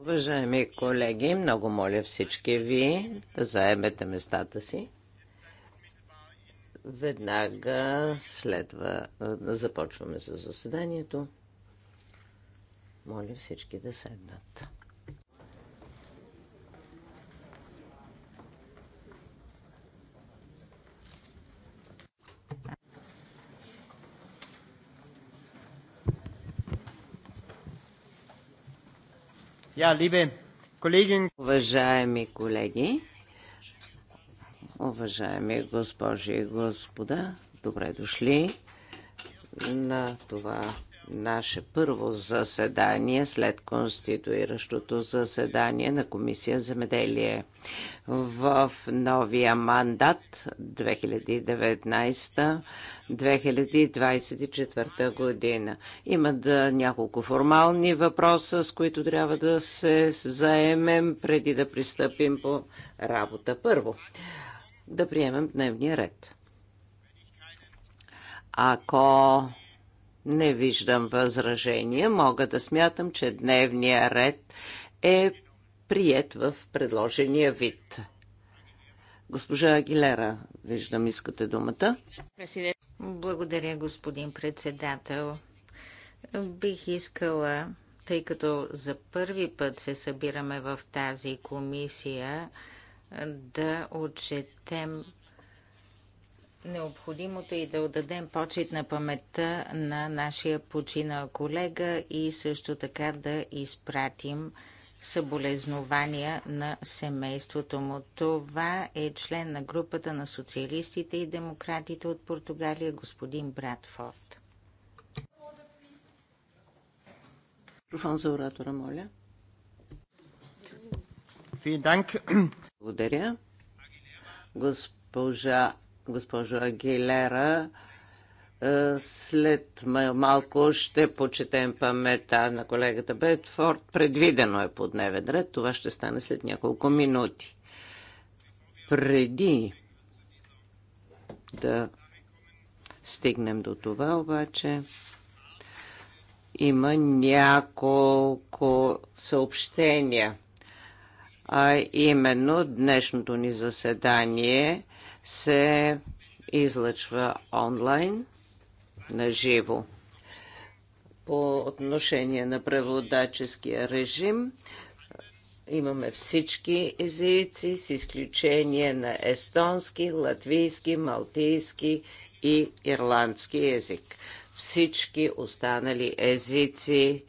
Уважаеми колеги, много моля всички ви да заемете местата си. Веднага следва да започваме с заседанието. Моля всички да седнат. Ja, liebe Kollegin... Уважаеми колеги, уважаеми госпожи и господа, добре дошли на това наше първо заседание след конституиращото заседание на Комисия земеделие. В новия мандат 2019-2024 година. Има да няколко формални въпроса, с които трябва да се заемем преди да пристъпим по работа. Първо, да приемем дневния ред. Ако не виждам възражения. Мога да смятам, че дневния ред е прият в предложения вид. Госпожа Агилера, виждам, искате думата. Благодаря, господин председател. Бих искала, тъй като за първи път се събираме в тази комисия, да отчетем необходимото и да отдадем почет на паметта на нашия починал колега и също така да изпратим съболезнования на семейството му. Това е член на групата на социалистите и демократите от Португалия, господин Братфорд. Микрофон за оратора, моля. Благодаря. Госпожа госпожо Агилера. Е, след малко ще почетем памета на колегата Бетфорд. Предвидено е по дневен ред. Това ще стане след няколко минути. Преди да стигнем до това обаче, има няколко съобщения. А именно днешното ни заседание – се излъчва онлайн на живо. По отношение на преводаческия режим, имаме всички езици, с изключение на естонски, латвийски, малтийски и ирландски език. Всички останали езици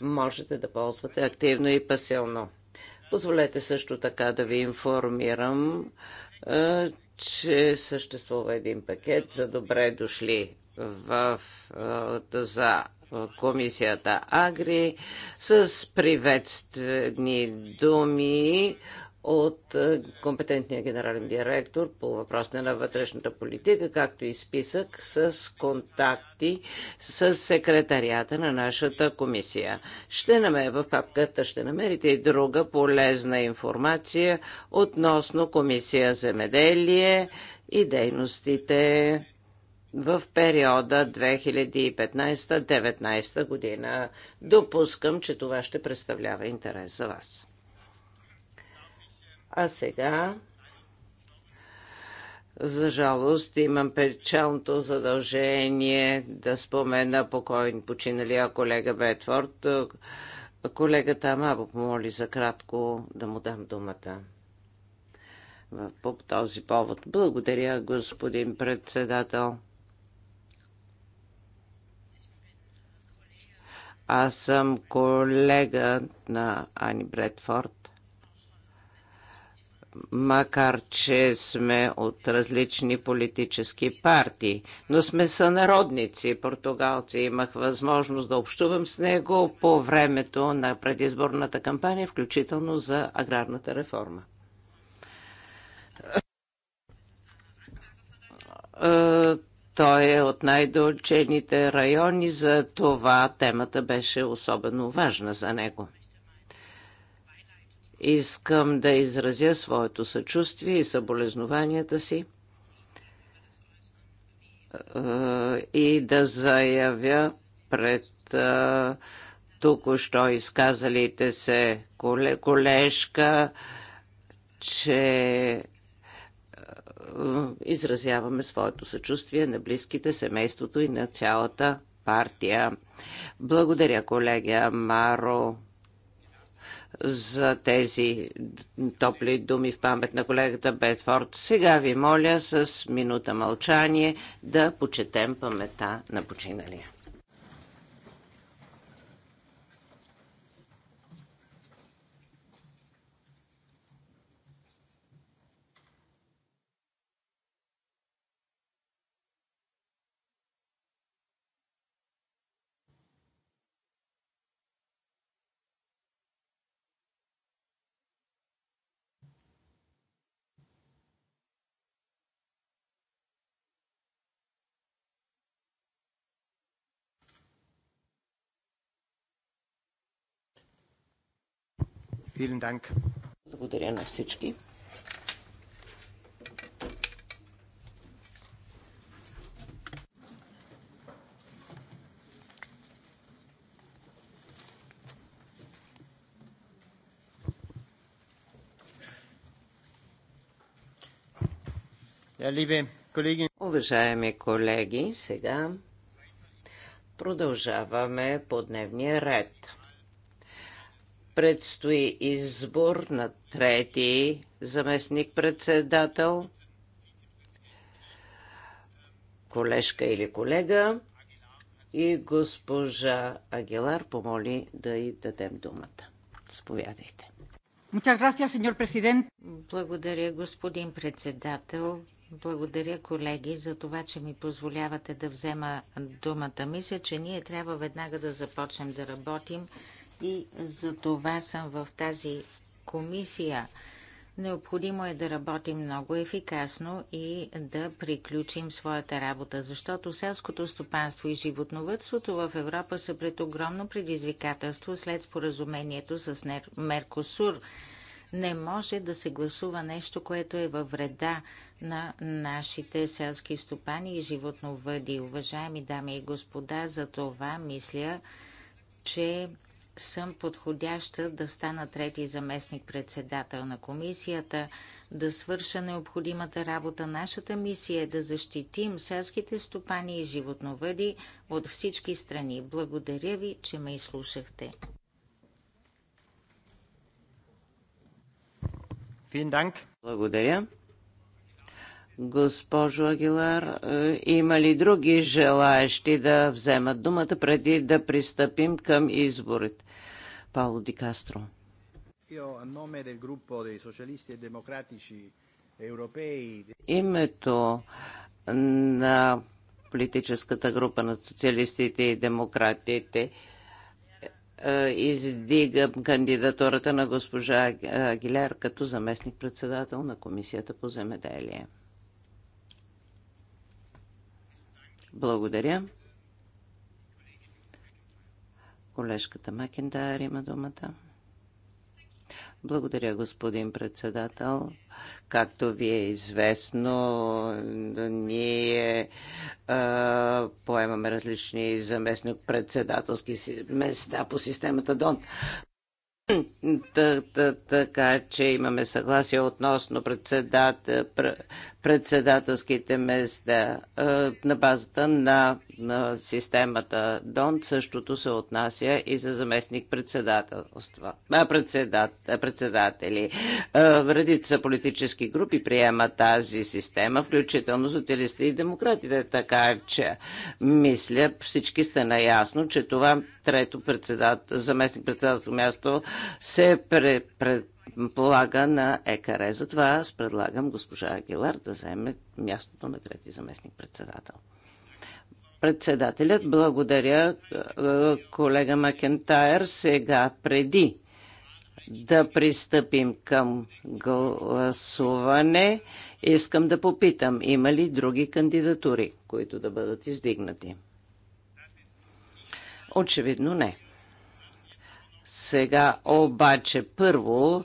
можете да ползвате активно и пасилно. Позволете също така да ви информирам, е, че съществува един пакет за добре дошли в, за комисията Агри с приветствени думи от е, компетентния генерален директор по въпросите на вътрешната политика, както и списък с контакти с секретарията на нашата комисия. Ще намер, в папката ще намерите и друга полезна информация относно комисия земеделие и дейностите в периода 2015 2019 година. Допускам, че това ще представлява интерес за вас. А сега, за жалост, имам печалното задължение да спомена покойни починалия колега Бетфорд. Колегата Амабо помоли за кратко да му дам думата по този повод. Благодаря, господин председател. Аз съм колега на Ани Бредфорд макар че сме от различни политически партии, но сме сънародници. Португалци имах възможност да общувам с него по времето на предизборната кампания, включително за аграрната реформа. Е, той е от най-долчените райони, за това темата беше особено важна за него. Искам да изразя своето съчувствие и съболезнованията си и да заявя пред току-що изказалите се колежка, че изразяваме своето съчувствие на близките, семейството и на цялата партия. Благодаря, колегия Маро за тези топли думи в памет на колегата Бетфорд. Сега ви моля с минута мълчание да почетем памета на починалия. Vielen Dank. Благодаря на всички. Уважаеми колеги, сега продължаваме по дневния ред. Предстои избор на трети заместник-председател, колежка или колега и госпожа Агилар помоли да й дадем думата. Заповядайте. Благодаря, господин председател. Благодаря, колеги, за това, че ми позволявате да взема думата. Мисля, че ние трябва веднага да започнем да работим и за това съм в тази комисия. Необходимо е да работим много ефикасно и да приключим своята работа, защото селското стопанство и животновътството в Европа са пред огромно предизвикателство след споразумението с Меркосур. Не може да се гласува нещо, което е във вреда на нашите селски стопани и животновъди. Уважаеми дами и господа, за това мисля, че съм подходяща да стана трети заместник-председател на комисията, да свърша необходимата работа. Нашата мисия е да защитим селските стопани и животновъди от всички страни. Благодаря ви, че ме изслушахте. Благодаря. Госпожо Агилар, е, има ли други желаещи да вземат думата преди да пристъпим към изборите? Пауло Ди Кастро. E Името на политическата група на социалистите и демократите е, издигам кандидатурата на госпожа Агилер като заместник-председател на Комисията по земеделие. Благодаря. Колежката Макентайр има думата. Благодаря, господин председател. Както ви е известно, ние а, поемаме различни заместник-председателски места по системата ДОН. Така че имаме съгласие относно председателските места е, на базата на, системата ДОН. Същото се отнася и за заместник председателства, председатели. Е, редица политически групи приема тази система, включително социалисти и демократите. Така че мисля, всички сте наясно, че това трето председател, заместник председателство място се предполага на ЕКР. Затова аз предлагам госпожа Агилар да вземе мястото на трети заместник-председател председателят. Благодаря, е, колега Макентайр. Сега, преди да пристъпим към гласуване, искам да попитам, има ли други кандидатури, които да бъдат издигнати? Очевидно не. Сега обаче първо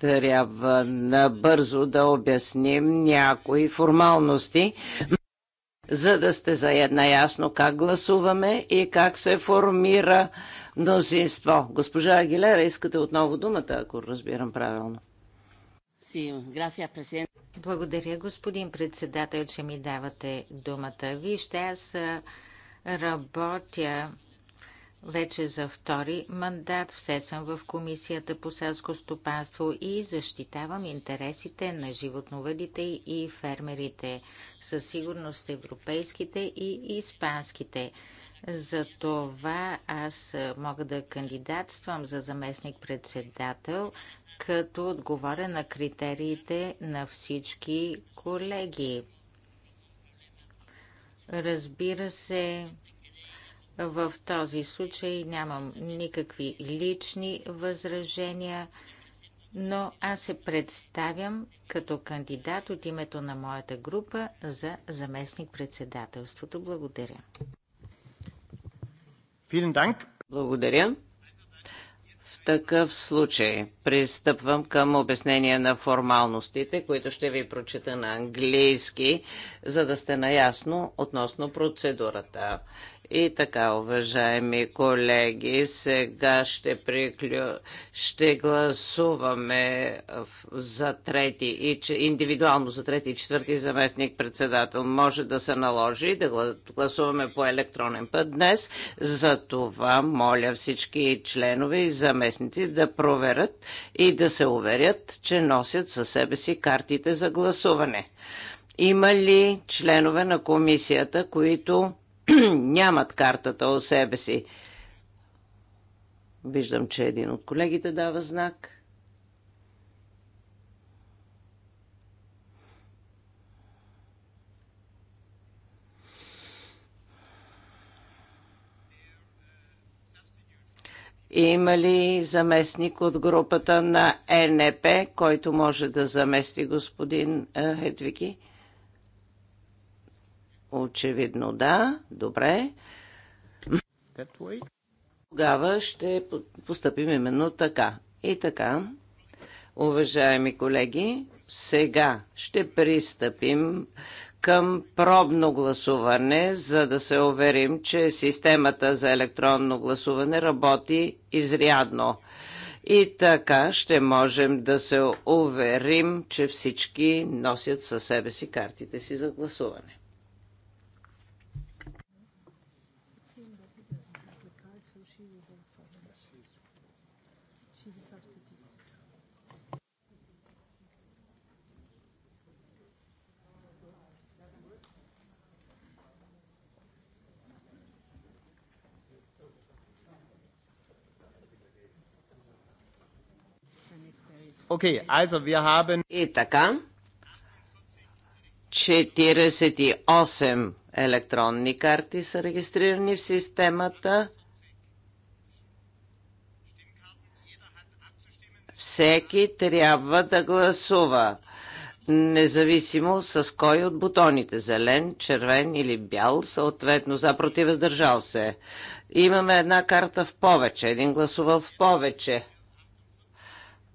трябва набързо да обясним някои формалности, за да сте заедна ясно как гласуваме и как се формира мнозинство. Госпожа Агилера, искате отново думата, ако разбирам правилно. Благодаря, господин председател, че ми давате думата. Вижте, аз работя вече за втори мандат все съм в Комисията по селско стопанство и защитавам интересите на животновъдите и фермерите, със сигурност европейските и испанските. За това аз мога да кандидатствам за заместник-председател, като отговоря на критериите на всички колеги. Разбира се, в този случай нямам никакви лични възражения, но аз се представям като кандидат от името на моята група за заместник председателството. Благодаря. Благодаря В такъв случай пристъпвам към обяснение на формалностите, които ще ви прочита на английски, за да сте наясно относно процедурата. И така, уважаеми колеги, сега ще, приклю... ще гласуваме за трети и индивидуално за трети и четвърти заместник председател. Може да се наложи да гласуваме по електронен път днес. За това моля всички членове и заместници да проверят и да се уверят, че носят със себе си картите за гласуване. Има ли членове на комисията, които нямат картата о себе си. Виждам, че един от колегите дава знак. Има ли заместник от групата на НП, който може да замести господин е, Хедвики? Очевидно да. Добре. Тогава ще поступим именно така. И така, уважаеми колеги, сега ще пристъпим към пробно гласуване, за да се уверим, че системата за електронно гласуване работи изрядно. И така ще можем да се уверим, че всички носят със себе си картите си за гласуване. Okay, also wir haben... И така, 48 електронни карти са регистрирани в системата. Всеки трябва да гласува, независимо с кой от бутоните зелен, червен или бял, съответно за против се. Имаме една карта в повече, един гласувал в повече.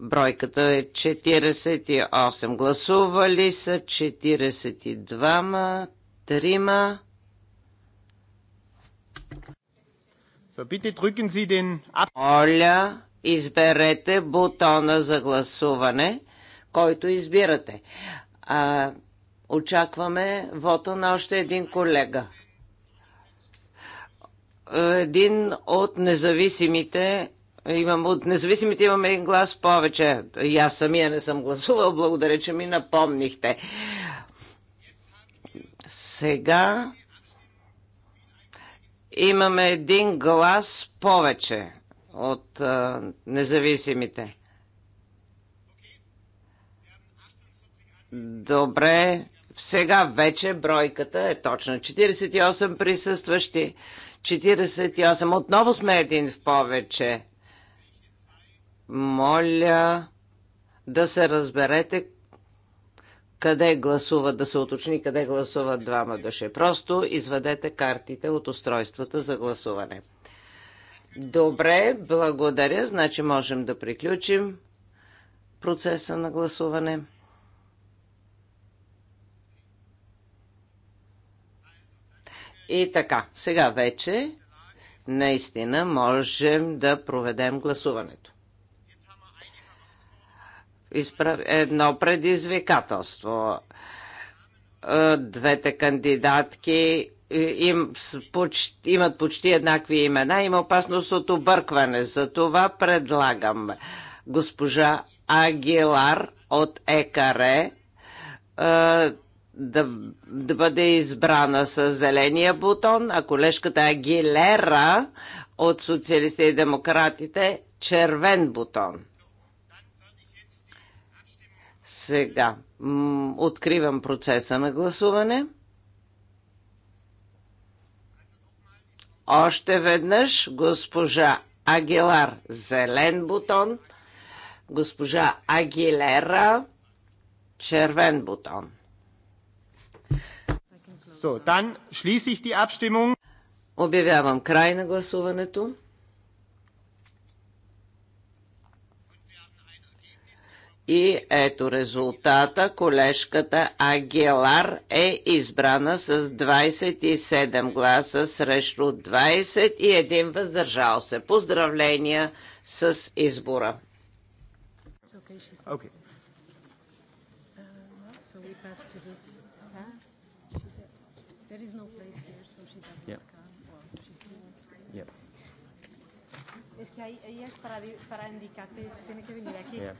Бройката е 48. Гласували са 42-ма, 3-ма. Оля, изберете бутона за гласуване, който избирате. А, очакваме вота на още един колега. Един от независимите Имам, от независимите имаме един глас повече. И аз самия не съм гласувал. Благодаря, че ми напомнихте. Сега имаме един глас повече от а, независимите. Добре, сега вече бройката е точна. 48 присъстващи, 48. Отново сме един в повече. Моля да се разберете къде гласуват, да се уточни къде гласуват двама души. Просто извадете картите от устройствата за гласуване. Добре, благодаря. Значи можем да приключим процеса на гласуване. И така, сега вече наистина можем да проведем гласуването едно предизвикателство. Е, двете кандидатки е, им, почти, имат почти еднакви имена, има опасност от объркване. За това предлагам госпожа Агилар от ЕКАРЕ е, да, да бъде избрана с зеления бутон, а колежката Агилера от Социалистите и Демократите червен бутон. Сега откривам процеса на гласуване. Още веднъж госпожа Агилар зелен бутон, госпожа Агилера червен бутон. So, dann schließe ich die Abstimmung. Обявявам край на гласуването. И ето резултата. Колежката Агелар е избрана с 27 гласа срещу 21 въздържал се. Поздравления с избора. Es que es para, para tiene que venir aquí. Yeah.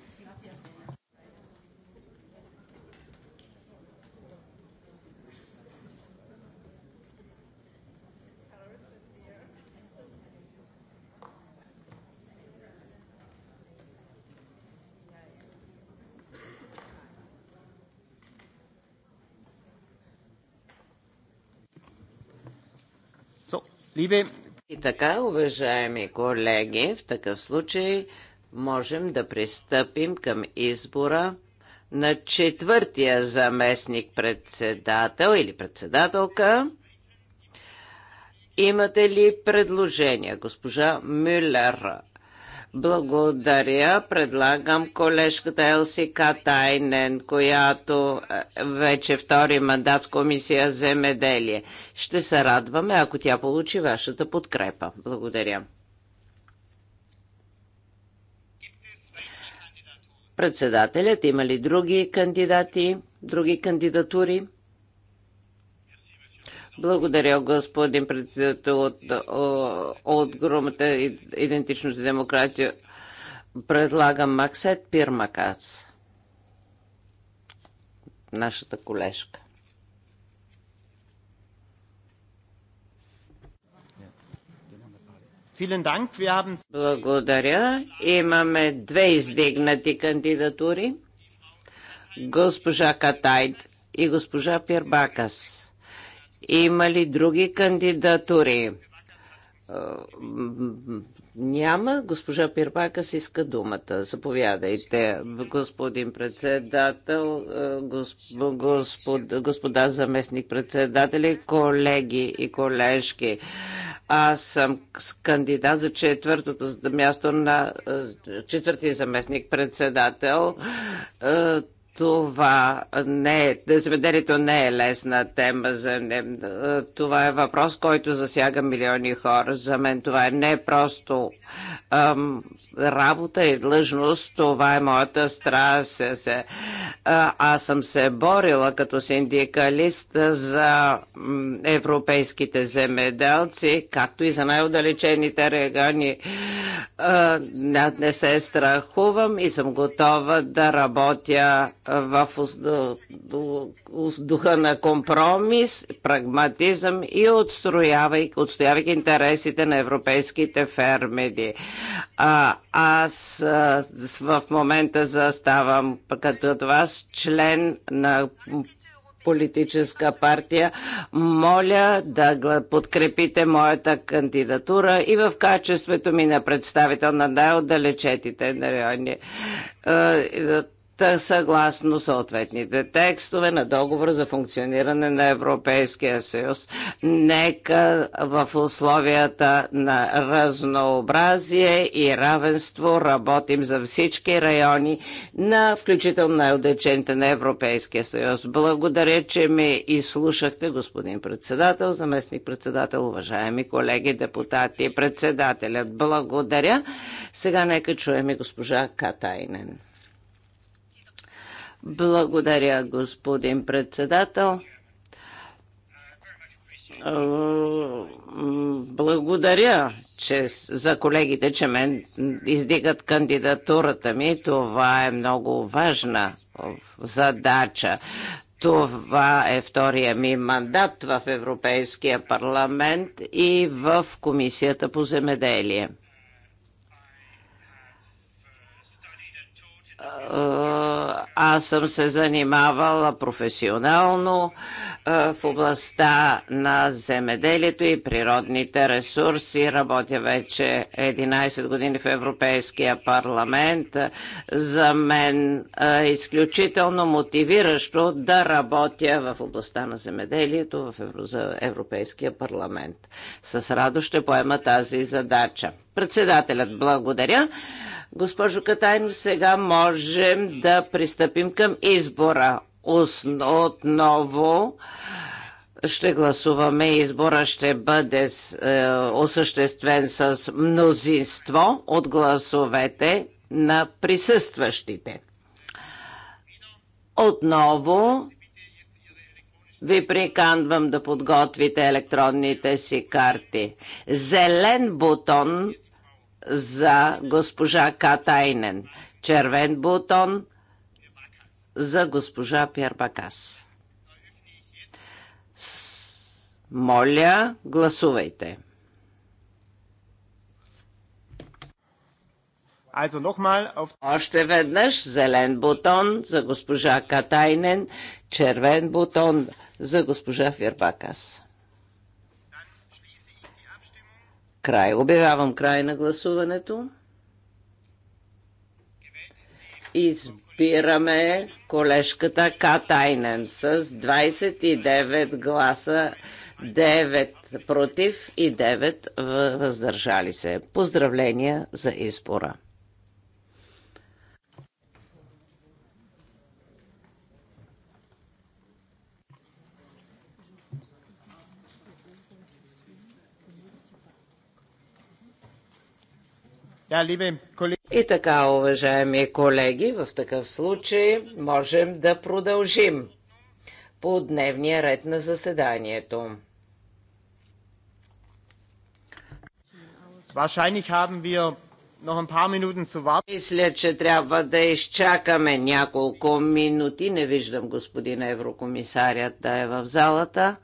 И така, уважаеми колеги, в такъв случай можем да пристъпим към избора на четвъртия заместник председател или председателка. Имате ли предложения, госпожа Мюллер? Благодаря. Предлагам колежката Елси Катайнен, която е, вече втори мандат в Комисия земеделие. Ще се радваме, ако тя получи вашата подкрепа. Благодаря. Председателят има ли други кандидати, други кандидатури? Благодаря, господин председател от, от групата Идентичност и демократия. Предлагам Максет Пирмакац, нашата колежка. Благодаря. Имаме две издигнати кандидатури. Госпожа Катайд и госпожа Пирбакас. Има ли други кандидатури? Е, няма. Госпожа Пирпакас иска думата. Заповядайте, господин председател, е, господа господа заместник председатели, колеги и колежки. Аз съм кандидат за четвъртото място на е, четвърти заместник председател. Това не е, заведението не е лесна тема. За не, това е въпрос, който засяга милиони хора. За мен това е не просто ам, работа и длъжност. Това е моята страст. Аз съм се борила като синдикалист за европейските земеделци, както и за най удалечените региони. Не се страхувам и съм готова да работя в духа на компромис, прагматизъм и отстоявайки, отстоявайки интересите на европейските фермери. А, аз в момента заставам като от вас член на политическа партия. Моля да подкрепите моята кандидатура и в качеството ми на представител на най-отдалечетите райони съгласно съответните текстове на договора за функциониране на Европейския съюз. Нека в условията на разнообразие и равенство работим за всички райони, на включително най-отдечените на Европейския съюз. Благодаря, че ме изслушахте, господин председател, заместник председател, уважаеми колеги депутати, председателят. Благодаря. Сега нека чуем и госпожа Катайнен. Благодаря, господин председател. Е, благодаря че, за колегите, че мен издигат кандидатурата ми. Това е много важна задача. Това е втория ми мандат в Европейския парламент и в Комисията по земеделие. аз съм се занимавала професионално в областта на земеделието и природните ресурси. Работя вече 11 години в Европейския парламент. За мен е изключително мотивиращо да работя в областта на земеделието в Европейския парламент. С радост ще поема тази задача. Председателят благодаря. Госпожо Катайн, сега можем да пристъпим към избора. отново ще гласуваме. Избора ще бъде е, осъществен с мнозинство от гласовете на присъстващите. Отново ви приканвам да подготвите електронните си карти. Зелен бутон за госпожа Катайнен. Червен бутон за госпожа Пьербакас. Моля, гласувайте. Още веднъж зелен бутон за госпожа Катайнен, червен бутон за госпожа Фирбакас. Край. Обявявам край на гласуването. Избираме колежката Катайнен с 29 гласа, 9 против и 9 въздържали се. Поздравления за избора! И така, уважаеми колеги, в такъв случай можем да продължим по дневния ред на заседанието. мисля, че трябва да изчакаме няколко минути. Не виждам господина еврокомисарят да е в залата.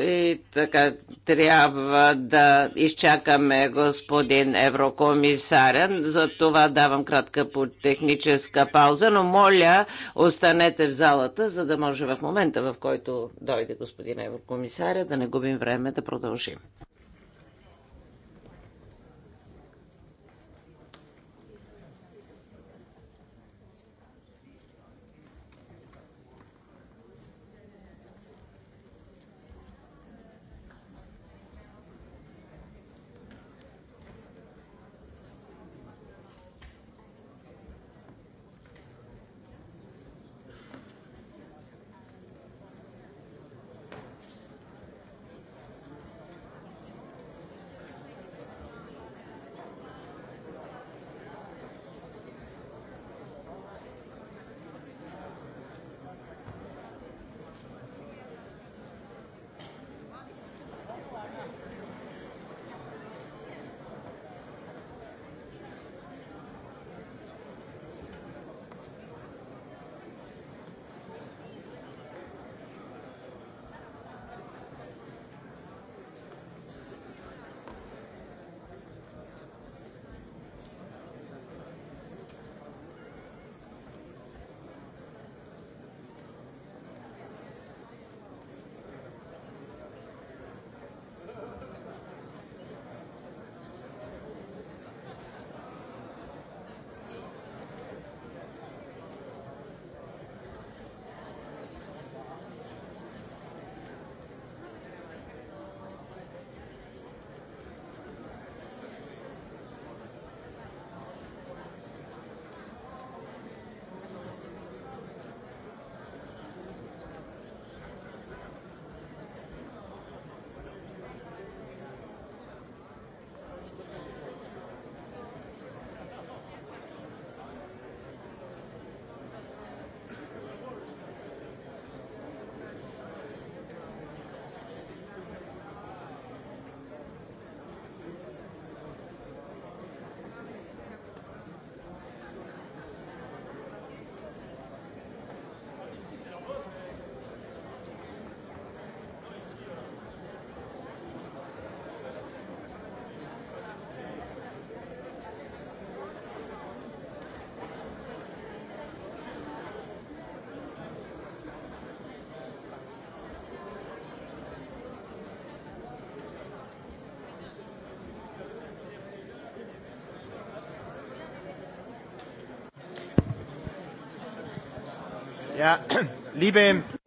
И така трябва да изчакаме господин еврокомисарен. За това давам кратка по техническа пауза, но моля останете в залата, за да може в момента, в който дойде господин еврокомисаря, да не губим време да продължим.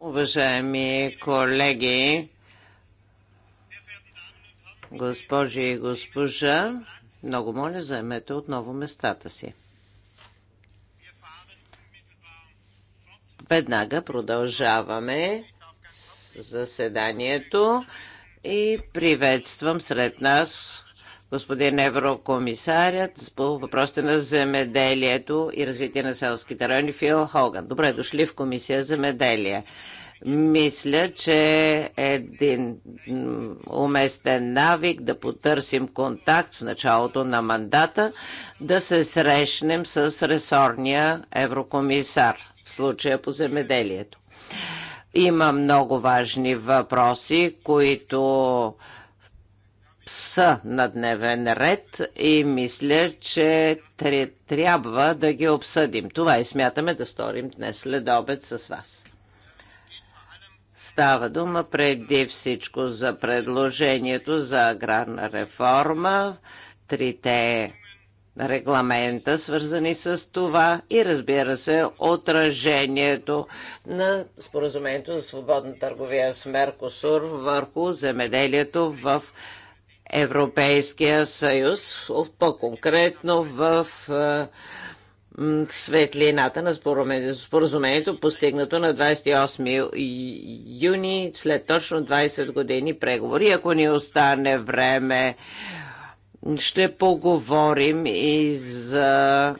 Уважаеми колеги, госпожи и госпожа, много моля, заемете отново местата си. Веднага продължаваме заседанието и приветствам сред нас господин еврокомисарят по въпросите на земеделието и развитие на селските райони Фил Хоган. Добре дошли в комисия земеделие. Мисля, че е един уместен навик да потърсим контакт в началото на мандата, да се срещнем с ресорния еврокомисар, в случая по земеделието. Има много важни въпроси, които са на дневен ред и мисля, че трябва да ги обсъдим. Това и смятаме да сторим днес след обед с вас. Става дума преди всичко за предложението за аграрна реформа, трите регламента, свързани с това и разбира се отражението на споразумението за свободна търговия с Меркосур върху земеделието в Европейския съюз, по-конкретно в е, светлината на споразумението, постигнато на 28 юни, след точно 20 години преговори. Ако ни остане време, ще поговорим и за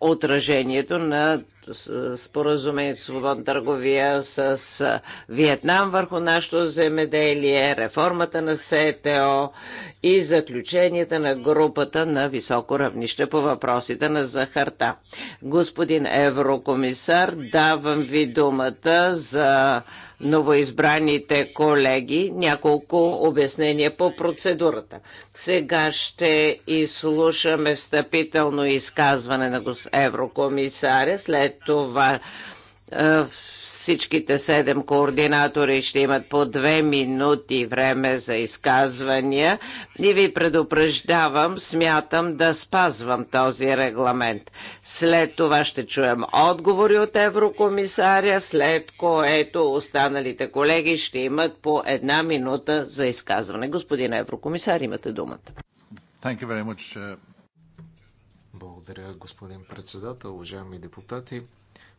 отражението на споразумението свободна търговия с Виетнам върху нашето земеделие, реформата на СТО и заключенията на групата на високо равнище по въпросите на захарта. Господин еврокомисар, давам ви думата за новоизбраните колеги няколко обяснения по процедурата. Сега ще изслушаме встъпително изказване на еврокомисаря, след това всичките седем координатори ще имат по две минути време за изказвания и ви предупреждавам, смятам да спазвам този регламент. След това ще чуем отговори от еврокомисаря, след което останалите колеги ще имат по една минута за изказване. Господин еврокомисар, имате думата. Thank you very much, uh, благодаря, господин председател, уважаеми депутати,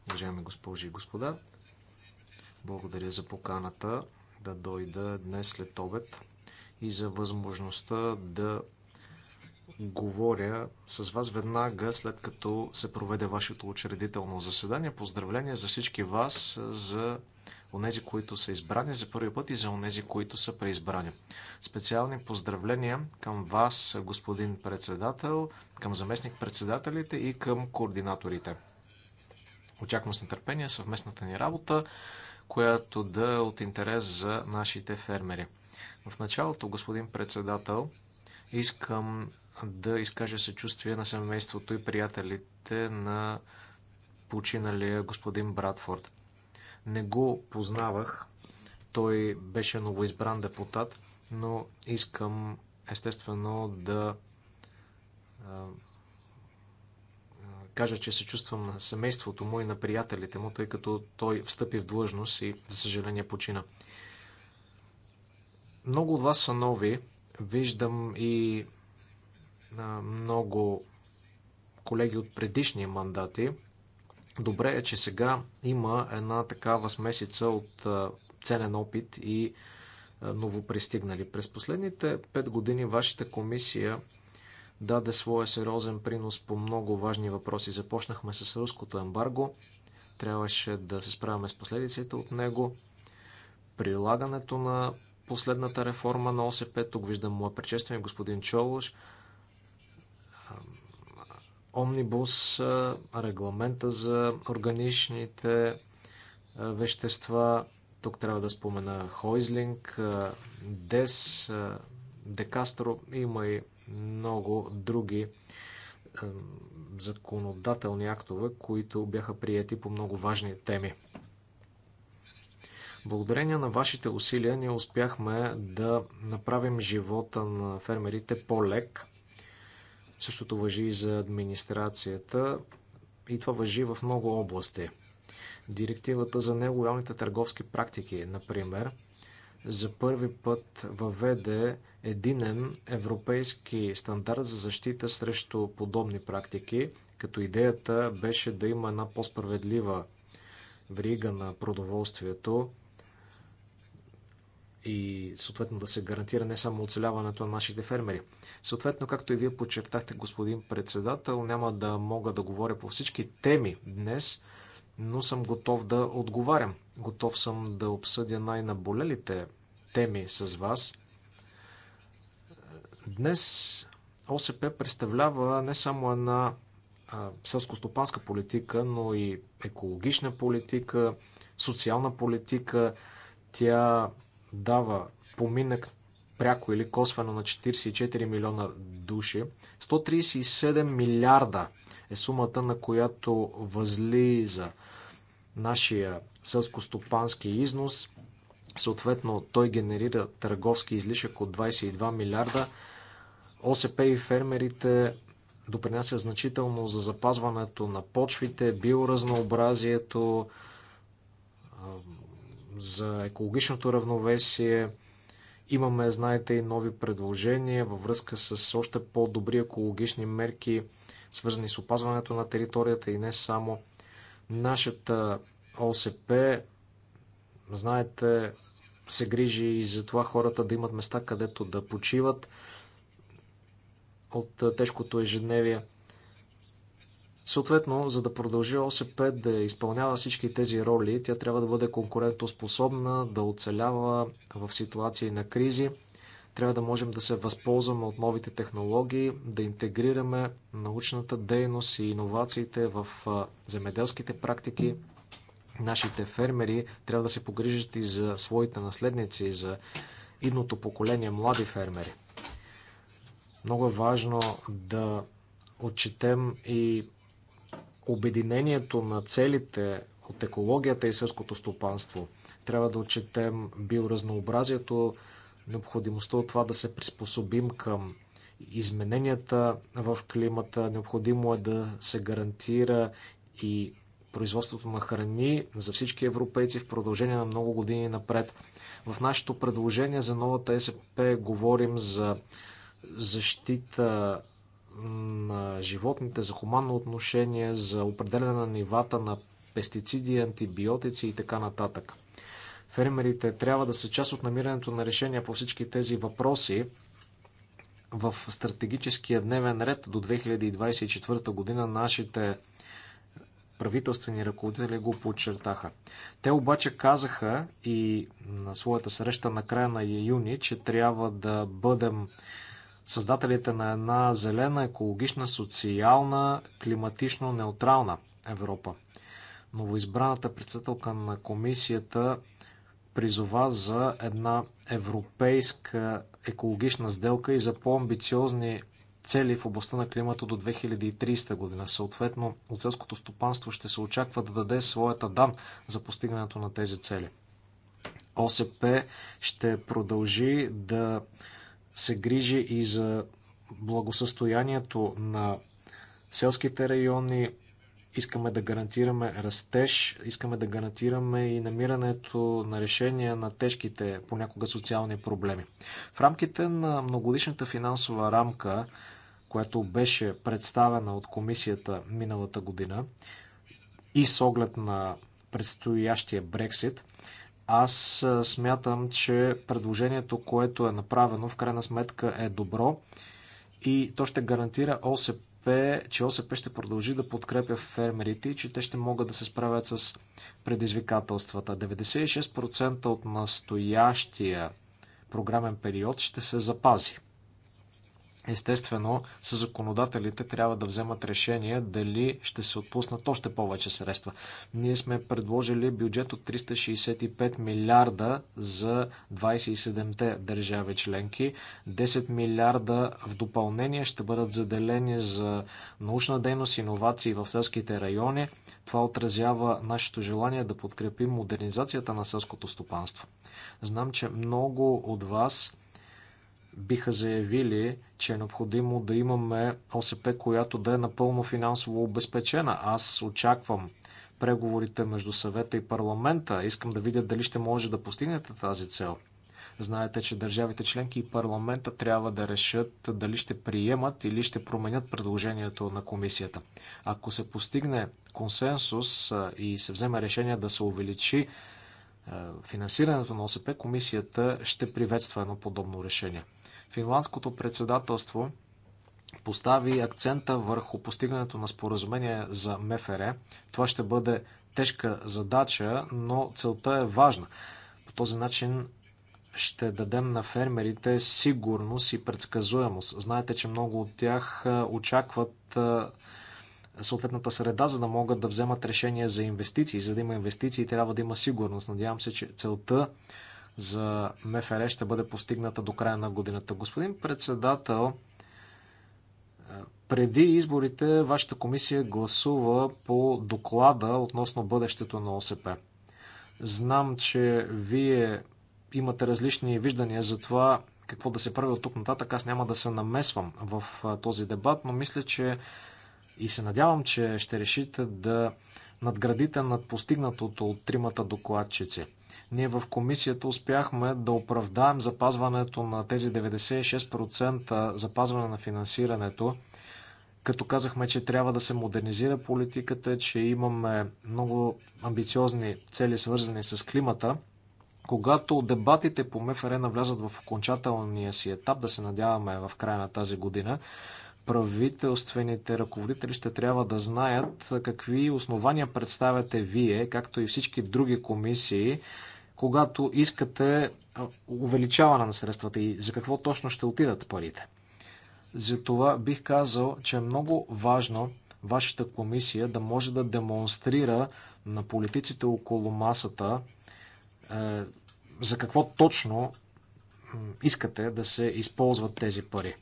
уважаеми госпожи и господа. Благодаря за поканата да дойда днес след обед и за възможността да говоря с вас веднага след като се проведе вашето учредително заседание. Поздравления за всички вас за онези, които са избрани за първи път и за онези, които са преизбрани. Специални поздравления към вас, господин председател, към заместник-председателите и към координаторите. Очаквам с нетърпение съвместната ни работа, която да е от интерес за нашите фермери. В началото, господин председател, искам да изкажа съчувствие на семейството и приятелите на починалия господин Братфорд. Не го познавах. Той беше новоизбран депутат, но искам естествено да кажа, че се чувствам на семейството му и на приятелите му, тъй като той встъпи в длъжност и, за съжаление, почина. Много от вас са нови. Виждам и много колеги от предишни мандати. Добре е, че сега има една такава смесица от ценен опит и новопристигнали. През последните 5 години вашата комисия даде своя сериозен принос по много важни въпроси. Започнахме с руското ембарго, трябваше да се справяме с последиците от него, прилагането на последната реформа на ОСП, тук виждам моя предшественик господин Чолош, омнибус, регламента за органичните вещества. Тук трябва да спомена Хойзлинг, ДЕС, Декастро. Има и много други законодателни актове, които бяха прияти по много важни теми. Благодарение на вашите усилия ние успяхме да направим живота на фермерите по-лек – Същото въжи и за администрацията и това въжи в много области. Директивата за нелоялните търговски практики, например, за първи път въведе единен европейски стандарт за защита срещу подобни практики, като идеята беше да има една по-справедлива врига на продоволствието, и съответно да се гарантира не само оцеляването на нашите фермери. Съответно, както и вие подчертахте, господин председател, няма да мога да говоря по всички теми днес, но съм готов да отговарям. Готов съм да обсъдя най-наболелите теми с вас. Днес ОСП представлява не само една селско-стопанска политика, но и екологична политика, социална политика. Тя дава поминък пряко или косвено на 44 милиона души. 137 милиарда е сумата, на която възлиза нашия селскостопански износ. Съответно, той генерира търговски излишък от 22 милиарда. ОСП и фермерите допринася значително за запазването на почвите, биоразнообразието, за екологичното равновесие. Имаме, знаете, и нови предложения във връзка с още по-добри екологични мерки, свързани с опазването на територията и не само. Нашата ОСП, знаете, се грижи и за това хората да имат места, където да почиват от тежкото ежедневие. Съответно, за да продължи ОСП да изпълнява всички тези роли, тя трябва да бъде конкурентоспособна, да оцелява в ситуации на кризи. Трябва да можем да се възползваме от новите технологии, да интегрираме научната дейност и иновациите в земеделските практики. Нашите фермери трябва да се погрижат и за своите наследници, за идното поколение млади фермери. Много е важно да отчетем и обединението на целите от екологията и сърското стопанство. Трябва да отчетем биоразнообразието, необходимостта от това да се приспособим към измененията в климата. Необходимо е да се гарантира и производството на храни за всички европейци в продължение на много години напред. В нашето предложение за новата СП говорим за защита на животните, за хуманно отношение, за определяне на нивата на пестициди, антибиотици и така нататък. Фермерите трябва да са част от намирането на решения по всички тези въпроси в стратегическия дневен ред до 2024 година нашите правителствени ръководители го подчертаха. Те обаче казаха и на своята среща на края на юни, че трябва да бъдем създателите на една зелена, екологична, социална, климатично неутрална Европа. Новоизбраната председателка на комисията призова за една европейска екологична сделка и за по-амбициозни цели в областта на климата до 2030 година. Съответно, от селското стопанство ще се очаква да даде своята дан за постигането на тези цели. ОСП ще продължи да се грижи и за благосъстоянието на селските райони, искаме да гарантираме растеж, искаме да гарантираме и намирането на решение на тежките понякога социални проблеми. В рамките на многодишната финансова рамка, която беше представена от комисията миналата година и с оглед на предстоящия Брексит, аз смятам, че предложението, което е направено, в крайна сметка е добро и то ще гарантира ОСП, че ОСП ще продължи да подкрепя фермерите и че те ще могат да се справят с предизвикателствата. 96% от настоящия програмен период ще се запази. Естествено, с законодателите трябва да вземат решение дали ще се отпуснат още повече средства. Ние сме предложили бюджет от 365 милиарда за 27-те държави членки. 10 милиарда в допълнение ще бъдат заделени за научна дейност, иновации в селските райони. Това отразява нашето желание да подкрепим модернизацията на селското стопанство. Знам, че много от вас биха заявили, че е необходимо да имаме ОСП, която да е напълно финансово обезпечена. Аз очаквам преговорите между съвета и парламента. Искам да видя дали ще може да постигнете тази цел. Знаете, че държавите членки и парламента трябва да решат дали ще приемат или ще променят предложението на комисията. Ако се постигне консенсус и се вземе решение да се увеличи финансирането на ОСП, комисията ще приветства едно подобно решение. Финландското председателство постави акцента върху постигането на споразумение за МФР. Това ще бъде тежка задача, но целта е важна. По този начин ще дадем на фермерите сигурност и предсказуемост. Знаете, че много от тях очакват съответната среда, за да могат да вземат решения за инвестиции. За да има инвестиции, трябва да има сигурност. Надявам се, че целта за МФР ще бъде постигната до края на годината. Господин председател, е, преди изборите вашата комисия гласува по доклада относно бъдещето на ОСП. Знам, че вие имате различни виждания за това какво да се прави от тук нататък. Аз няма да се намесвам в е, този дебат, но мисля, че и се надявам, че ще решите да надградите над постигнатото от тримата докладчици. Ние в комисията успяхме да оправдаем запазването на тези 96% запазване на финансирането, като казахме, че трябва да се модернизира политиката, че имаме много амбициозни цели, свързани с климата. Когато дебатите по МФР навлязат в окончателния си етап, да се надяваме в края на тази година, правителствените ръководители ще трябва да знаят какви основания представяте вие, както и всички други комисии, когато искате увеличаване на средствата и за какво точно ще отидат парите. Затова бих казал, че е много важно вашата комисия да може да демонстрира на политиците около масата е, за какво точно искате да се използват тези пари.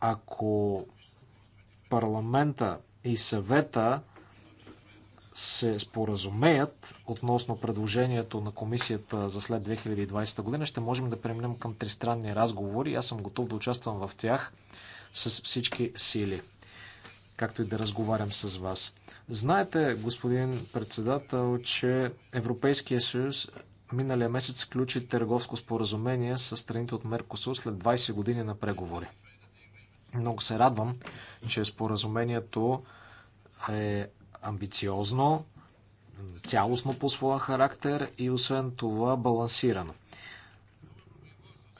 Ако парламента и съвета се споразумеят относно предложението на комисията за след 2020 година, ще можем да преминем към тристранни разговори. Аз съм готов да участвам в тях с всички сили, както и да разговарям с вас. Знаете, господин председател, че Европейския съюз миналия месец включи търговско споразумение с страните от Меркосур след 20 години на преговори. Много се радвам, че споразумението е амбициозно, цялостно по своя характер и освен това балансирано.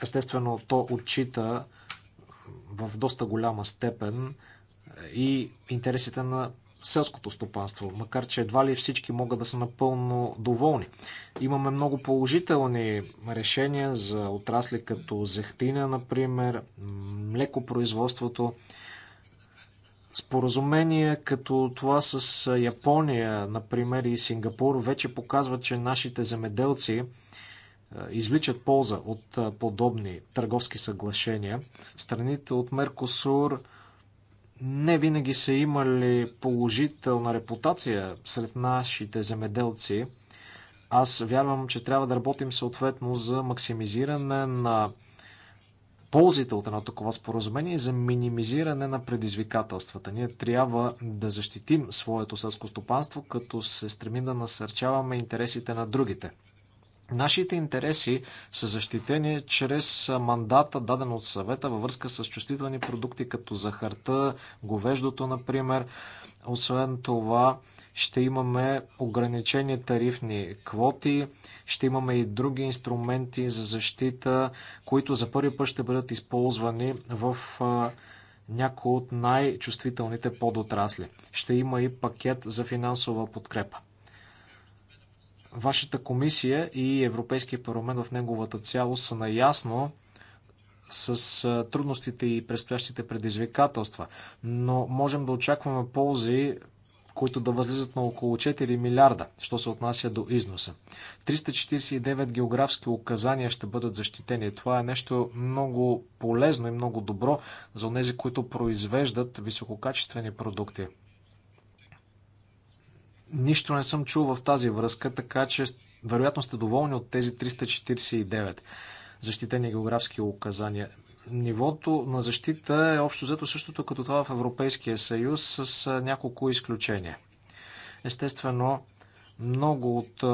Естествено, то отчита в доста голяма степен и интересите на селското стопанство, макар че едва ли всички могат да са напълно доволни. Имаме много положителни решения за отрасли като зехтина, например, млекопроизводството. производството Споразумения като това с Япония, например, и Сингапур вече показват, че нашите земеделци е, извличат полза от е, подобни търговски съглашения. Страните от Меркосур не винаги са имали положителна репутация сред нашите земеделци. Аз вярвам, че трябва да работим съответно за максимизиране на ползите от едно такова споразумение за минимизиране на предизвикателствата. Ние трябва да защитим своето селско стопанство, като се стремим да насърчаваме интересите на другите. Нашите интереси са защитени чрез мандата, даден от съвета във връзка с чувствителни продукти, като захарта, говеждото, например. Освен това, ще имаме ограничени тарифни квоти, ще имаме и други инструменти за защита, които за първи път ще бъдат използвани в някои от най-чувствителните подотрасли. Ще има и пакет за финансова подкрепа. Вашата комисия и Европейския парламент в неговата цялост са наясно, с трудностите и предстоящите предизвикателства, но можем да очакваме ползи които да възлизат на около 4 милиарда, що се отнася до износа. 349 географски указания ще бъдат защитени. Това е нещо много полезно и много добро за тези, които произвеждат висококачествени продукти. Нищо не съм чул в тази връзка, така че вероятно сте доволни от тези 349 защитени географски указания нивото на защита е общо взето същото като това в Европейския съюз с няколко изключения. Естествено, много от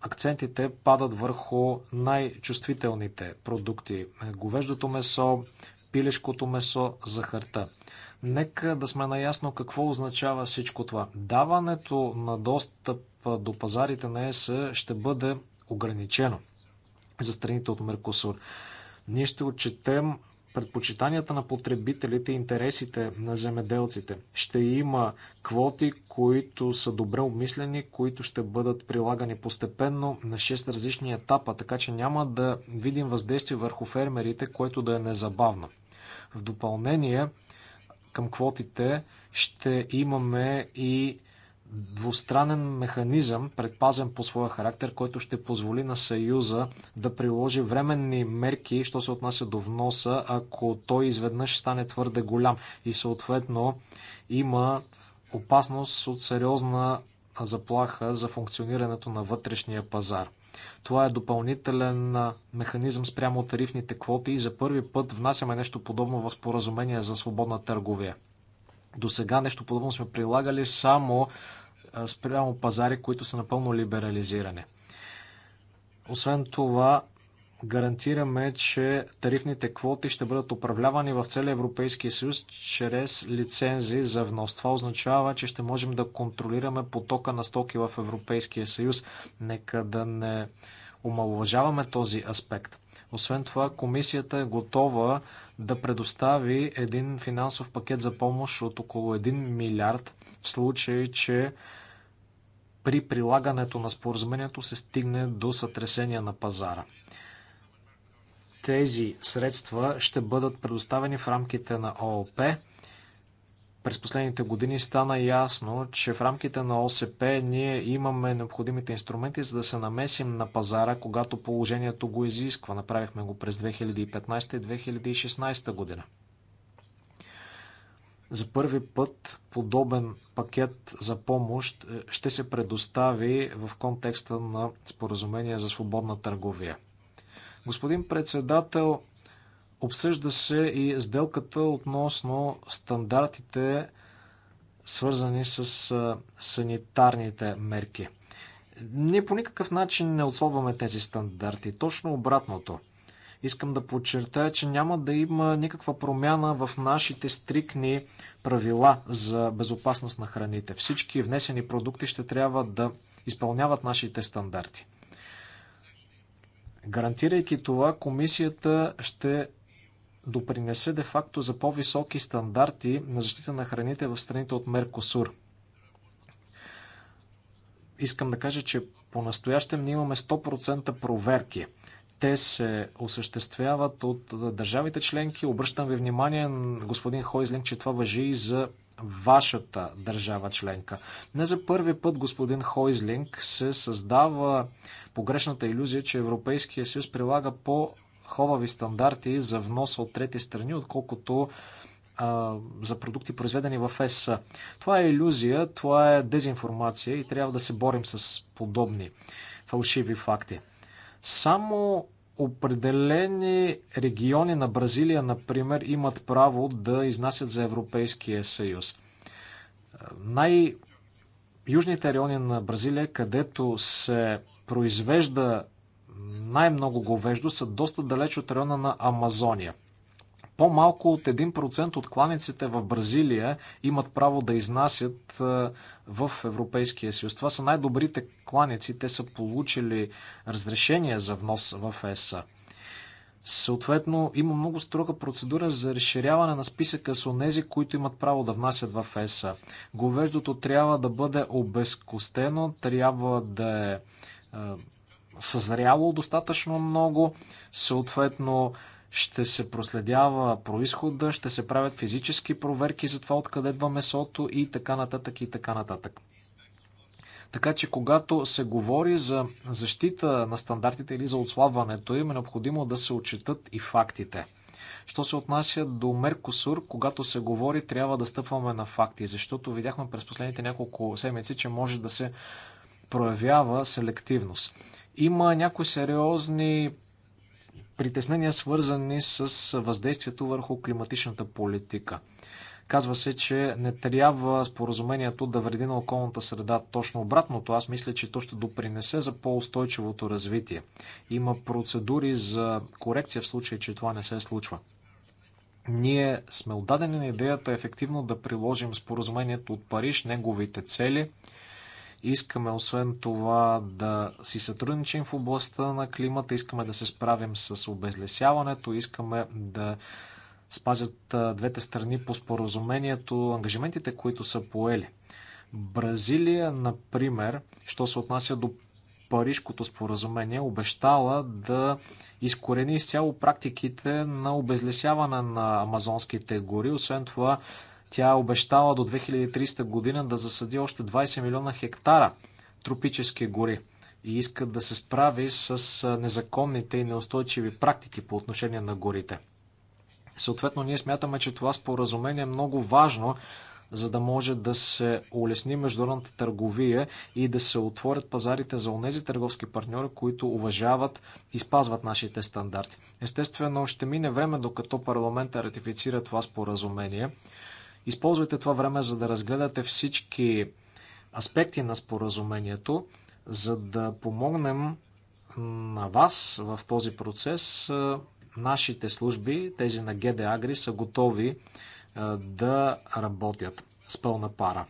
акцентите падат върху най-чувствителните продукти. Говеждото месо, пилешкото месо, захарта. Нека да сме наясно какво означава всичко това. Даването на достъп до пазарите на ЕС ще бъде ограничено за страните от Меркосур. Ние ще отчетем предпочитанията на потребителите интересите на земеделците. Ще има квоти, които са добре обмислени, които ще бъдат прилагани постепенно на 6 различни етапа, така че няма да видим въздействие върху фермерите, което да е незабавно. В допълнение към квотите ще имаме и двустранен механизъм, предпазен по своя характер, който ще позволи на Съюза да приложи временни мерки, що се отнася до вноса, ако той изведнъж стане твърде голям и съответно има опасност от сериозна заплаха за функционирането на вътрешния пазар. Това е допълнителен механизъм спрямо тарифните квоти и за първи път внасяме нещо подобно в споразумение за свободна търговия. До сега нещо подобно сме прилагали само спрямо пазари, които са напълно либерализирани. Освен това, гарантираме, че тарифните квоти ще бъдат управлявани в целия Европейския съюз чрез лицензии за внос. Това означава, че ще можем да контролираме потока на стоки в Европейския съюз. Нека да не омалуважаваме този аспект. Освен това, комисията е готова да предостави един финансов пакет за помощ от около 1 милиард в случай, че при прилагането на споразумението се стигне до сатресения на пазара. Тези средства ще бъдат предоставени в рамките на ООП. През последните години стана ясно, че в рамките на ОСП ние имаме необходимите инструменти, за да се намесим на пазара, когато положението го изисква. Направихме го през 2015 и 2016 година. За първи път подобен пакет за помощ е, ще се предостави в контекста на споразумение за свободна търговия. Господин председател, обсъжда се и сделката относно стандартите, свързани с е, санитарните мерки. Ние по никакъв начин не отслабваме тези стандарти. Точно обратното. Искам да подчертая, че няма да има никаква промяна в нашите стрикни правила за безопасност на храните. Всички внесени продукти ще трябва да изпълняват нашите стандарти. Гарантирайки това, комисията ще допринесе де-факто за по-високи стандарти на защита на храните в страните от Меркосур. Искам да кажа, че по-настоящем ние имаме 100% проверки те се осъществяват от държавите членки. Обръщам ви внимание, господин Хойзлинг, че това въжи и за вашата държава членка. Не за първи път, господин Хойзлинг, се създава погрешната иллюзия, че Европейския съюз прилага по-хубави стандарти за внос от трети страни, отколкото за продукти, произведени в ЕС. Това е иллюзия, това е дезинформация и трябва да се борим с подобни фалшиви факти. Само определени региони на Бразилия, например, имат право да изнасят за Европейския съюз. Най- южните райони на Бразилия, където се произвежда най-много говеждо, са доста далеч от района на Амазония. По-малко от 1% от кланиците в Бразилия имат право да изнасят в Европейския съюз. Това са най-добрите кланици. Те са получили разрешение за внос в ЕСА. Съответно, има много строга процедура за разширяване на списъка с онези, които имат право да внасят в ЕСА. Говеждото трябва да бъде обезкостено, трябва да е съзряло достатъчно много, съответно ще се проследява происхода, ще се правят физически проверки за това откъде идва месото и така нататък и така нататък. Така че когато се говори за защита на стандартите или за отслабването им, е необходимо да се отчитат и фактите. Що се отнася до Меркосур, когато се говори, трябва да стъпваме на факти, защото видяхме през последните няколко седмици, че може да се проявява селективност. Има някои сериозни притеснения, свързани с въздействието върху климатичната политика. Казва се, че не трябва споразумението да вреди на околната среда. Точно обратното, аз мисля, че то ще допринесе за по-устойчивото развитие. Има процедури за корекция в случай, че това не се случва. Ние сме отдадени на идеята ефективно да приложим споразумението от Париж, неговите цели – Искаме освен това да си сътрудничим в областта на климата, искаме да се справим с обезлесяването, искаме да спазят двете страни по споразумението ангажиментите, които са поели. Бразилия, например, що се отнася до Парижкото споразумение, обещала да изкорени изцяло практиките на обезлесяване на амазонските гори. Освен това, тя е обещала до 2300 година да засъди още 20 милиона хектара тропически гори и иска да се справи с незаконните и неустойчиви практики по отношение на горите. Съответно, ние смятаме, че това споразумение е много важно, за да може да се улесни международната търговия и да се отворят пазарите за онези търговски партньори, които уважават и спазват нашите стандарти. Естествено, ще мине време, докато парламента ратифицира това споразумение. Използвайте това време, за да разгледате всички аспекти на споразумението, за да помогнем на вас в този процес. Нашите служби, тези на ГД Агри, са готови е, да работят с пълна пара.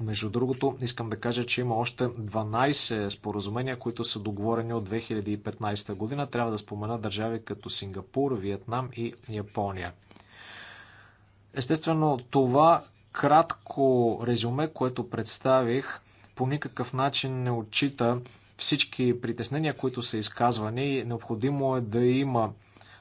Между другото, искам да кажа, че има още 12 споразумения, които са договорени от 2015 година. Трябва да спомена държави като Сингапур, Виетнам и Япония. Естествено, това кратко резюме, което представих, по никакъв начин не отчита всички притеснения, които са изказвани. Необходимо е да има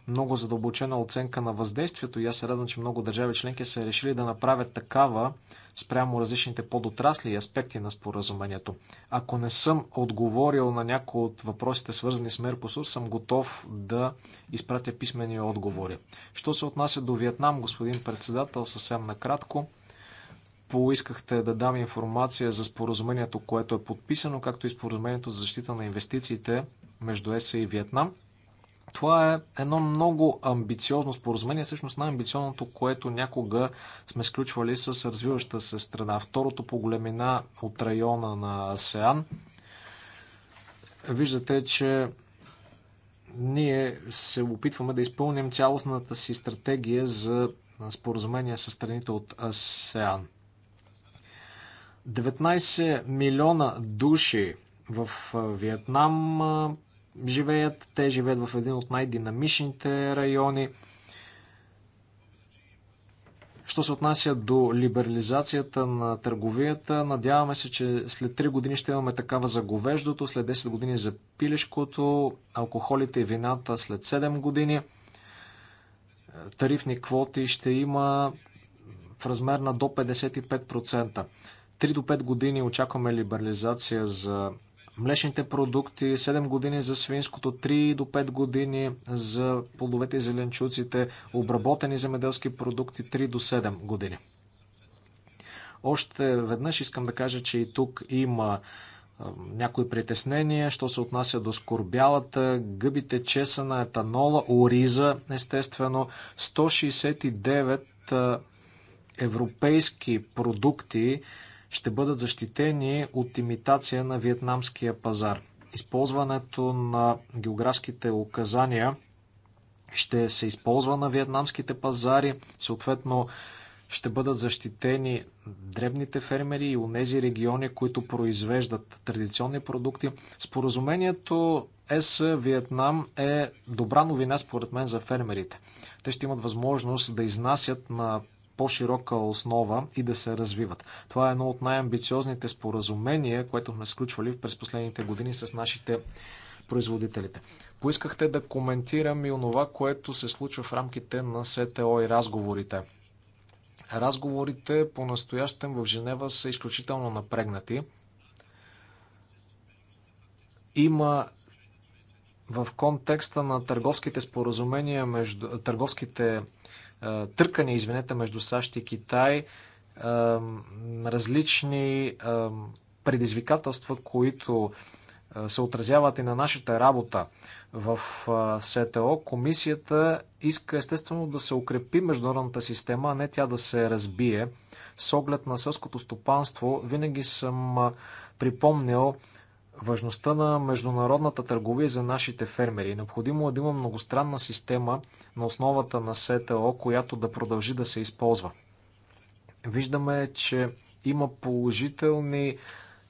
много задълбочена оценка на въздействието и аз се радвам, че много държави членки са решили да направят такава спрямо различните подотрасли и аспекти на споразумението. Ако не съм отговорил на някои от въпросите, свързани с Меркосур, съм готов да изпратя писмени отговори. Що се отнася до Виетнам, господин председател, съвсем накратко поискахте да дам информация за споразумението, което е подписано, както и споразумението за защита на инвестициите между ЕСА и Виетнам. Това е едно много амбициозно споразумение, всъщност най-амбициозното, което някога сме сключвали с развиваща се страна. Второто по големина от района на АСЕАН. Виждате, че ние се опитваме да изпълним цялостната си стратегия за споразумение с страните от АСЕАН. 19 милиона души в Виетнам живеят. Те живеят в един от най-динамичните райони. Що се отнася до либерализацията на търговията, надяваме се, че след 3 години ще имаме такава за говеждото, след 10 години за пилешкото, алкохолите и вината след 7 години. Тарифни квоти ще има в размер на до 55%. 3 до 5 години очакваме либерализация за млечните продукти, 7 години за свинското, 3 до 5 години за плодовете и зеленчуците, обработени земеделски продукти 3 до 7 години. Още веднъж искам да кажа, че и тук има някои притеснения, що се отнася до скорбялата, гъбите, чесана, етанола, ориза, естествено. 169 европейски продукти ще бъдат защитени от имитация на вьетнамския пазар. Използването на географските указания ще се използва на вьетнамските пазари, съответно ще бъдат защитени дребните фермери и унези региони, които произвеждат традиционни продукти. Споразумението С. Виетнам е добра новина според мен за фермерите. Те ще имат възможност да изнасят на по-широка основа и да се развиват. Това е едно от най-амбициозните споразумения, което сме сключвали през последните години с нашите производителите. Поискахте да коментирам и онова, което се случва в рамките на СТО и разговорите. Разговорите по-настоящем в Женева са изключително напрегнати. Има в контекста на търговските споразумения между търговските търкане, извинете, между САЩ и Китай, различни предизвикателства, които се отразяват и на нашата работа в СТО. Комисията иска естествено да се укрепи международната система, а не тя да се разбие. С оглед на селското стопанство винаги съм припомнял важността на международната търговия за нашите фермери. Необходимо е да има многостранна система на основата на СТО, която да продължи да се използва. Виждаме, че има положителни е,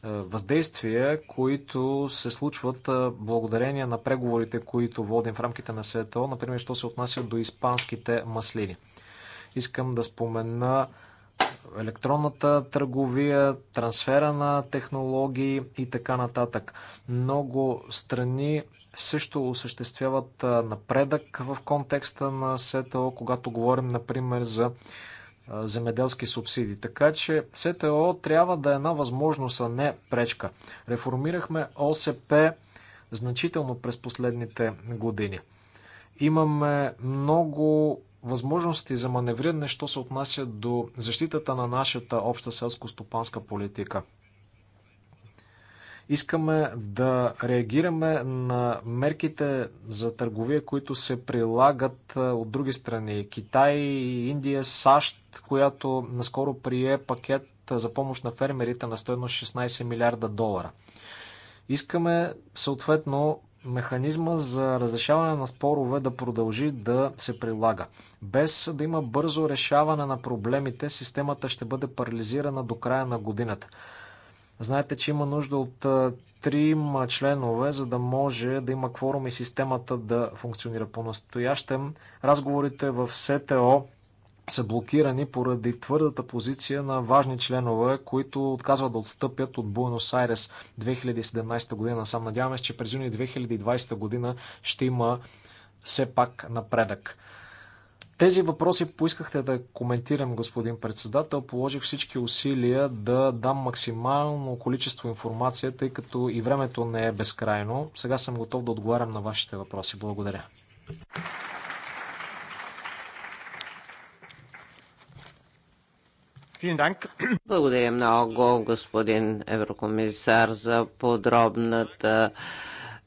въздействия, които се случват е, благодарение на преговорите, които водим в рамките на СТО, например, що се отнася до испанските маслини. Искам да спомена електронната търговия, трансфера на технологии и така нататък. Много страни също осъществяват напредък в контекста на СТО, когато говорим, например, за земеделски субсидии. Така че СТО трябва да е една възможност, а не пречка. Реформирахме ОСП значително през последните години. Имаме много възможности за маневриране, що се отнася до защитата на нашата обща селско-стопанска политика. Искаме да реагираме на мерките за търговия, които се прилагат от други страни. Китай, Индия, САЩ, която наскоро прие пакет за помощ на фермерите на стоеност 16 милиарда долара. Искаме съответно механизма за разрешаване на спорове да продължи да се прилага. Без да има бързо решаване на проблемите, системата ще бъде парализирана до края на годината. Знаете, че има нужда от трима членове, за да може да има кворум и системата да функционира. По-настоящем разговорите в СТО са блокирани поради твърдата позиция на важни членове, които отказват да отстъпят от Буенос Айрес 2017 година. Сам надяваме че през юни 2020 година ще има все пак напредък. Тези въпроси поискахте да коментирам, господин председател. Положих всички усилия да дам максимално количество информация, тъй като и времето не е безкрайно. Сега съм готов да отговарям на вашите въпроси. Благодаря. Благодаря много, господин еврокомисар, за подробната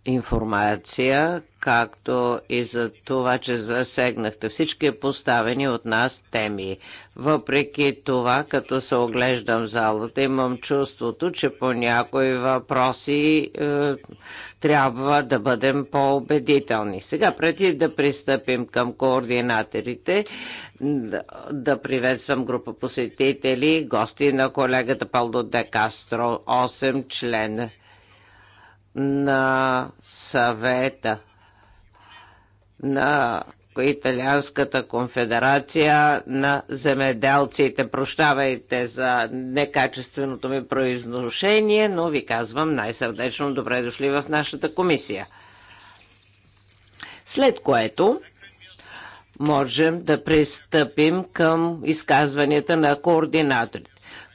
информация, както и за това, че засегнахте всички поставени от нас теми. Въпреки това, като се оглеждам в залата, имам чувството, че по някои въпроси е, трябва да бъдем по-убедителни. Сега, преди да пристъпим към координаторите, да приветствам група посетители, гости на колегата Палдо Де Кастро, 8 член на съвета на Италианската конфедерация на земеделците. Прощавайте за некачественото ми произношение, но ви казвам най-сърдечно добре дошли в нашата комисия. След което можем да пристъпим към изказванията на координаторите.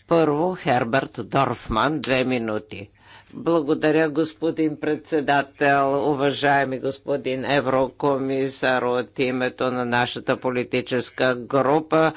Първо Херберт Дорфман, две минути. Благодаря, господин председател, уважаеми господин еврокомисар от името на нашата политическа група.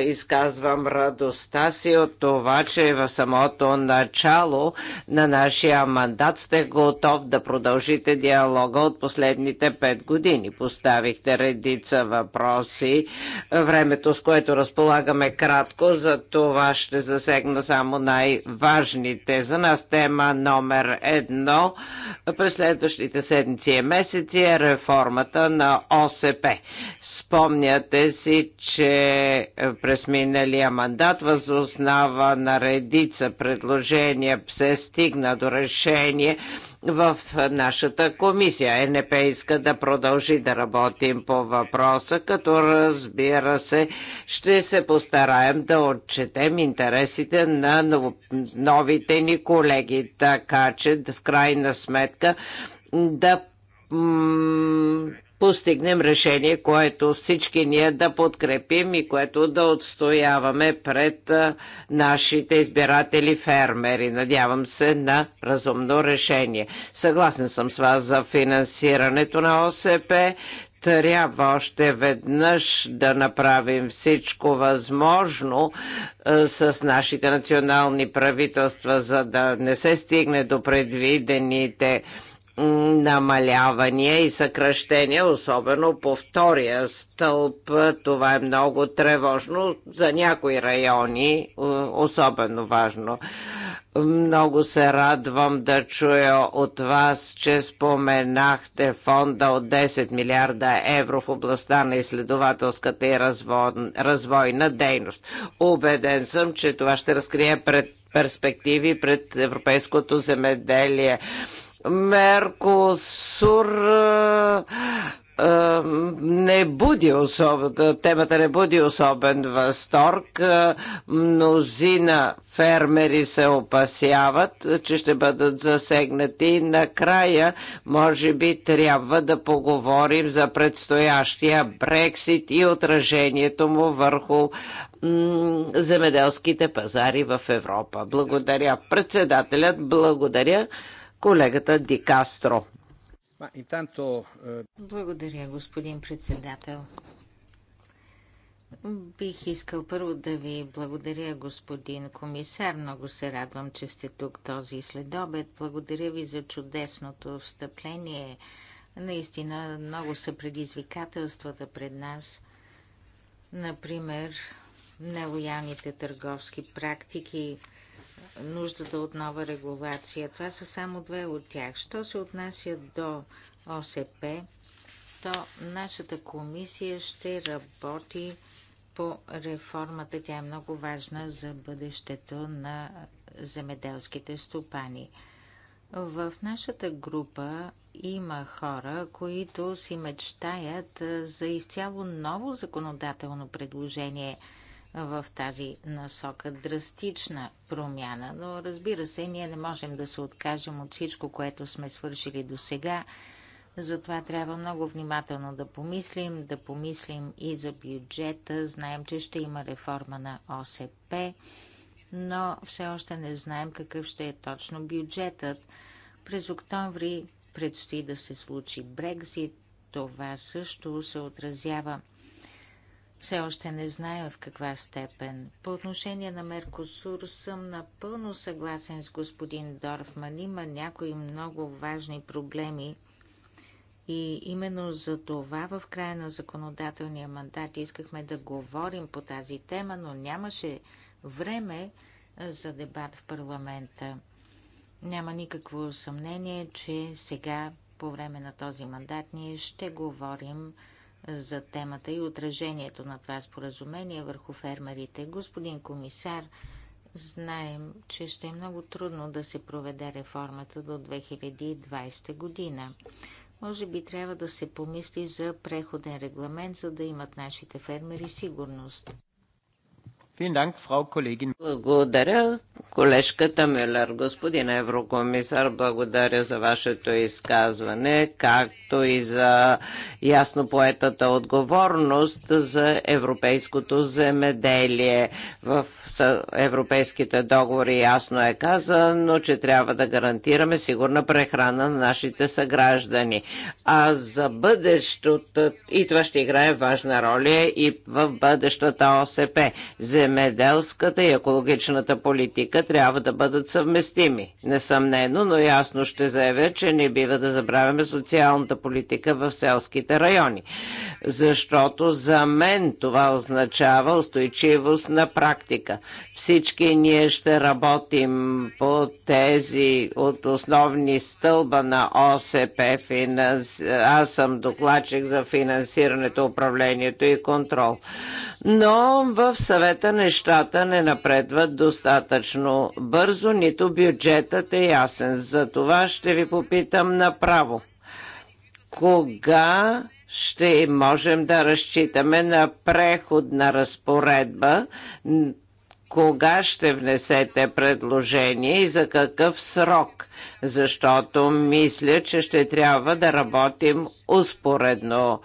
Изказвам радостта си от това, че в самото начало на нашия мандат сте готов да продължите диалога от последните пет години. Поставихте редица въпроси. Времето, с което разполагаме кратко, за това ще засегна само най-важните. За нас тема тема номер едно през следващите седмици и месеци е реформата на ОСП. Спомняте си, че през миналия мандат възоснава на редица предложения се стигна до решение в нашата комисия. Е, НП иска да продължи да работим по въпроса, като разбира се, ще се постараем да отчетем интересите на новите ни колеги, така че в крайна сметка да постигнем решение, което всички ние да подкрепим и което да отстояваме пред нашите избиратели фермери. Надявам се на разумно решение. Съгласен съм с вас за финансирането на ОСП трябва още веднъж да направим всичко възможно с нашите национални правителства, за да не се стигне до предвидените намалявания и съкръщения, особено по втория стълб. Това е много тревожно за някои райони, е, особено важно. Много се радвам да чуя от вас, че споменахте фонда от 10 милиарда евро в областта на изследователската и развойна дейност. Убеден съм, че това ще разкрие пред перспективи пред европейското земеделие. Меркосур е, е, не буди особ... темата не буди особен възторг. Е, мнозина фермери се опасяват, че ще бъдат засегнати. Накрая, може би, трябва да поговорим за предстоящия Брексит и отражението му върху земеделските пазари в Европа. Благодаря. Председателят, благодаря колегата Ди Кастро. Е, благодаря, господин председател. Бих искал първо да ви благодаря, господин комисар. Много се радвам, че сте тук този следобед. Благодаря ви за чудесното встъпление. Наистина много са предизвикателствата пред нас. Например, нелоялните търговски практики – нуждата от нова регулация. Това са само две от тях. Що се отнася до ОСП, то нашата комисия ще работи по реформата. Тя е много важна за бъдещето на земеделските стопани. В нашата група има хора, които си мечтаят за изцяло ново законодателно предложение – в тази насока. Драстична промяна, но разбира се, ние не можем да се откажем от всичко, което сме свършили до сега. Затова трябва много внимателно да помислим, да помислим и за бюджета. Знаем, че ще има реформа на ОСП, но все още не знаем какъв ще е точно бюджетът. През октомври предстои да се случи Брекзит. Това също се отразява все още не зная в каква степен. По отношение на Меркосур съм напълно съгласен с господин Дорфман. Има някои много важни проблеми и именно за това в края на законодателния мандат искахме да говорим по тази тема, но нямаше време за дебат в парламента. Няма никакво съмнение, че сега по време на този мандат ние ще говорим за темата и отражението на това споразумение върху фермерите. Господин комисар, знаем, че ще е много трудно да се проведе реформата до 2020 година. Може би трябва да се помисли за преходен регламент, за да имат нашите фермери сигурност. Благодаря, колежката Мюллер. Господин еврокомисар, благодаря за вашето изказване, както и за ясно поетата отговорност за европейското земеделие. В европейските договори ясно е казано, че трябва да гарантираме сигурна прехрана на нашите съграждани. А за бъдещото, и това ще играе важна роля и в бъдещата ОСП. Земеделие земеделската и екологичната политика трябва да бъдат съвместими. Несъмнено, но ясно ще заявя, че не бива да забравяме социалната политика в селските райони. Защото за мен това означава устойчивост на практика. Всички ние ще работим по тези от основни стълба на ОСП. Финанс... Аз съм докладчик за финансирането, управлението и контрол. Но в съвета нещата не напредват достатъчно бързо, нито бюджетът е ясен. За това ще ви попитам направо. Кога ще можем да разчитаме на преходна разпоредба, кога ще внесете предложение и за какъв срок, защото мисля, че ще трябва да работим успоредно.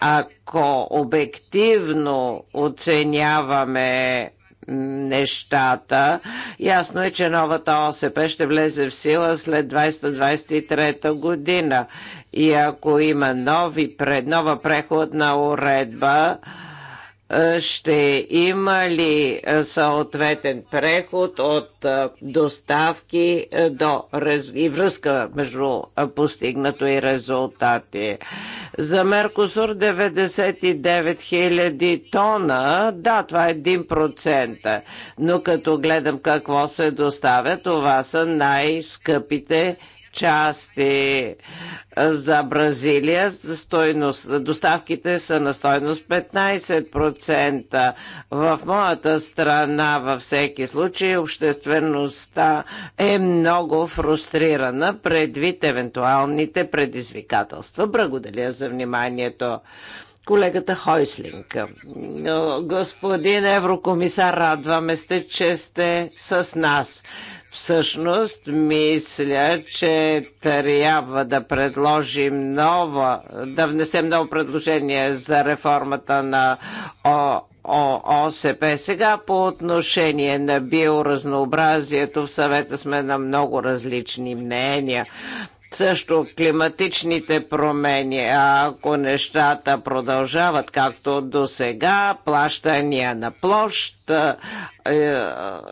Ако обективно оценяваме нещата. Ясно е, че новата ОСП ще влезе в сила след 2023 година. И ако има нови, нова преходна уредба, е, ще има ли е, съответен преход от е, доставки до и връзка между постигнато и резултати. За Меркосур 99 000 тона, да, това е 1%, но като гледам какво се доставя, това са най-скъпите части за Бразилия. Стойност, доставките са на стойност 15%. В моята страна във всеки случай обществеността е много фрустрирана предвид евентуалните предизвикателства. Благодаря за вниманието колегата Хойслинг. Господин еврокомисар, радваме сте, че сте с нас. Всъщност, мисля, че трябва да предложим нова, да внесем ново предложение за реформата на О, О, ОСП. Сега по отношение на биоразнообразието в съвета сме на много различни мнения също климатичните промени, ако нещата продължават както до сега, плащания на площ е,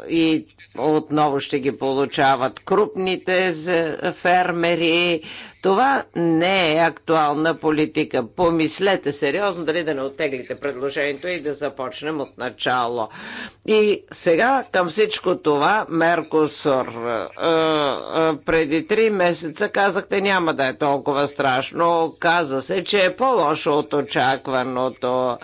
и отново ще ги получават крупните фермери, това не е актуална политика. Помислете сериозно дали да не оттеглите предложението и да започнем от начало. И сега към всичко това Меркосор. Е, е, преди три месеца казахте няма да е толкова страшно. Каза се, че е по-лошо от очакваното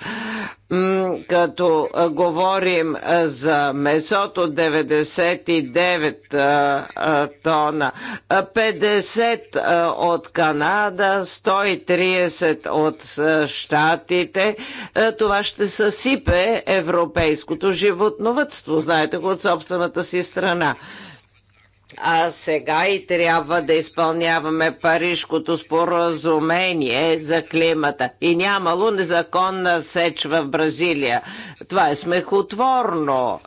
като е, говорим за месото 99 тона, 50 от от Канада, 130 от Штатите. Е, това ще съсипе европейското животновътство, знаете го от собствената си страна а сега и трябва да изпълняваме Парижското споразумение за климата. И нямало незаконна сеч в Бразилия. Това е смехотворно.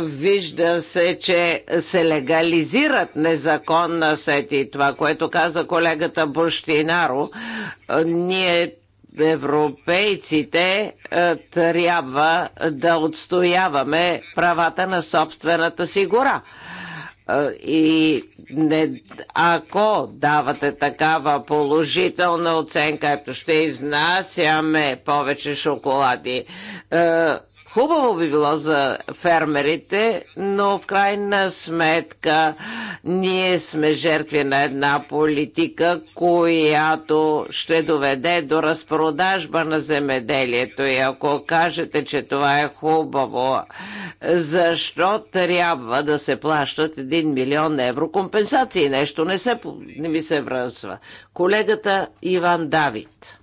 Вижда се, че се легализират незаконна сети. И това, което каза колегата Буштинаро, ние европейците трябва да отстояваме правата на собствената си гора. И не, ако давате такава положителна оценка, ето ще изнасяме повече шоколади. Хубаво би било за фермерите, но в крайна сметка ние сме жертви на една политика, която ще доведе до разпродажба на земеделието. И ако кажете, че това е хубаво, защо трябва да се плащат 1 милион евро компенсации? Нещо не, се, не ми се връзва. Колегата Иван Давид.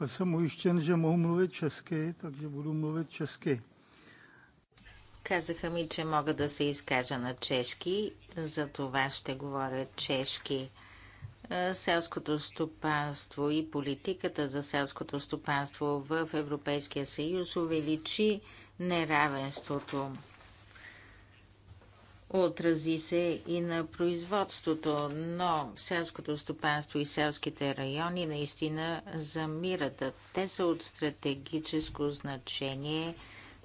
Byl jsem ujištěn, že mohu mluvit česky, takže budu mluvit česky. Казаха ми, че мога да се изкажа на чешки, за това ще говоря чешки. Е, селското стопанство и политиката за селското стопанство в Европейския съюз увеличи неравенството. Отрази се и на производството, но селското стопанство и селските райони наистина замират. Те са от стратегическо значение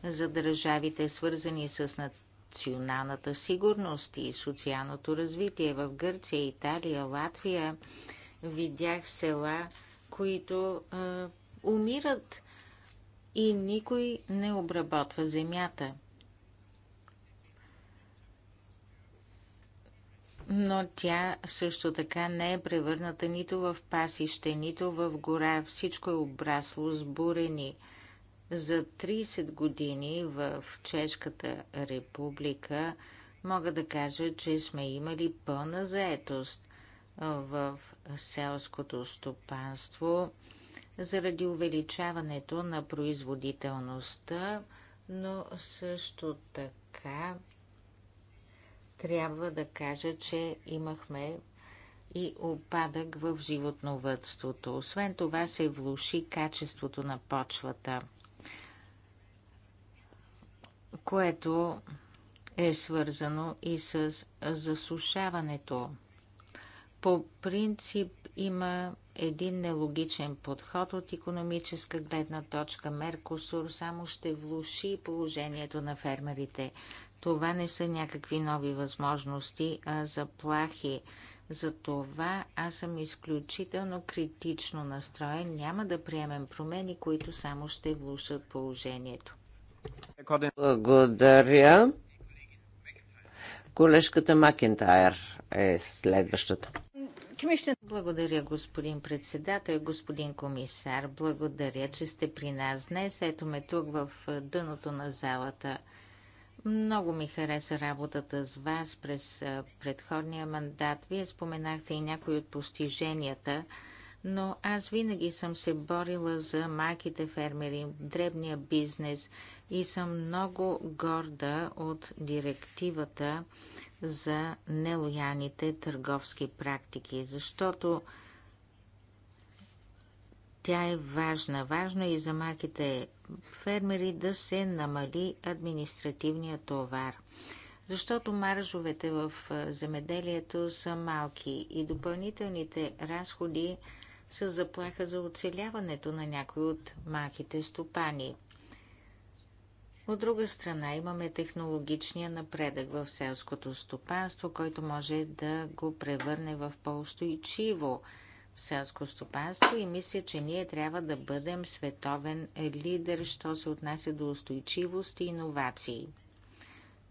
за държавите, свързани с националната сигурност и социалното развитие. В Гърция, Италия, Латвия видях села, които е, умират и никой не обработва земята – но тя също така не е превърната нито в пасище, нито в гора. Всичко е обрасло с бурени. За 30 години в Чешката република мога да кажа, че сме имали пълна заетост в селското стопанство заради увеличаването на производителността, но също така трябва да кажа, че имахме и опадък в животновътството. Освен това се влуши качеството на почвата, което е свързано и с засушаването. По принцип има един нелогичен подход от економическа гледна точка. Меркосур само ще влуши положението на фермерите. Това не са някакви нови възможности, а заплахи. Затова аз съм изключително критично настроен. Няма да приемем промени, които само ще влушат положението. Благодаря. Колежката Макентайр е следващата. Благодаря, господин председател, господин комисар. Благодаря, че сте при нас днес. Ето ме тук в дъното на залата. Много ми хареса работата с вас през предходния мандат. Вие споменахте и някои от постиженията, но аз винаги съм се борила за малките фермери, дребния бизнес и съм много горда от директивата за нелояните търговски практики, защото тя е важна. Важно е и за малките фермери да се намали административния товар. Защото маржовете в земеделието са малки и допълнителните разходи са заплаха за оцеляването на някои от малките стопани. От друга страна имаме технологичния напредък в селското стопанство, който може да го превърне в по-устойчиво селско стопанство и мисля, че ние трябва да бъдем световен лидер, що се отнася до устойчивост и иновации.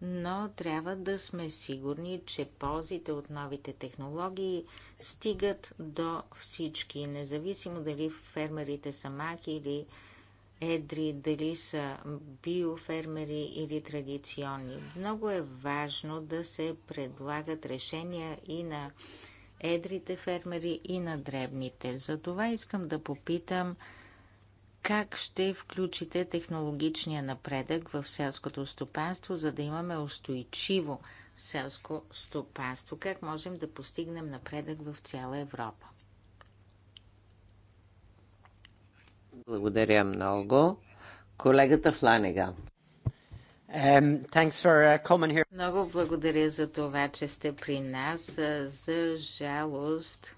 Но трябва да сме сигурни, че ползите от новите технологии стигат до всички, независимо дали фермерите са маки или едри, дали са биофермери или традиционни. Много е важно да се предлагат решения и на едрите фермери и на дребните. Затова искам да попитам как ще включите технологичния напредък в селското стопанство, за да имаме устойчиво селско стопанство? Как можем да постигнем напредък в цяла Европа? Благодаря много. Колегата Фланеган. Uh, Много благодаря за това, че сте при нас. За жалост,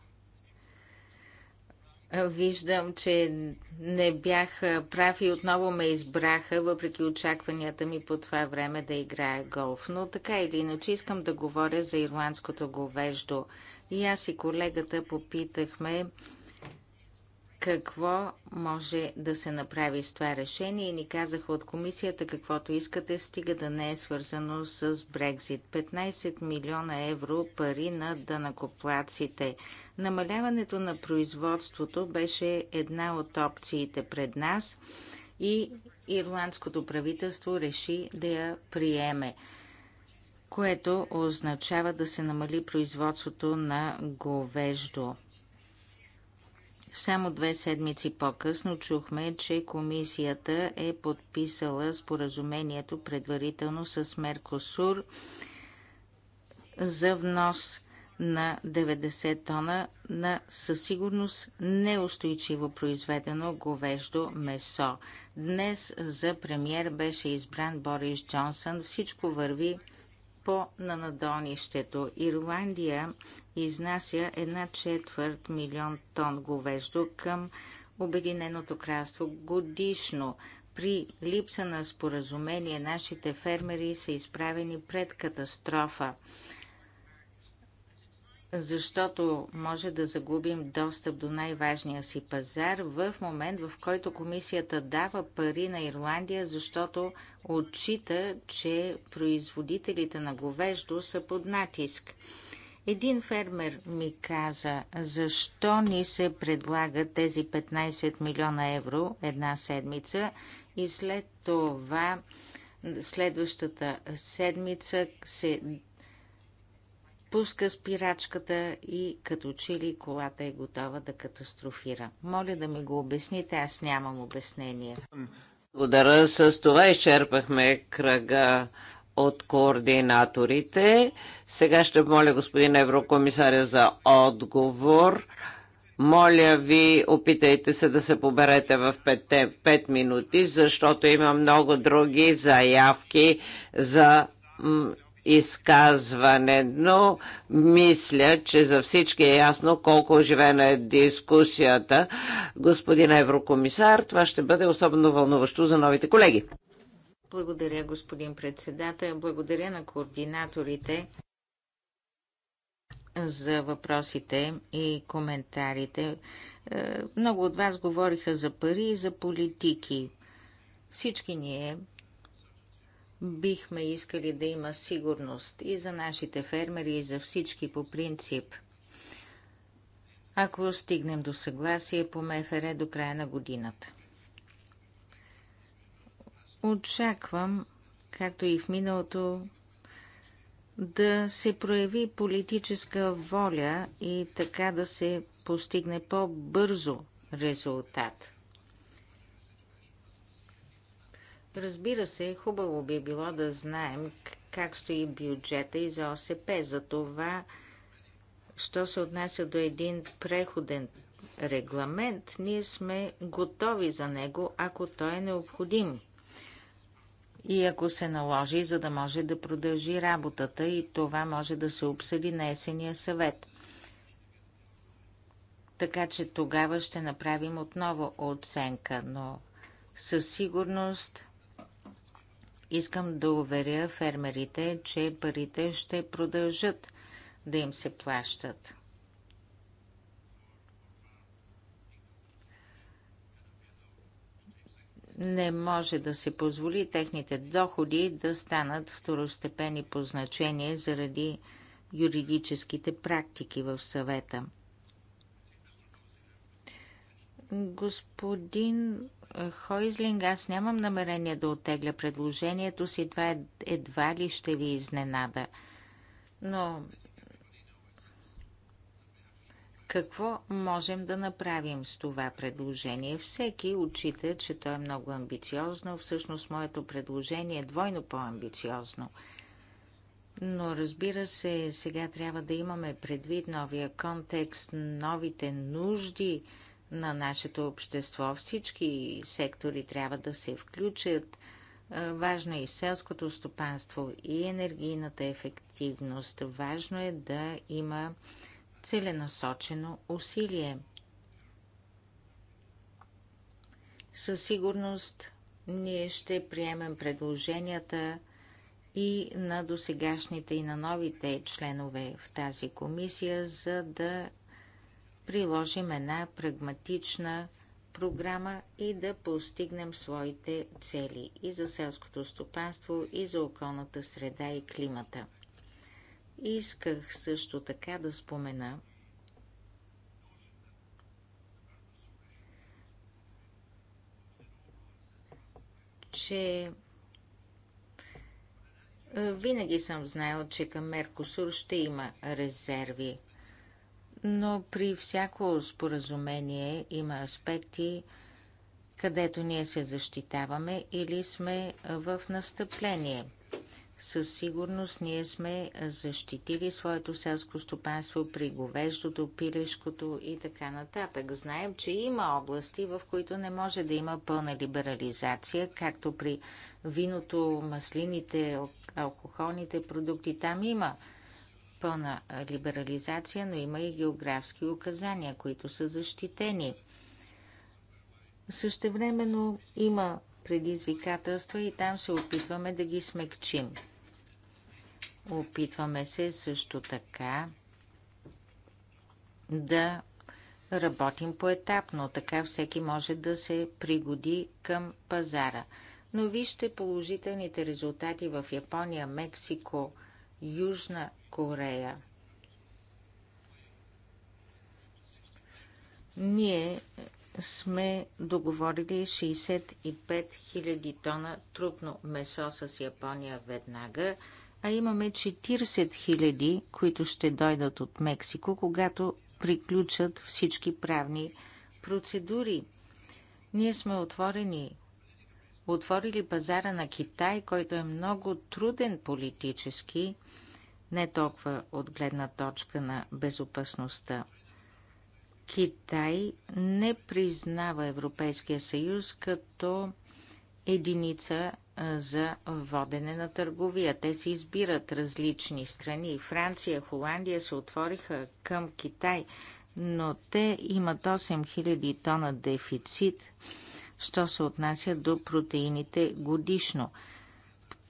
виждам, че не бях прав и отново ме избраха, въпреки очакванията ми по това време да играя голф. Но така или иначе искам да говоря за ирландското говеждо. И аз и колегата попитахме какво може да се направи с това решение. Ни казаха от комисията каквото искате, стига да не е свързано с Брекзит. 15 милиона евро пари на данакоплаците. Намаляването на производството беше една от опциите пред нас и ирландското правителство реши да я приеме което означава да се намали производството на говеждо. Само две седмици по-късно чухме, че комисията е подписала споразумението предварително с Меркосур за внос на 90 тона на със сигурност неустойчиво произведено говеждо месо. Днес за премьер беше избран Борис Джонсън. Всичко върви по нанадолнището. Ирландия изнася една четвърт милион тон говеждо към Обединеното кралство годишно. При липса на споразумение нашите фермери са изправени пред катастрофа защото може да загубим достъп до най-важния си пазар в момент, в който комисията дава пари на Ирландия, защото отчита, че производителите на говеждо са под натиск. Един фермер ми каза, защо ни се предлагат тези 15 милиона евро една седмица и след това следващата седмица се пуска спирачката и като че ли колата е готова да катастрофира. Моля да ми го обясните, аз нямам обяснение. Благодаря. С това изчерпахме кръга от координаторите. Сега ще моля господин Еврокомисаря за отговор. Моля ви, опитайте се да се поберете в 5, 5 минути, защото има много други заявки за изказване, но мисля, че за всички е ясно колко оживена е дискусията. Господин еврокомисар, това ще бъде особено вълнуващо за новите колеги. Благодаря, господин председател. Благодаря на координаторите за въпросите и коментарите. Е, много от вас говориха за пари и за политики. Всички ние бихме искали да има сигурност и за нашите фермери, и за всички по принцип. Ако стигнем до съгласие по МФР до края на годината. Очаквам, както и в миналото, да се прояви политическа воля и така да се постигне по-бързо резултат – Разбира се, хубаво би било да знаем как стои бюджета и за ОСП. За това, що се отнася до един преходен регламент, ние сме готови за него, ако той е необходим. И ако се наложи, за да може да продължи работата и това може да се обсъди на есения съвет. Така че тогава ще направим отново оценка, но със сигурност Искам да уверя фермерите, че парите ще продължат да им се плащат. не може да се позволи техните доходи да станат второстепени по значение заради юридическите практики в съвета. Господин Хойзлинг, аз нямам намерение да оттегля предложението си, това е едва ли ще ви изненада. Но какво можем да направим с това предложение? Всеки отчита, че то е много амбициозно. Всъщност, моето предложение е двойно по-амбициозно. Но разбира се, сега трябва да имаме предвид новия контекст, новите нужди – на нашето общество. Всички сектори трябва да се включат. Важно е и селското стопанство, и енергийната ефективност. Важно е да има целенасочено усилие. Със сигурност ние ще приемем предложенията и на досегашните и на новите членове в тази комисия, за да приложим една прагматична програма и да постигнем своите цели и за селското стопанство, и за околната среда и климата. Исках също така да спомена, че винаги съм знаел, че към Меркосур ще има резерви но при всяко споразумение има аспекти, където ние се защитаваме или сме в настъпление. Със сигурност ние сме защитили своето селско стопанство при говеждото, пилешкото и така нататък. Знаем, че има области, в които не може да има пълна либерализация, както при виното, маслините, алкохолните продукти. Там има пълна либерализация, но има и географски указания, които са защитени. Същевременно има предизвикателства и там се опитваме да ги смекчим. Опитваме се също така да работим поетапно, така всеки може да се пригоди към пазара. Но вижте положителните резултати в Япония, Мексико – Южна Корея. Ние сме договорили 65 000 тона трупно месо с Япония веднага, а имаме 40 000, които ще дойдат от Мексико, когато приключат всички правни процедури. Ние сме отворени, отворили пазара на Китай, който е много труден политически, не толкова от гледна точка на безопасността. Китай не признава Европейския съюз като единица за водене на търговия. Те се избират различни страни. Франция, Холандия се отвориха към Китай, но те имат 8000 тона дефицит, що се отнася до протеините годишно –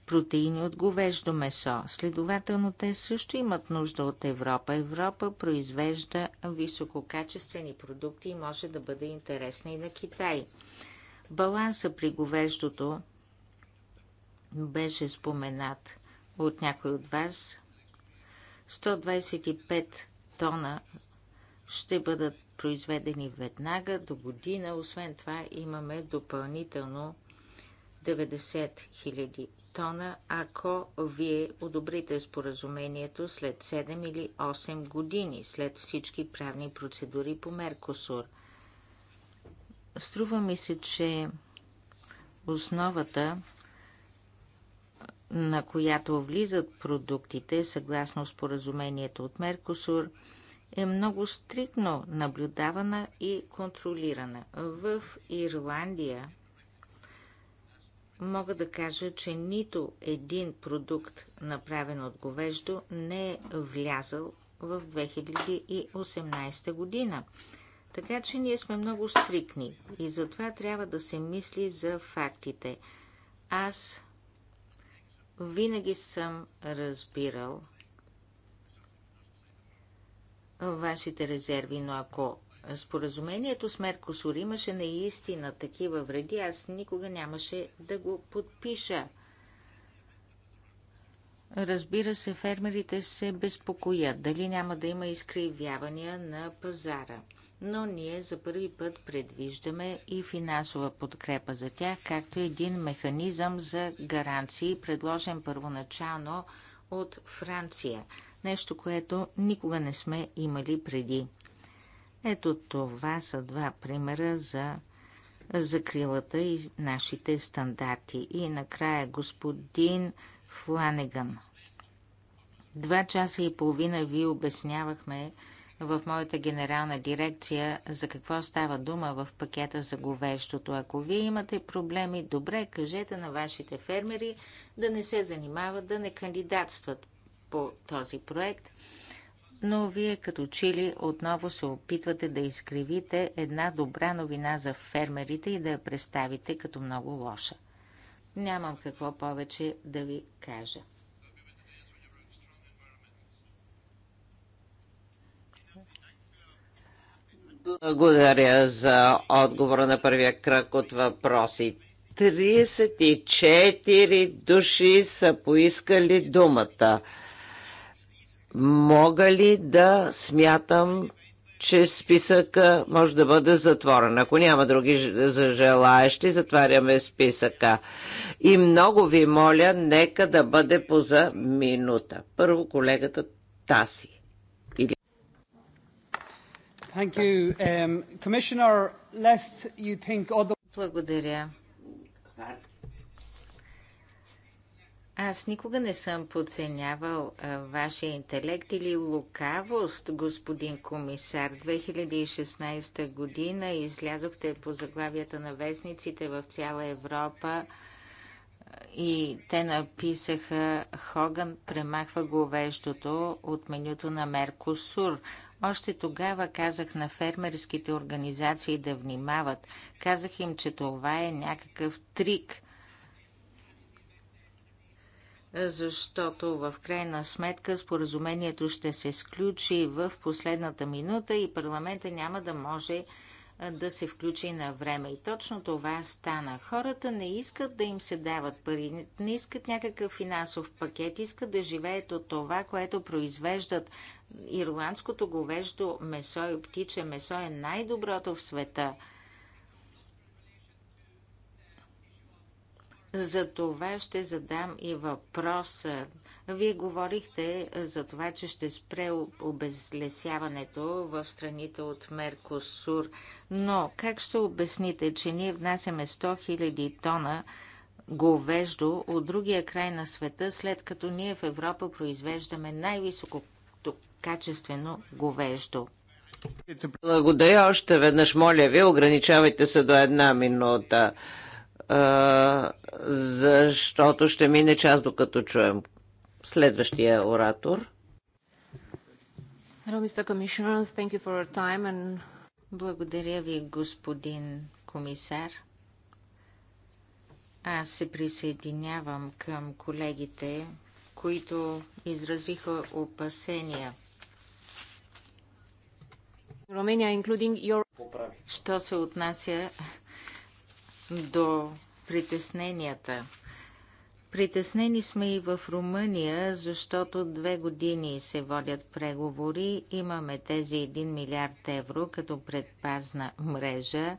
протеини от говеждо месо. Следователно, те също имат нужда от Европа. Европа произвежда висококачествени продукти и може да бъде интересна и на Китай. Баланса при говеждото беше споменат от някой от вас. 125 тона ще бъдат произведени веднага до година. Освен това имаме допълнително 90 000 тона, ако вие одобрите споразумението след 7 или 8 години, след всички правни процедури по Меркосур. Струва ми се, че основата, на която влизат продуктите, съгласно споразумението от Меркосур, е много стрикно наблюдавана и контролирана. В Ирландия мога да кажа, че нито един продукт, направен от говеждо, не е влязъл в 2018 година. Така че ние сме много стрикни и затова трябва да се мисли за фактите. Аз винаги съм разбирал вашите резерви, но ако споразумението с Меркосур имаше наистина такива вреди, аз никога нямаше да го подпиша. Разбира се, фермерите се безпокоят дали няма да има изкривявания на пазара. Но ние за първи път предвиждаме и финансова подкрепа за тях, както един механизъм за гаранции, предложен първоначално от Франция. Нещо, което никога не сме имали преди. Ето това са два примера за закрилата и нашите стандарти. И накрая господин Фланеган. Два часа и половина ви обяснявахме в моята генерална дирекция за какво става дума в пакета за говещото. Ако вие имате проблеми, добре, кажете на вашите фермери да не се занимават, да не кандидатстват по този проект но вие като чили отново се опитвате да изкривите една добра новина за фермерите и да я представите като много лоша. Нямам какво повече да ви кажа. Благодаря за отговора на първия кръг от въпроси. 34 души са поискали думата мога ли да смятам, че списъка може да бъде затворен. Ако няма други желаящи, затваряме списъка. И много ви моля, нека да бъде поза минута. Първо колегата Таси. Или... Благодаря. Аз никога не съм подценявал вашия интелект или лукавост, господин комисар. 2016 година излязохте по заглавията на вестниците в цяла Европа и те написаха Хоган премахва говеждото от менюто на Меркосур. Още тогава казах на фермерските организации да внимават. Казах им, че това е някакъв трик – защото в крайна сметка споразумението ще се сключи в последната минута и парламента няма да може да се включи на време. И точно това стана. Хората не искат да им се дават пари, не искат някакъв финансов пакет, искат да живеят от това, което произвеждат. Ирландското говеждо месо и птиче месо е най-доброто в света – За това ще задам и въпроса. Вие говорихте за това, че ще спре обезлесяването в страните от Меркосур, но как ще обясните, че ние внасяме 100 000 тона говеждо от другия край на света, след като ние в Европа произвеждаме най-високото качествено говеждо? Благодаря още веднъж, моля ви, ограничавайте се до една минута защото ще мине час докато чуем следващия оратор. Благодаря ви, господин комисар. Аз се присъединявам към колегите, които изразиха опасения. Romania, including your... Що се отнася до притесненията. Притеснени сме и в Румъния, защото две години се водят преговори. Имаме тези 1 милиард евро като предпазна мрежа.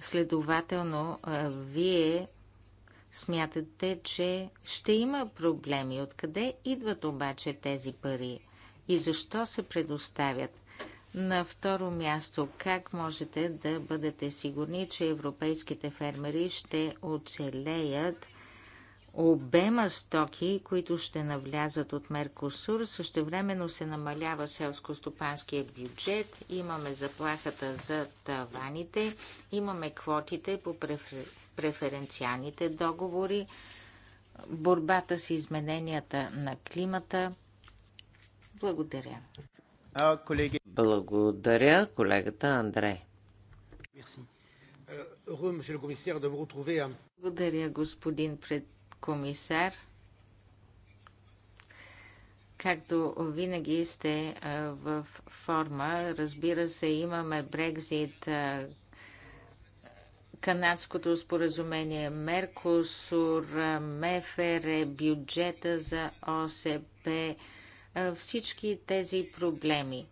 Следователно, вие смятате, че ще има проблеми. Откъде идват обаче тези пари и защо се предоставят? На второ място, как можете да бъдете сигурни, че европейските фермери ще оцелеят обема стоки, които ще навлязат от Меркосур, същевременно се намалява селско-стопанския бюджет, имаме заплахата за таваните, имаме квотите по префер... преференциалните договори, борбата с измененията на климата. Благодаря. Благодаря, колегата Андре. Euh, Благодаря, господин предкомисар. Както винаги сте в форма, разбира се, имаме Брекзит, канадското споразумение, Меркосур, МЕФЕР, бюджета за ОСП, всички тези проблеми.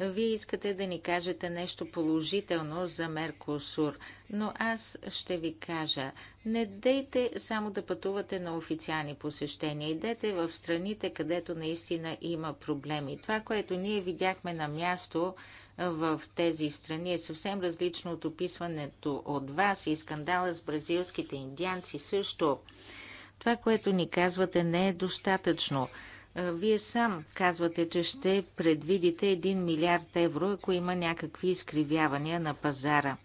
Вие искате да ни кажете нещо положително за Меркосур, но аз ще ви кажа, не дейте само да пътувате на официални посещения, идете в страните, където наистина има проблеми. Това, което ние видяхме на място в тези страни е съвсем различно от описването от вас и скандала с бразилските индианци също. Това, което ни казвате, не е достатъчно. Вие сам казвате, че ще предвидите 1 милиард евро, ако има някакви изкривявания на пазара.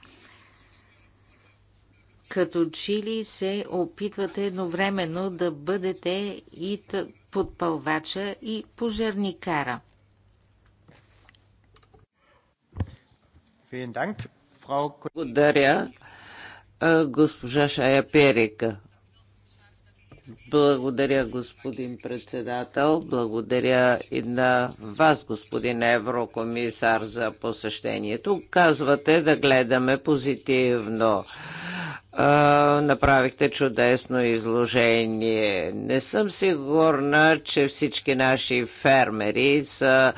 Като чили се опитвате едновременно да бъдете и подпълвача и пожарникара. Благодаря, госпожа Шая Перека. Благодаря, господин председател. Благодаря и на вас, господин еврокомисар, за посещението. Казвате да гледаме позитивно. А, направихте чудесно изложение. Не съм сигурна, че всички наши фермери са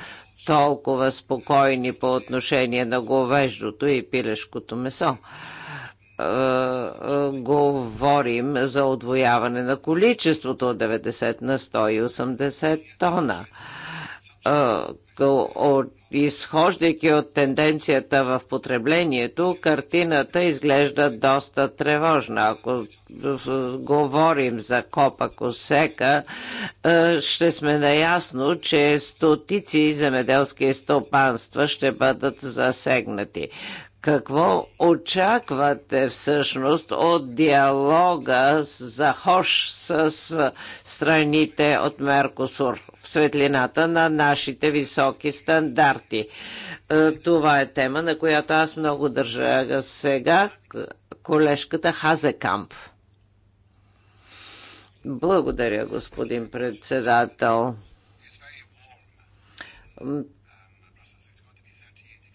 толкова спокойни по отношение на говеждото и пилешкото месо говорим за отвояване на количеството от 90 на 180 тона изхождайки от тенденцията в потреблението, картината изглежда доста тревожна. Ако говорим за копа косека, ще сме наясно, че стотици земеделски стопанства ще бъдат засегнати. Какво очаквате всъщност от диалога за ХОШ с страните от Меркосур в светлината на нашите високи стандарти? Е, това е тема, на която аз много държа сега колежката Хазекамп. Благодаря, господин председател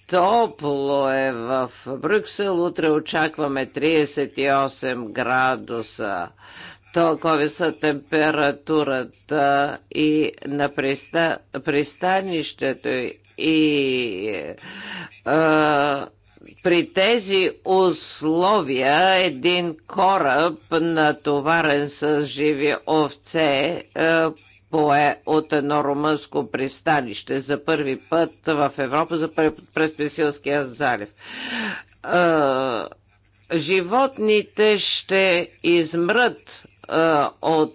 топло е в Брюксел. Утре очакваме 38 градуса. Толкова са температурата и на приста, пристанището и а, при тези условия един кораб, натоварен с живи овце, пое от едно румънско пристанище за първи път в Европа, за първи път през Песилския залив. Животните ще измрат от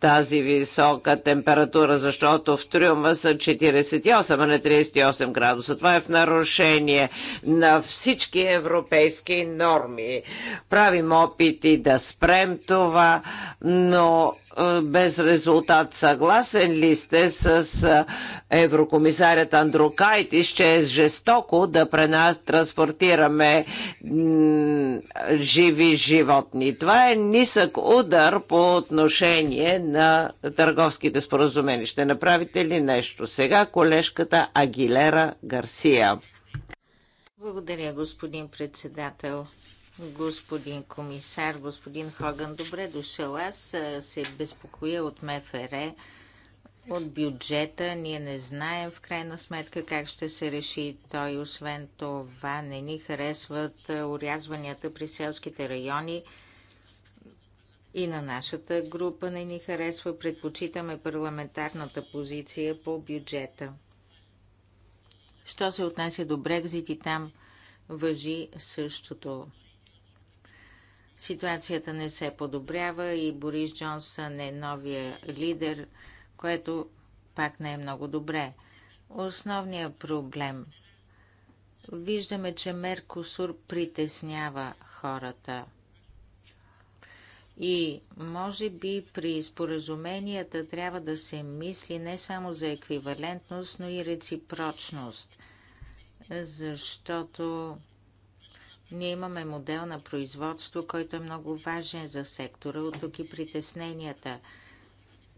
тази висока температура, защото в Трюма са 48, а не 38 градуса. Това е в нарушение на всички европейски норми. Правим опити да спрем това, но без резултат. Съгласен ли сте с еврокомисарят Андрукайтис, че е жестоко да пренас транспортираме живи животни? Това е нисък удар по отношение на търговските споразумения. Ще направите ли нещо? Сега колежката Агилера Гарсия. Благодаря, господин председател, господин комисар, господин Хоган. Добре дошъл. Аз се безпокоя от МФР, от бюджета. Ние не знаем в крайна сметка как ще се реши той. Освен това, не ни харесват урязванията при селските райони – и на нашата група не ни харесва. Предпочитаме парламентарната позиция по бюджета. Що се отнася до Брекзит и там въжи същото. Ситуацията не се подобрява и Борис Джонсън е новия лидер, което пак не е много добре. Основният проблем. Виждаме, че Меркосур притеснява хората – и може би при споразуменията трябва да се мисли не само за еквивалентност, но и реципрочност. Защото ние имаме модел на производство, който е много важен за сектора, от тук и притесненията.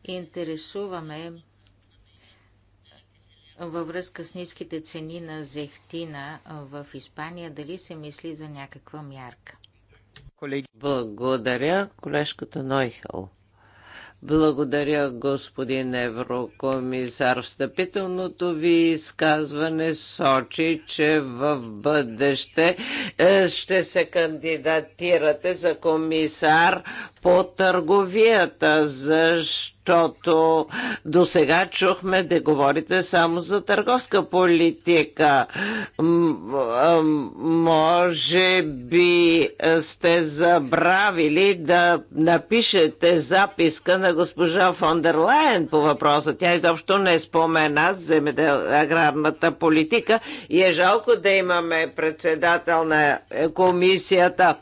Интересуваме във връзка с ниските цени на зехтина в Испания, дали се мисли за някаква мярка. Колеги. Благодаря, колежката Нойхел. Благодаря, господин еврокомисар. Встъпителното ви изказване сочи, че в бъдеще е, ще се кандидатирате за комисар по търговията. Защо? защото до сега чухме да говорите само за търговска политика. Може би сте забравили да напишете записка на госпожа фон дер Лайен по въпроса. Тя изобщо не спомена земедеаграрната политика и е жалко да имаме председател на комисията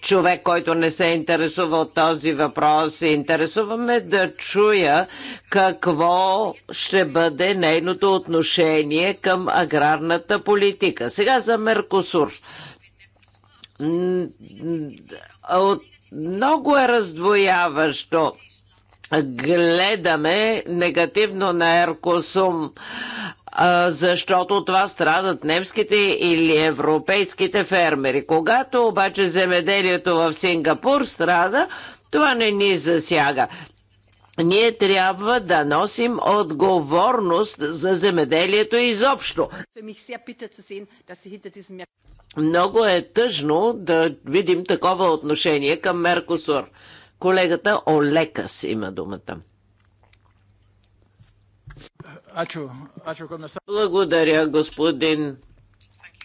човек, който не се интересува от този въпрос. Интересуваме да чуя какво ще бъде нейното отношение към аграрната политика. Сега за Меркосур. От много е раздвояващо гледаме негативно на Еркосум защото това страдат немските или европейските фермери. Когато обаче земеделието в Сингапур страда, това не ни засяга. Ние трябва да носим отговорност за земеделието изобщо. Много е тъжно да видим такова отношение към Меркосур. Колегата Олекас има думата. Благодаря, господин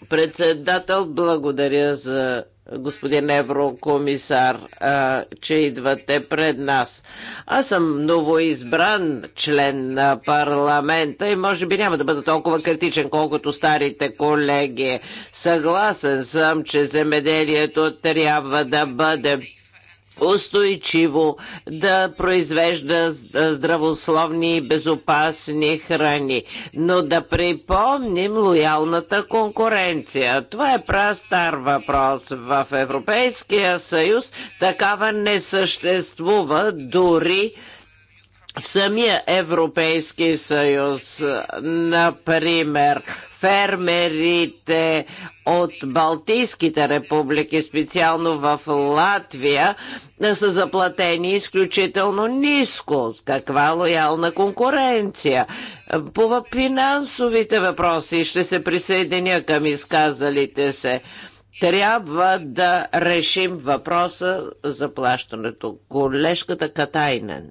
председател. Благодаря за господин еврокомисар, а, че идвате пред нас. Аз съм новоизбран член на парламента и може би няма да бъда толкова критичен, колкото старите колеги. Съгласен съм, че земеделието трябва да бъде устойчиво да произвежда здравословни и безопасни храни, но да припомним лоялната конкуренция. Това е прастар въпрос. В Европейския съюз такава не съществува дори в самия Европейски съюз, например, фермерите от Балтийските републики, специално в Латвия, са заплатени изключително ниско. Каква лоялна конкуренция? По финансовите въпроси ще се присъединя към изказалите се трябва да решим въпроса за плащането. Колежката Катайнен.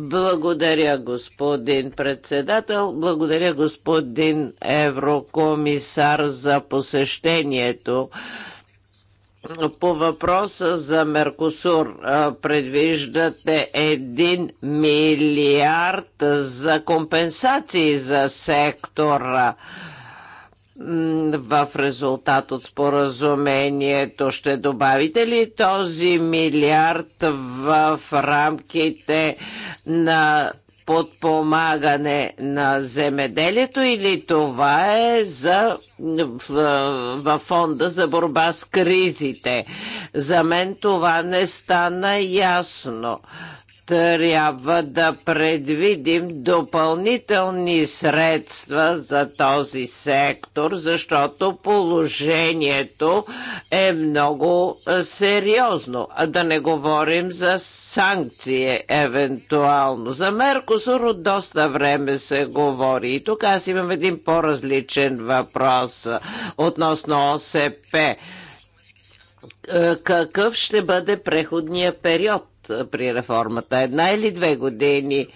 Благодаря, господин председател. Благодаря, господин еврокомисар, за посещението. По въпроса за Меркосур предвиждате 1 милиард за компенсации за сектора в резултат от споразумението. Ще добавите ли този милиард в рамките на подпомагане на земеделието или това е за, в, в фонда за борба с кризите. За мен това не стана ясно трябва да предвидим допълнителни средства за този сектор, защото положението е много е, сериозно. А да не говорим за санкции евентуално. За Меркосур от доста време се говори. И тук аз имам един по-различен въпрос е, относно ОСП е, какъв ще бъде преходния период при реформата. Една или две години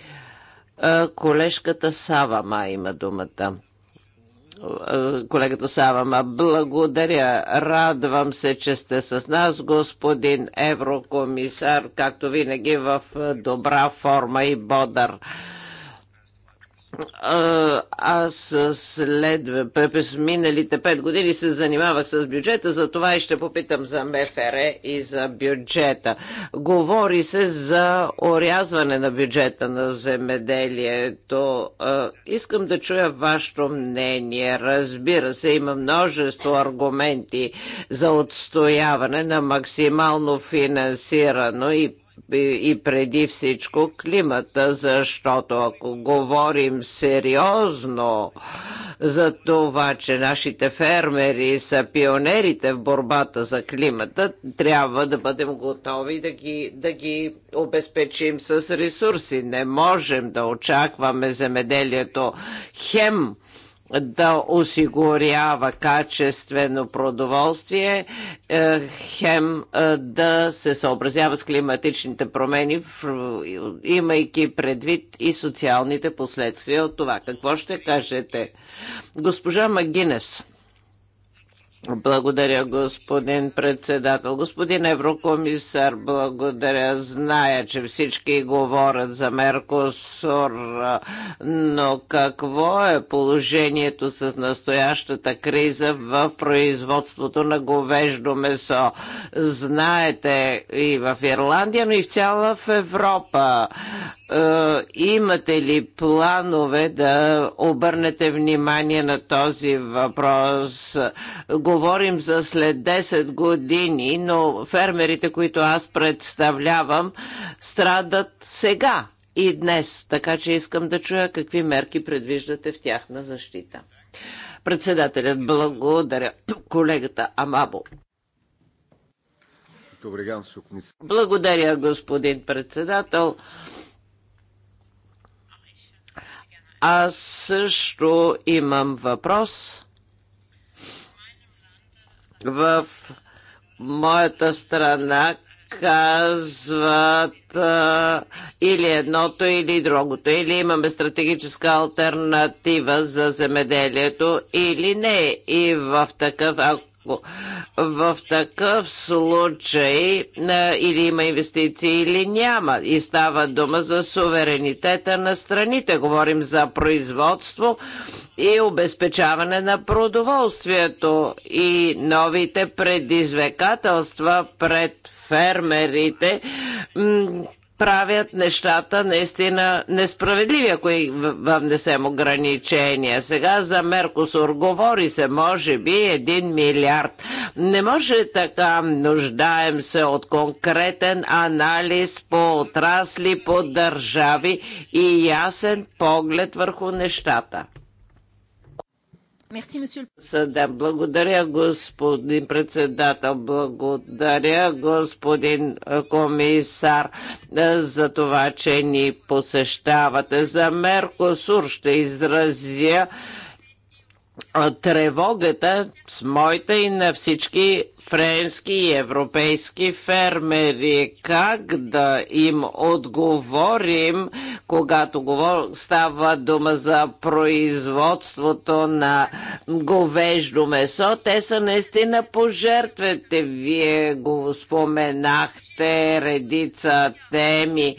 колежката Савама има думата колегата Савама. Благодаря. Радвам се, че сте с нас, господин еврокомисар, както винаги в добра форма и бодър аз след през миналите пет години се занимавах с бюджета, за това и ще попитам за МФР и за бюджета. Говори се за орязване на бюджета на земеделието. Искам да чуя вашето мнение. Разбира се, има множество аргументи за отстояване на максимално финансирано и и преди всичко климата, защото ако говорим сериозно за това, че нашите фермери са пионерите в борбата за климата, трябва да бъдем готови да ги, да ги обезпечим с ресурси. Не можем да очакваме земеделието хем да осигурява качествено продоволствие, е, хем е, да се съобразява с климатичните промени, имайки предвид и социалните последствия от това. Какво ще кажете? Госпожа Магинес. Благодаря, господин председател. Господин еврокомисар, благодаря. Зная, че всички говорят за Меркосур, но какво е положението с настоящата криза в производството на говеждо месо? Знаете и в Ирландия, но и в цяла в Европа. Е, имате ли планове да обърнете внимание на този въпрос? Говорим за след 10 години, но фермерите, които аз представлявам, страдат сега и днес, така че искам да чуя какви мерки предвиждате в тяхна защита. Председателят благодаря колегата Амабо. Благодаря, господин председател. Аз също имам въпрос. В моята страна казват а, или едното, или другото. Или имаме стратегическа альтернатива за земеделието, или не. И в такъв, ако в такъв случай е, или има инвестиции, или няма. И става дума за суверенитета на страните. Говорим за производство и обезпечаване на продоволствието и новите предизвикателства пред фермерите правят нещата наистина несправедливи, ако вам внесем ограничения. Сега за Меркосур говори се, може би, един милиард. Не може така, нуждаем се от конкретен анализ по отрасли, по държави и ясен поглед върху нещата. Съда. Благодаря, господин председател. Благодаря, господин комисар, за това, че ни посещавате. За Меркосур ще изразя тревогата с моите и на всички френски и европейски фермери. Как да им отговорим, когато става дума за производството на говеждо месо? Те са наистина пожертвете. Вие го споменахте още редица теми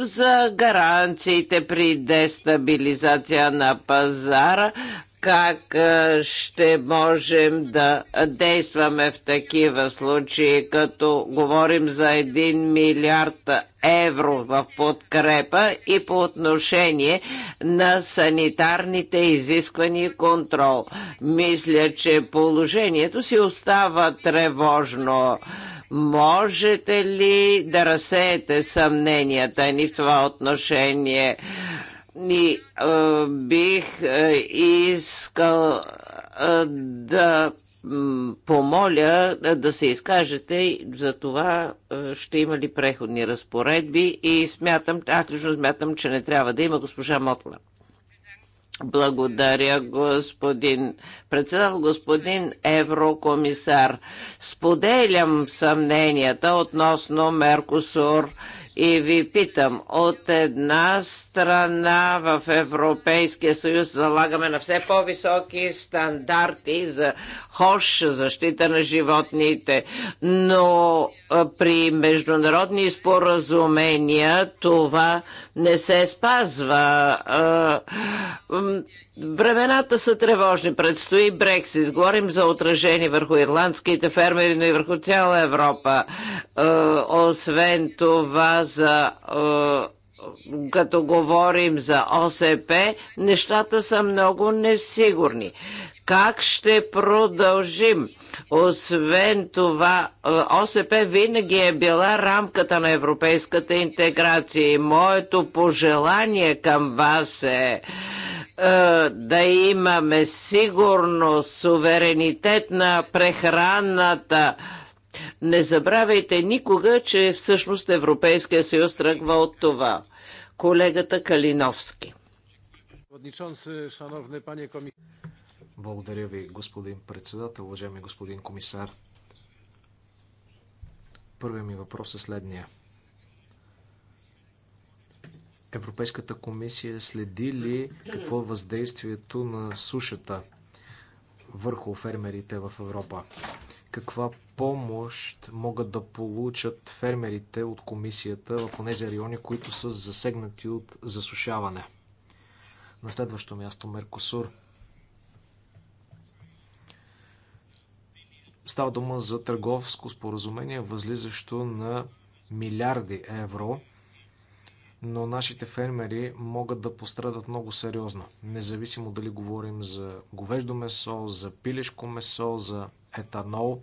за гаранциите при дестабилизация на пазара, как ще можем да действаме в такива случаи, като говорим за 1 милиард евро в подкрепа и по отношение на санитарните изисквания и контрол. Мисля, че положението си остава тревожно. Можете ли да разсеете съмненията ни в това отношение? И е, бих е, искал е, да помоля е, да се изкажете за това е, ще има ли преходни разпоредби и смятам, аз лично смятам, че не трябва да има госпожа Мотла. Благодаря, господин председател, господин еврокомисар. Споделям съмненията относно Меркосур и ви питам, от една страна в Европейския съюз залагаме на все по-високи стандарти за хош, защита на животните, но при международни споразумения това не се спазва. Времената са тревожни. Предстои Брексис. Говорим за отражение върху ирландските фермери, но и върху цяла Европа. Освен това за като говорим за ОСП, нещата са много несигурни. Как ще продължим? Освен това, е, ОСП винаги е била рамката на европейската интеграция и моето пожелание към вас е, е да имаме сигурност, суверенитет на прехраната. Не забравяйте никога, че всъщност Европейския съюз тръгва от това. Колегата Калиновски. Благодаря ви, господин председател, уважаеми господин комисар. Първият ми въпрос е следния. Европейската комисия следи ли какво е въздействието на сушата върху фермерите в Европа? Каква помощ могат да получат фермерите от комисията в тези райони, които са засегнати от засушаване? На следващо място Меркосур – Става дума за търговско споразумение, възлизащо на милиарди евро, но нашите фермери могат да пострадат много сериозно, независимо дали говорим за говеждо месо, за пилешко месо, за етанол.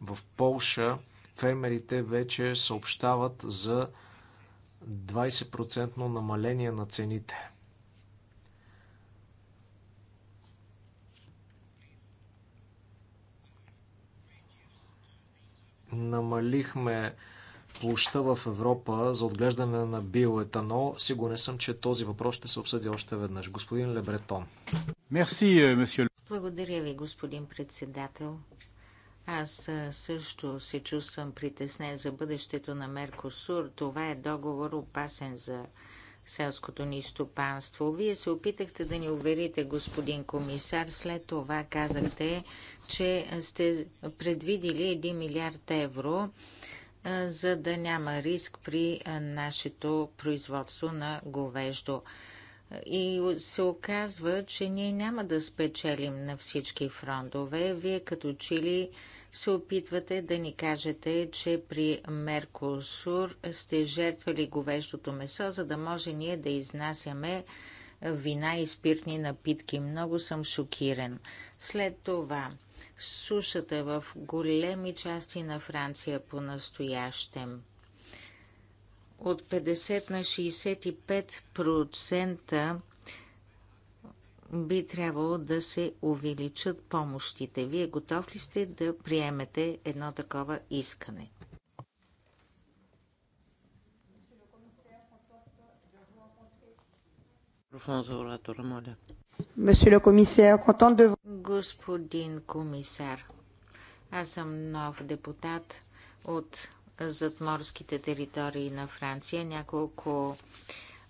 В Полша фермерите вече съобщават за 20% намаление на цените – намалихме площа в Европа за отглеждане на биоетанол. Сигурен съм, че този въпрос ще се обсъди още веднъж. Господин Лебретон. Мерси, euh, Благодаря ви, господин председател. Аз също се чувствам притеснен за бъдещето на Меркосур. Това е договор опасен за селското ни стопанство. Вие се опитахте да ни уверите, господин комисар, след това казахте, че сте предвидили 1 милиард евро, за да няма риск при нашето производство на говеждо. И се оказва, че ние няма да спечелим на всички фронтове. Вие като чили се опитвате да ни кажете, че при Меркосур сте жертвали говещото месо, за да може ние да изнасяме вина и спиртни напитки. Много съм шокиран. След това, сушата е в големи части на Франция по-настоящем. От 50 на 65% би трябвало да се увеличат помощите. Вие готов ли сте да приемете едно такова искане? Господин комисар, аз съм нов депутат от задморските територии на Франция. Няколко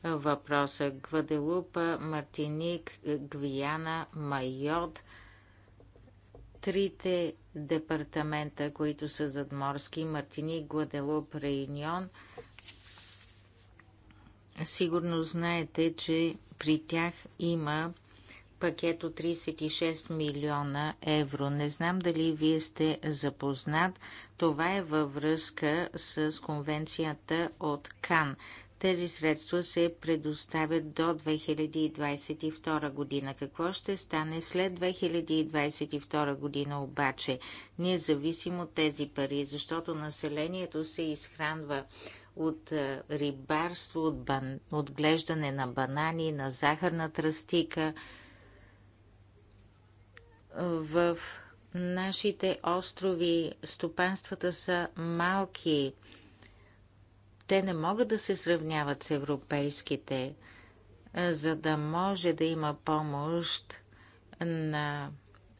въпроса. Гваделупа, Мартиник, Гвиана, Майот. Трите департамента, които са задморски, Мартиник, Гваделуп, Рейнион, сигурно знаете, че при тях има пакет от 36 милиона евро. Не знам дали вие сте запознат. Това е във връзка с конвенцията от Кан. Тези средства се предоставят до 2022 година. Какво ще стане след 2022 година обаче? Ние зависим от тези пари, защото населението се изхранва от е, рибарство, от бан... отглеждане на банани, на захарна тръстика. В нашите острови стопанствата са малки – те не могат да се сравняват с европейските, за да може да има помощ на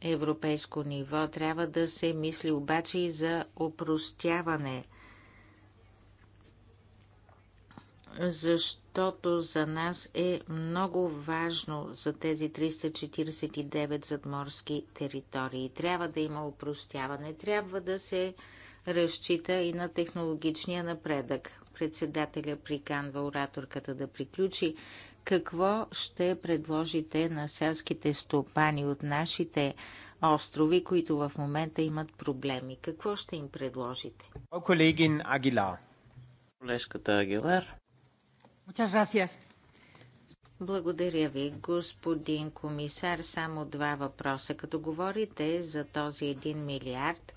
европейско ниво. Трябва да се мисли обаче и за опростяване, защото за нас е много важно за тези 349 задморски територии. Трябва да има опростяване, трябва да се разчита и на технологичния напредък. Председателя приканва ораторката да приключи. Какво ще предложите на селските стопани от нашите острови, които в момента имат проблеми? Какво ще им предложите? Колегин Агилар. Колежката Агилар. Muchas gracias. Благодаря ви, господин комисар. Само два въпроса. Като говорите за този 1 милиард,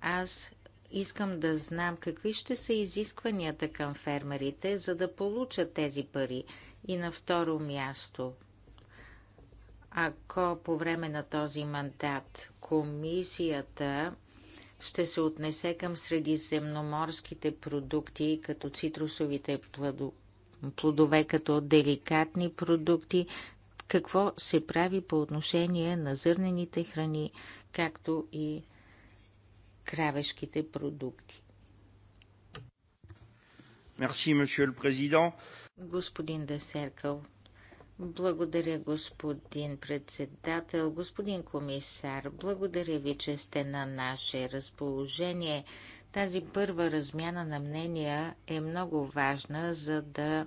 аз Искам да знам какви ще са изискванията към фермерите, за да получат тези пари. И на второ място, ако по време на този мандат комисията ще се отнесе към средиземноморските продукти, като цитрусовите плодове, като деликатни продукти, какво се прави по отношение на зърнените храни, както и кравешките продукти. Мерси, месье президент. Господин Десеркал, благодаря, господин председател, господин комисар. Благодаря ви, че сте на наше разположение. Тази първа размяна на мнения е много важна, за да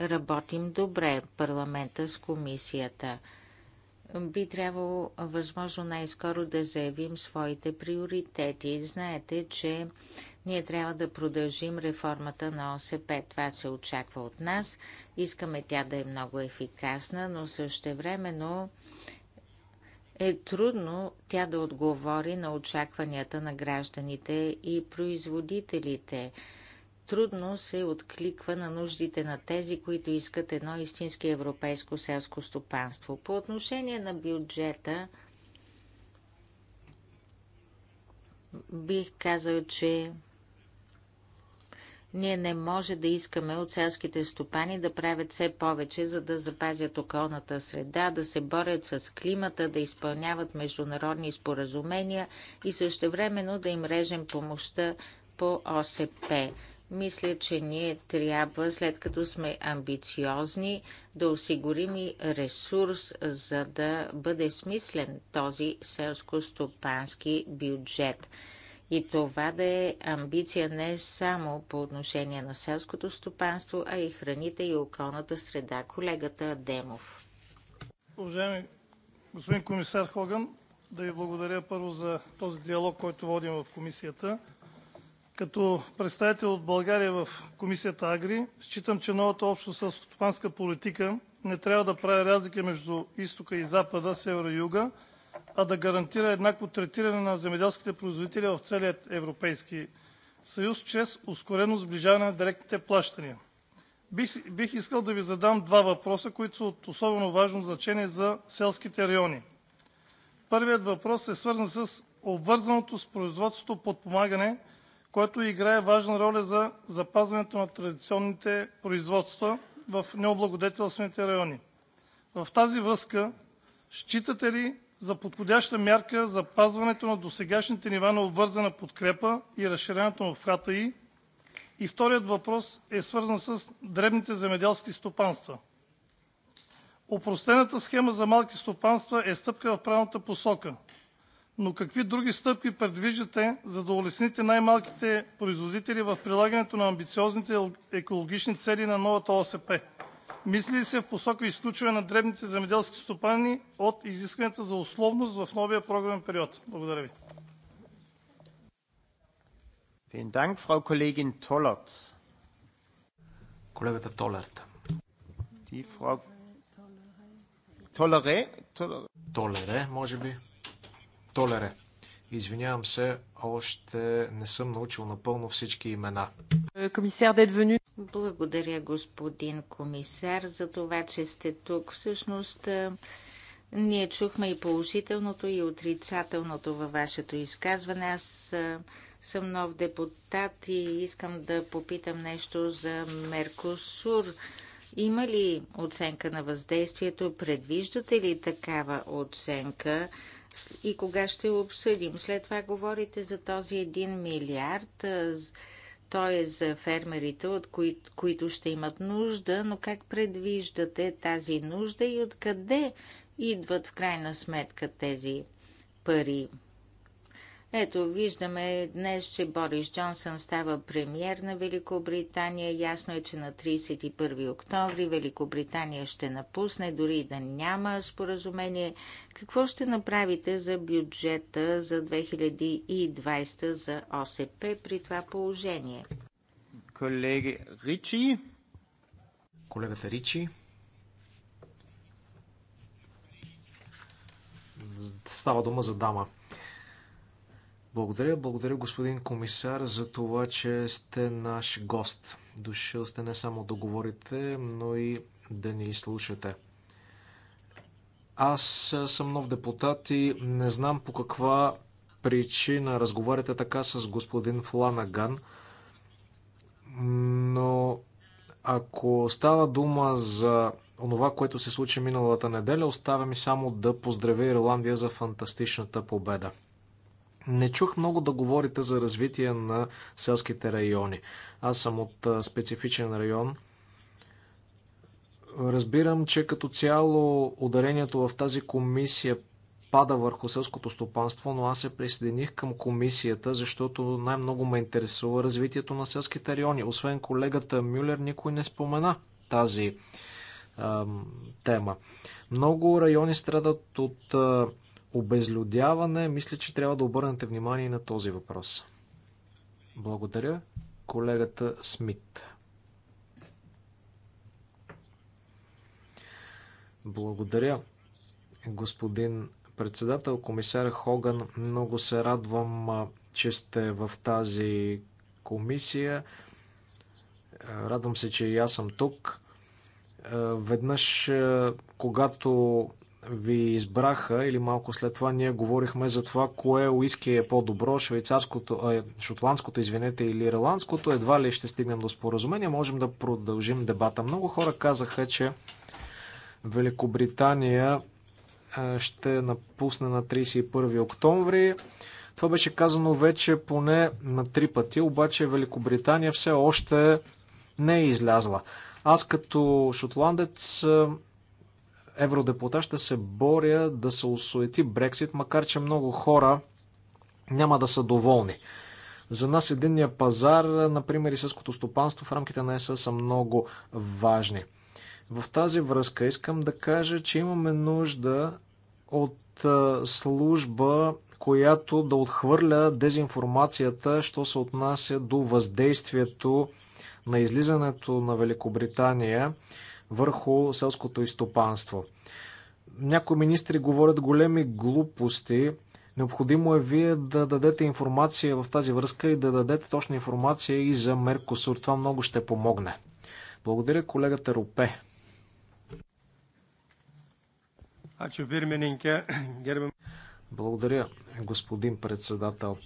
работим добре парламента с комисията би трябвало възможно най-скоро да заявим своите приоритети. Знаете, че ние трябва да продължим реформата на ОСП. Това се очаква от нас. Искаме тя да е много ефикасна, но същевременно е трудно тя да отговори на очакванията на гражданите и производителите трудно се откликва на нуждите на тези, които искат едно истински европейско селско стопанство. По отношение на бюджета, бих казал, че ние не може да искаме от селските стопани да правят все повече, за да запазят околната среда, да се борят с климата, да изпълняват международни споразумения и същевременно да им режем помощта по ОСП. Мисля, че ние трябва, след като сме амбициозни, да осигурим и ресурс, за да бъде смислен този селско-стопански бюджет. И това да е амбиция не само по отношение на селското стопанство, а и храните и околната среда. Колегата Демов. Уважаеми господин комисар Хоган, да ви благодаря първо за този диалог, който водим в комисията. Като представител от България в Комисията „Агри“ считам, че новата Обща селскостопанска политика не трябва да прави разлика между Изтока и Запада, Севера и Юга, а да гарантира еднакво третиране на земеделските производители в целия Европейски съюз чрез ускорено сближаване на директните плащания. Бих искал да Ви задам два въпроса, които са от особено важно значение за селските райони. Първият въпрос е свързан с обвързаното с производството подпомагане което играе важна роля за запазването на традиционните производства в необлагодетелстваните райони. В тази връзка считате ли за подходяща мярка запазването на досегашните нива на обвързана подкрепа и разширяването на обхвата и? И вторият въпрос е свързан с дребните земеделски стопанства. Опростената схема за малки стопанства е стъпка в правилната посока, но какви други стъпки предвиждате, за да улесните най-малките производители в прилагането на амбициозните екологични цели на новата ОСП? Мисли ли се в посока изключване на дребните земеделски стопани от изискването за условност в новия програмен период? Благодаря Ви. Колегата Толерт. Толере, може би. Толере. Извинявам се, още не съм научил напълно всички имена. Комисар е Благодаря, господин комисар, за това, че сте тук. Всъщност, ние чухме и положителното, и отрицателното във вашето изказване. Аз съм нов депутат и искам да попитам нещо за Меркосур. Има ли оценка на въздействието? Предвиждате ли такава оценка? и кога ще обсъдим. След това говорите за този 1 милиард. Той е за фермерите, от кои, които ще имат нужда, но как предвиждате тази нужда и откъде идват в крайна сметка тези пари? Ето, виждаме днес, че Борис Джонсън става премьер на Великобритания. Ясно е, че на 31 октомври Великобритания ще напусне, дори да няма споразумение. Какво ще направите за бюджета за 2020 за ОСП при това положение? Колеги Ричи. Колегата Ричи. Става дума за дама. Благодаря, благодаря господин комисар за това, че сте наш гост. Дошъл сте не само да говорите, но и да ни слушате. Аз съм нов депутат и не знам по каква причина разговаряте така с господин Фланаган, но ако става дума за онова, което се случи миналата неделя, оставя ми само да поздравя Ирландия за фантастичната победа. Не чух много да говорите за развитие на селските райони. Аз съм от специфичен район. Разбирам, че като цяло ударението в тази комисия пада върху селското стопанство, но аз се присъединих към комисията, защото най-много ме интересува развитието на селските райони. Освен колегата Мюлер, никой не спомена тази е, тема. Много райони страдат от е, обезлюдяване, мисля, че трябва да обърнете внимание на този въпрос. Благодаря, колегата Смит. Благодаря, господин председател, комисар Хоган. Много се радвам, че сте в тази комисия. Радвам се, че и аз съм тук. Веднъж, когато ви избраха или малко след това ние говорихме за това, кое уиски е по-добро, швейцарското, шотландското, извинете, или ирландското. Едва ли ще стигнем до споразумение, можем да продължим дебата. Много хора казаха, че Великобритания ще напусне на 31 октомври. Това беше казано вече поне на три пъти, обаче Великобритания все още не е излязла. Аз като шотландец евродепутат ще се боря да се осуети Брексит, макар че много хора няма да са доволни. За нас единния пазар, например и сълското стопанство в рамките на ЕСА са много важни. В тази връзка искам да кажа, че имаме нужда от служба, която да отхвърля дезинформацията, що се отнася до въздействието на излизането на Великобритания върху селското изтопанство. Някои министри говорят големи глупости. Необходимо е вие да дадете информация в тази връзка и да дадете точна информация и за Меркосур. Това много ще помогне. Благодаря колегата Рупе. Благодаря, господин председател.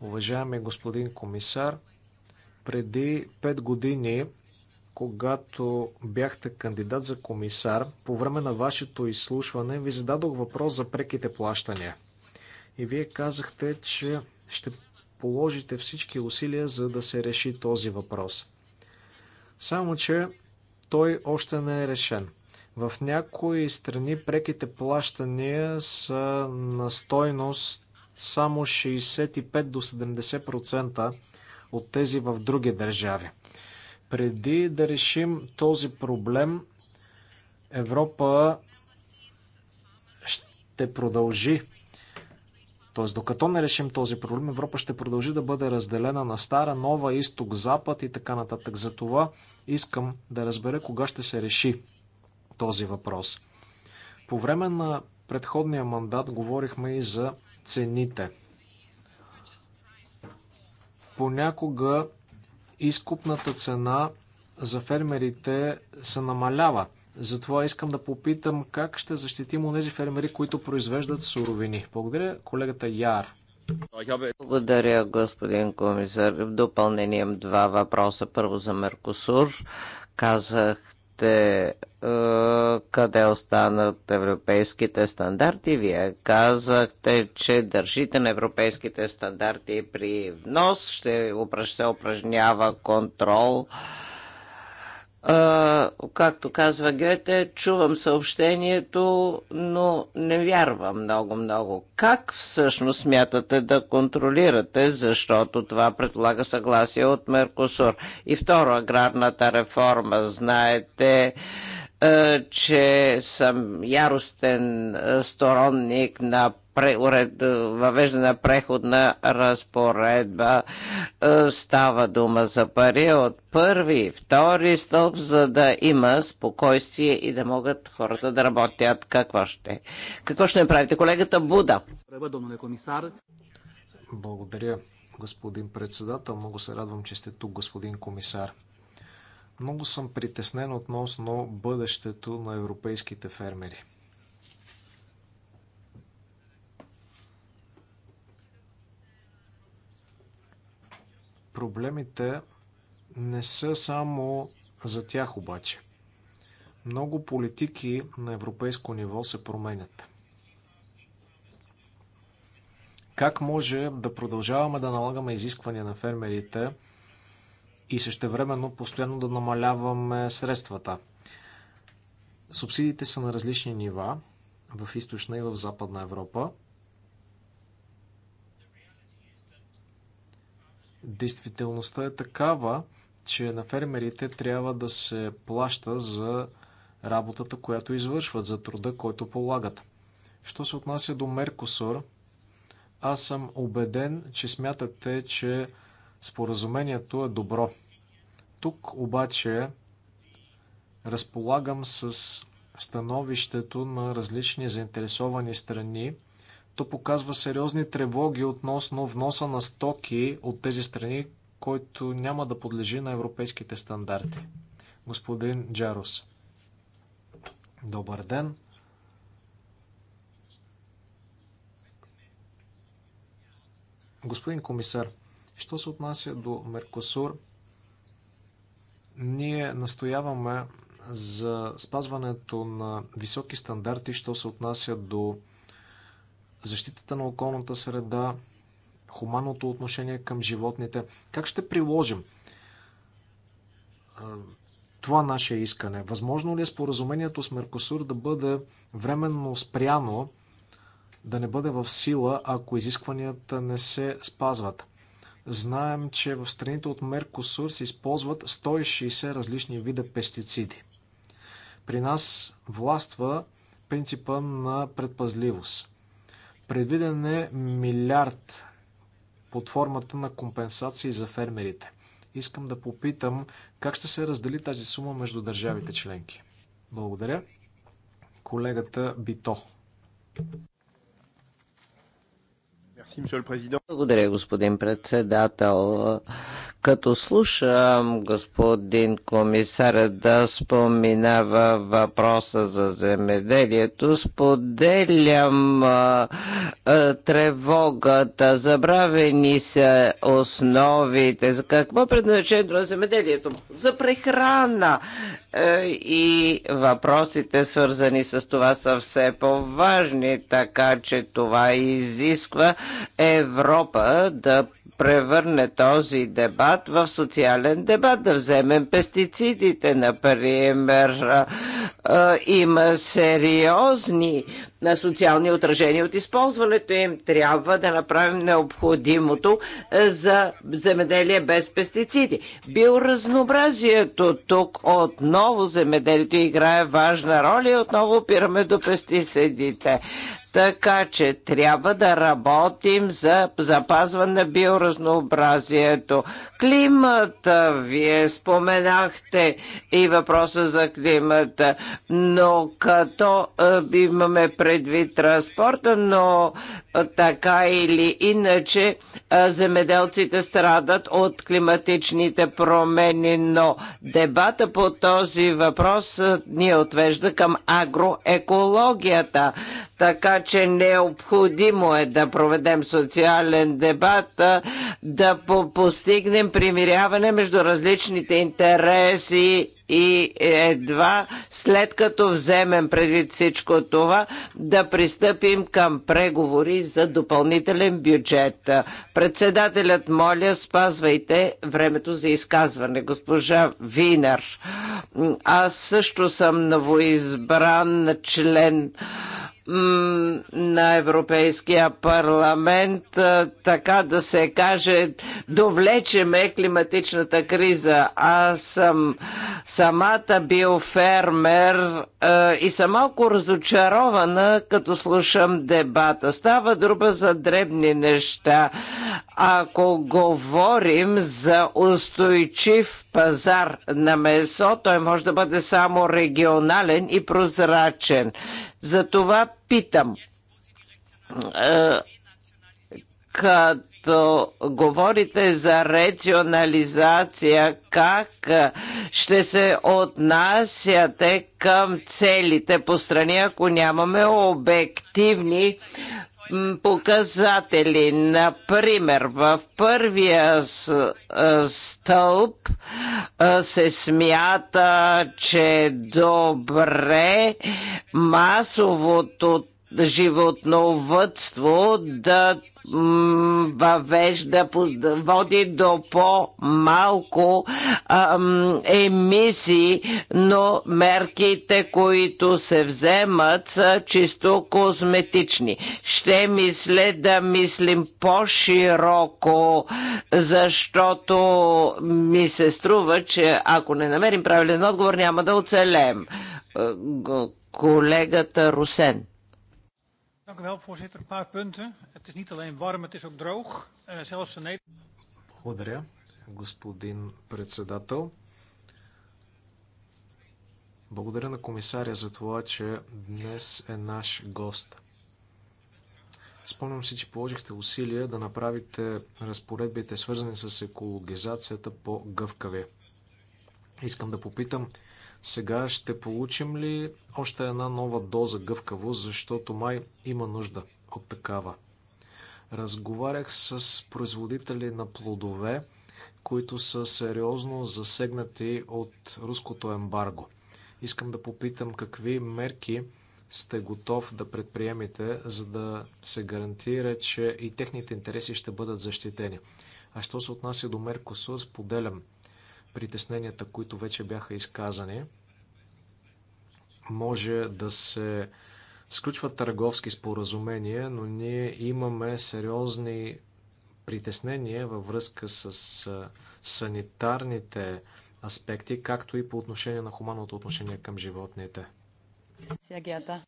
Уважаеми господин комисар, преди 5 години когато бяхте кандидат за комисар, по време на вашето изслушване ви зададох въпрос за преките плащания. И вие казахте, че ще положите всички усилия, за да се реши този въпрос. Само, че той още не е решен. В някои страни преките плащания са на стойност само 65 до 70% от тези в други държави. Преди да решим този проблем, Европа ще продължи. Тоест, докато не решим този проблем, Европа ще продължи да бъде разделена на стара, нова, изток, запад и така нататък. Затова искам да разбера кога ще се реши този въпрос. По време на предходния мандат говорихме и за цените. Понякога изкупната цена за фермерите се намалява. Затова искам да попитам как ще защитим тези фермери, които произвеждат суровини. Благодаря, колегата Яр. Благодаря, господин комисар. В допълнение два въпроса. Първо за Меркосур. Казах, е, къде останат европейските стандарти. Вие казахте, че държите на европейските стандарти при внос, ще се упражнява контрол а, както казва Гете, чувам съобщението, но не вярвам много-много. Как всъщност смятате да контролирате, защото това предполага съгласие от Меркосур? И второ, аграрната реформа, знаете, че съм яростен сторонник на на преходна разпоредба. Е, става дума за пари от първи, втори стълб, за да има спокойствие и да могат хората да работят. Какво ще? Какво ще направите? Колегата Буда. Благодаря, господин председател. Много се радвам, че сте тук, господин комисар. Много съм притеснен относно бъдещето на европейските фермери. Проблемите не са само за тях обаче. Много политики на европейско ниво се променят. Как може да продължаваме да налагаме изисквания на фермерите и същевременно постоянно да намаляваме средствата? Субсидиите са на различни нива в източна и в западна Европа. Действителността е такава, че на фермерите трябва да се плаща за работата, която извършват, за труда, който полагат. Що се отнася до Меркосур, аз съм убеден, че смятате, че споразумението е добро. Тук обаче разполагам с становището на различни заинтересовани страни – то показва сериозни тревоги относно вноса на стоки от тези страни, който няма да подлежи на европейските стандарти. Господин Джарус. Добър ден. Господин комисар, що се отнася до Меркосур, ние настояваме за спазването на високи стандарти, що се отнася до защитата на околната среда, хуманното отношение към животните. Как ще приложим това наше искане? Възможно ли е споразумението с Меркосур да бъде временно спряно, да не бъде в сила, ако изискванията не се спазват? Знаем, че в страните от Меркосур се използват 160 различни вида пестициди. При нас властва принципа на предпазливост. Предвиден е милиард под формата на компенсации за фермерите. Искам да попитам как ще се раздели тази сума между държавите членки. Благодаря. Колегата Бито. Благодаря, господин председател. Като слушам господин комисар да споменава въпроса за земеделието, споделям а, а, тревогата. Забравени се основите. За какво предназначението на земеделието? За прехрана. А, е, и въпросите, свързани с това, са все по-важни, така че това изисква Европа да превърне този дебат дебат в социален дебат. Да вземем пестицидите, например. Има сериозни на социални отражения от използването им. Трябва да направим необходимото за земеделие без пестициди. Биоразнообразието тук отново земеделието играе важна роля и отново опираме до пестицидите. Така че трябва да работим за запазване на биоразнообразието. Климата, вие споменахте и въпроса за климата, но като е, имаме предвид транспорта, но е, така или иначе е, земеделците страдат от климатичните промени, но дебата по този въпрос е, ни отвежда към агроекологията. Така че необходимо е да проведем социален дебат, да по постигнем примиряване между различните интереси и едва след като вземем предвид всичко това, да пристъпим към преговори за допълнителен бюджет. Председателят, моля, спазвайте времето за изказване. Госпожа Винер, аз също съм новоизбран член на Европейския парламент, така да се каже, довлечеме климатичната криза. Аз съм самата биофермер и съм малко разочарована, като слушам дебата. Става друга за дребни неща. Ако говорим за устойчив пазар на месо, той може да бъде само регионален и прозрачен. Затова питам, е, като говорите за рационализация, как е, ще се отнасяте към целите по страни, ако нямаме обективни показатели. Например, в първия стълб се смята, че добре масовото животновътство да въвежда, води до по-малко емисии, но мерките, които се вземат, са чисто козметични. Ще мисля да мислим по-широко, защото ми се струва, че ако не намерим правилен отговор, няма да оцелем. Е, колегата Русен voorzitter. Een paar punten. Het is niet alleen warm, het is ook droog. Eh, zelfs in Nederland. Благодаря, господин председател. Благодаря на комисаря за това, че днес е наш гост. Спомням си, че положихте усилия да направите разпоредбите, свързани с екологизацията, по Гъвкаве. Искам да попитам сега ще получим ли още една нова доза гъвкаво, защото май има нужда от такава. Разговарях с производители на плодове, които са сериозно засегнати от руското ембарго. Искам да попитам какви мерки сте готов да предприемете, за да се гарантира, че и техните интереси ще бъдат защитени. А що се отнася до Меркосур, споделям притесненията, които вече бяха изказани. Може да се сключват търговски споразумения, но ние имаме сериозни притеснения във връзка с санитарните аспекти, както и по отношение на хуманното отношение към животните.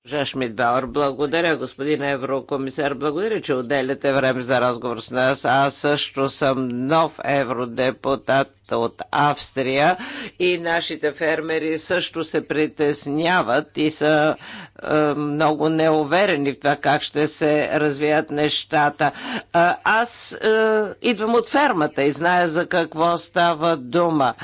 Жашмидбауер, благодаря, господин еврокомисар. Благодаря, че отделяте време за разговор с нас. Аз също съм нов евродепутат от Австрия и нашите фермери също се притесняват и са е, много неуверени в това как ще се развият нещата. Е, аз е, идвам от фермата и зная за какво става дума.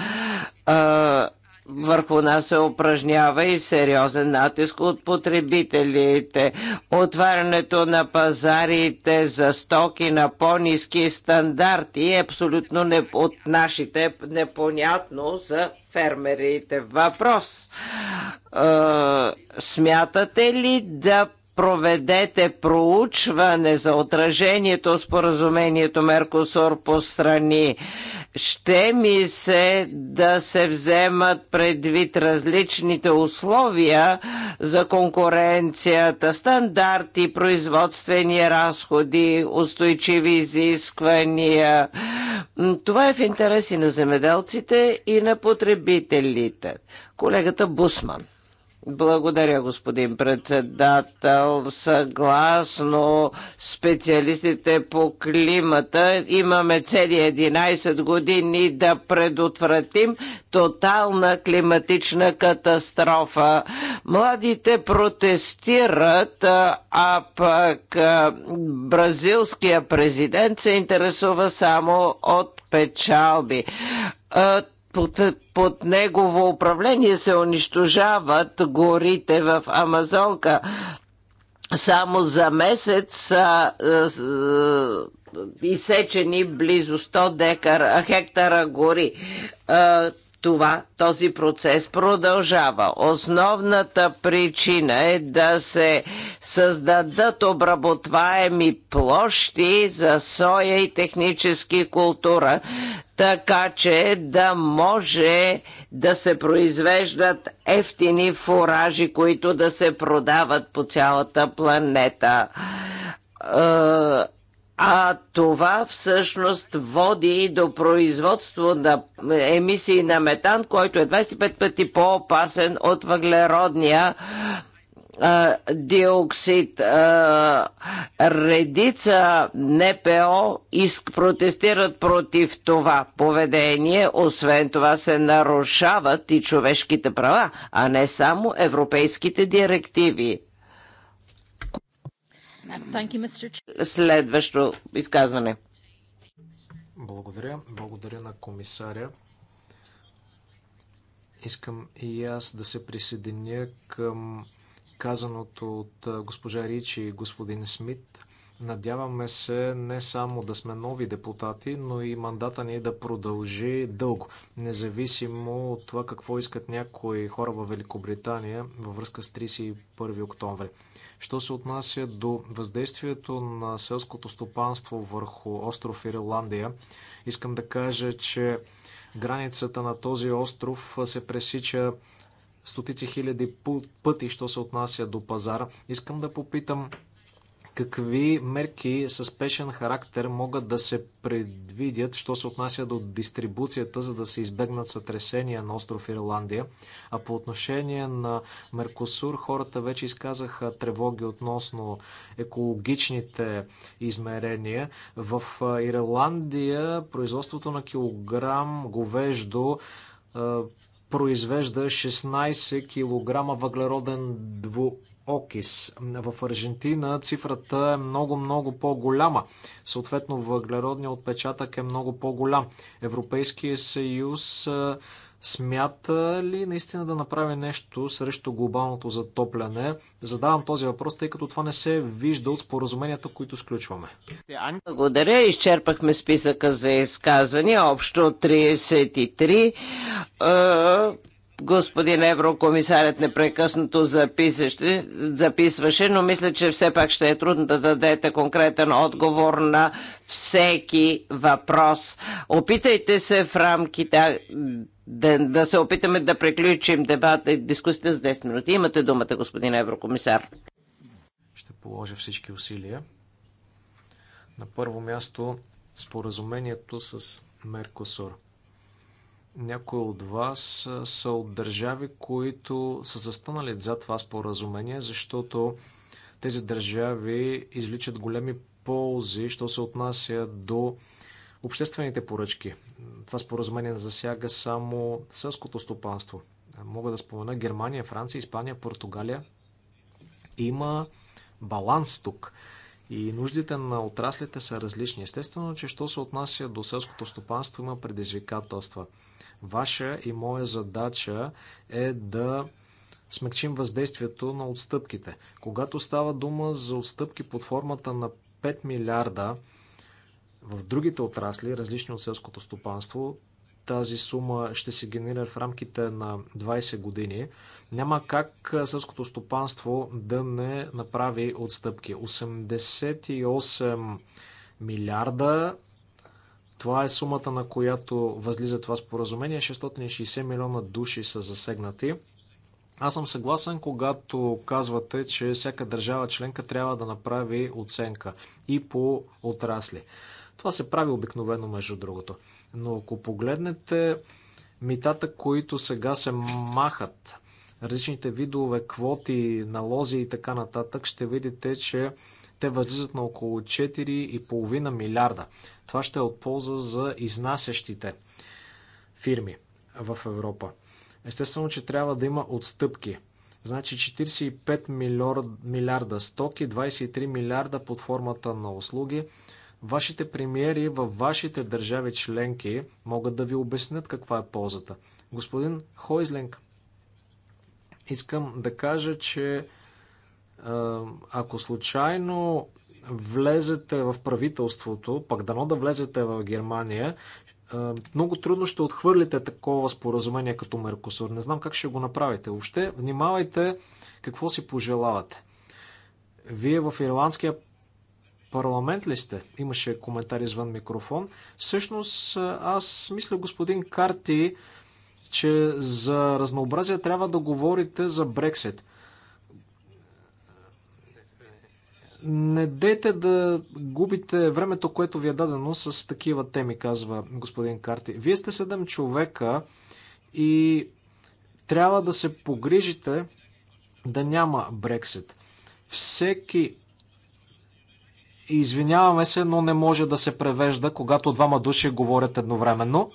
Е, върху нас се упражнява и сериозен натиск от потребителите. Отварянето на пазарите за стоки на по-низки стандарти е абсолютно не, от нашите непонятно за фермерите. Въпрос. Е, смятате ли да проведете проучване за отражението споразумението Меркосор по страни. Ще ми се да се вземат предвид различните условия за конкуренцията, стандарти, производствени разходи, устойчиви изисквания. Това е в интереси на земеделците и на потребителите. Колегата Бусман. Благодаря, господин председател. Съгласно специалистите по климата, имаме цели 11 години да предотвратим тотална климатична катастрофа. Младите протестират, а пък бразилския президент се интересува само от печалби под, под негово управление се унищожават горите в Амазонка. Само за месец са е, е, изсечени близо 100 декара, хектара гори. Е, това, този процес продължава. Основната причина е да се създадат обработваеми площи за соя и технически култура, така че да може да се произвеждат ефтини фуражи, които да се продават по цялата планета е, а това всъщност води и до производство на емисии на метан, който е 25 пъти по-опасен от въглеродния а, диоксид. А, редица НПО иск, протестират против това поведение. Освен това се нарушават и човешките права, а не само европейските директиви. Следващо изказване. Благодаря. Благодаря на комисаря. Искам и аз да се присъединя към казаното от госпожа Ричи и господин Смит. Надяваме се не само да сме нови депутати, но и мандата ни да продължи дълго, независимо от това какво искат някои хора в Великобритания във връзка с 31 октомври. Що се отнася до въздействието на селското стопанство върху остров Ирландия, искам да кажа, че границата на този остров се пресича стотици хиляди пъти, що се отнася до пазара. Искам да попитам Какви мерки с спешен характер могат да се предвидят, що се отнася до дистрибуцията, за да се избегнат сътресения на остров Ирландия? А по отношение на Меркосур, хората вече изказаха тревоги относно екологичните измерения. В Ирландия производството на килограм говеждо произвежда 16 кг въглероден двуокис окис. В Аржентина цифрата е много-много по-голяма. Съответно, въглеродният отпечатък е много по-голям. Европейския съюз смята ли наистина да направи нещо срещу глобалното затопляне? Задавам този въпрос, тъй като това не се вижда от споразуменията, които сключваме. Благодаря. Изчерпахме списъка за изказвания. Общо 33 господин еврокомисарят непрекъснато записваше, записваше, но мисля, че все пак ще е трудно да дадете конкретен отговор на всеки въпрос. Опитайте се в рамките да, да се опитаме да приключим дебата и дискусията с 10 минути. Имате думата, господин еврокомисар. Ще положа всички усилия. На първо място споразумението с Меркосур – някои от вас са от държави, които са застанали за това споразумение, защото тези държави изличат големи ползи, що се отнася до обществените поръчки. Това споразумение не засяга само сълското стопанство. Мога да спомена Германия, Франция, Испания, Португалия. Има баланс тук. И нуждите на отраслите са различни. Естествено, че що се отнася до селското стопанство, има предизвикателства – Ваша и моя задача е да смекчим въздействието на отстъпките. Когато става дума за отстъпки под формата на 5 милиарда в другите отрасли, различни от селското стопанство, тази сума ще се генерира в рамките на 20 години. Няма как селското стопанство да не направи отстъпки. 88 милиарда това е сумата, на която възлиза това споразумение. 660 милиона души са засегнати. Аз съм съгласен, когато казвате, че всяка държава членка трябва да направи оценка и по отрасли. Това се прави обикновено, между другото. Но ако погледнете митата, които сега се махат, различните видове квоти, налози и така нататък, ще видите, че те възлизат на около 4,5 милиарда. Това ще е от полза за изнасящите фирми в Европа. Естествено, че трябва да има отстъпки. Значи 45 милиард, милиарда стоки, 23 милиарда под формата на услуги. Вашите премиери във вашите държави членки могат да ви обяснят каква е ползата. Господин Хойзлинг, искам да кажа, че ако случайно влезете в правителството, пък дано да влезете в Германия, много трудно ще отхвърлите такова споразумение като Меркосур. Не знам как ще го направите. Въобще, внимавайте какво си пожелавате. Вие в ирландския парламент ли сте? Имаше коментар извън микрофон. Всъщност, аз мисля, господин Карти, че за разнообразие трябва да говорите за Брексит. Не дейте да губите времето, което ви е дадено с такива теми, казва господин Карти. Вие сте седем човека и трябва да се погрижите да няма Брексит. Всеки извиняваме се, но не може да се превежда, когато двама души говорят едновременно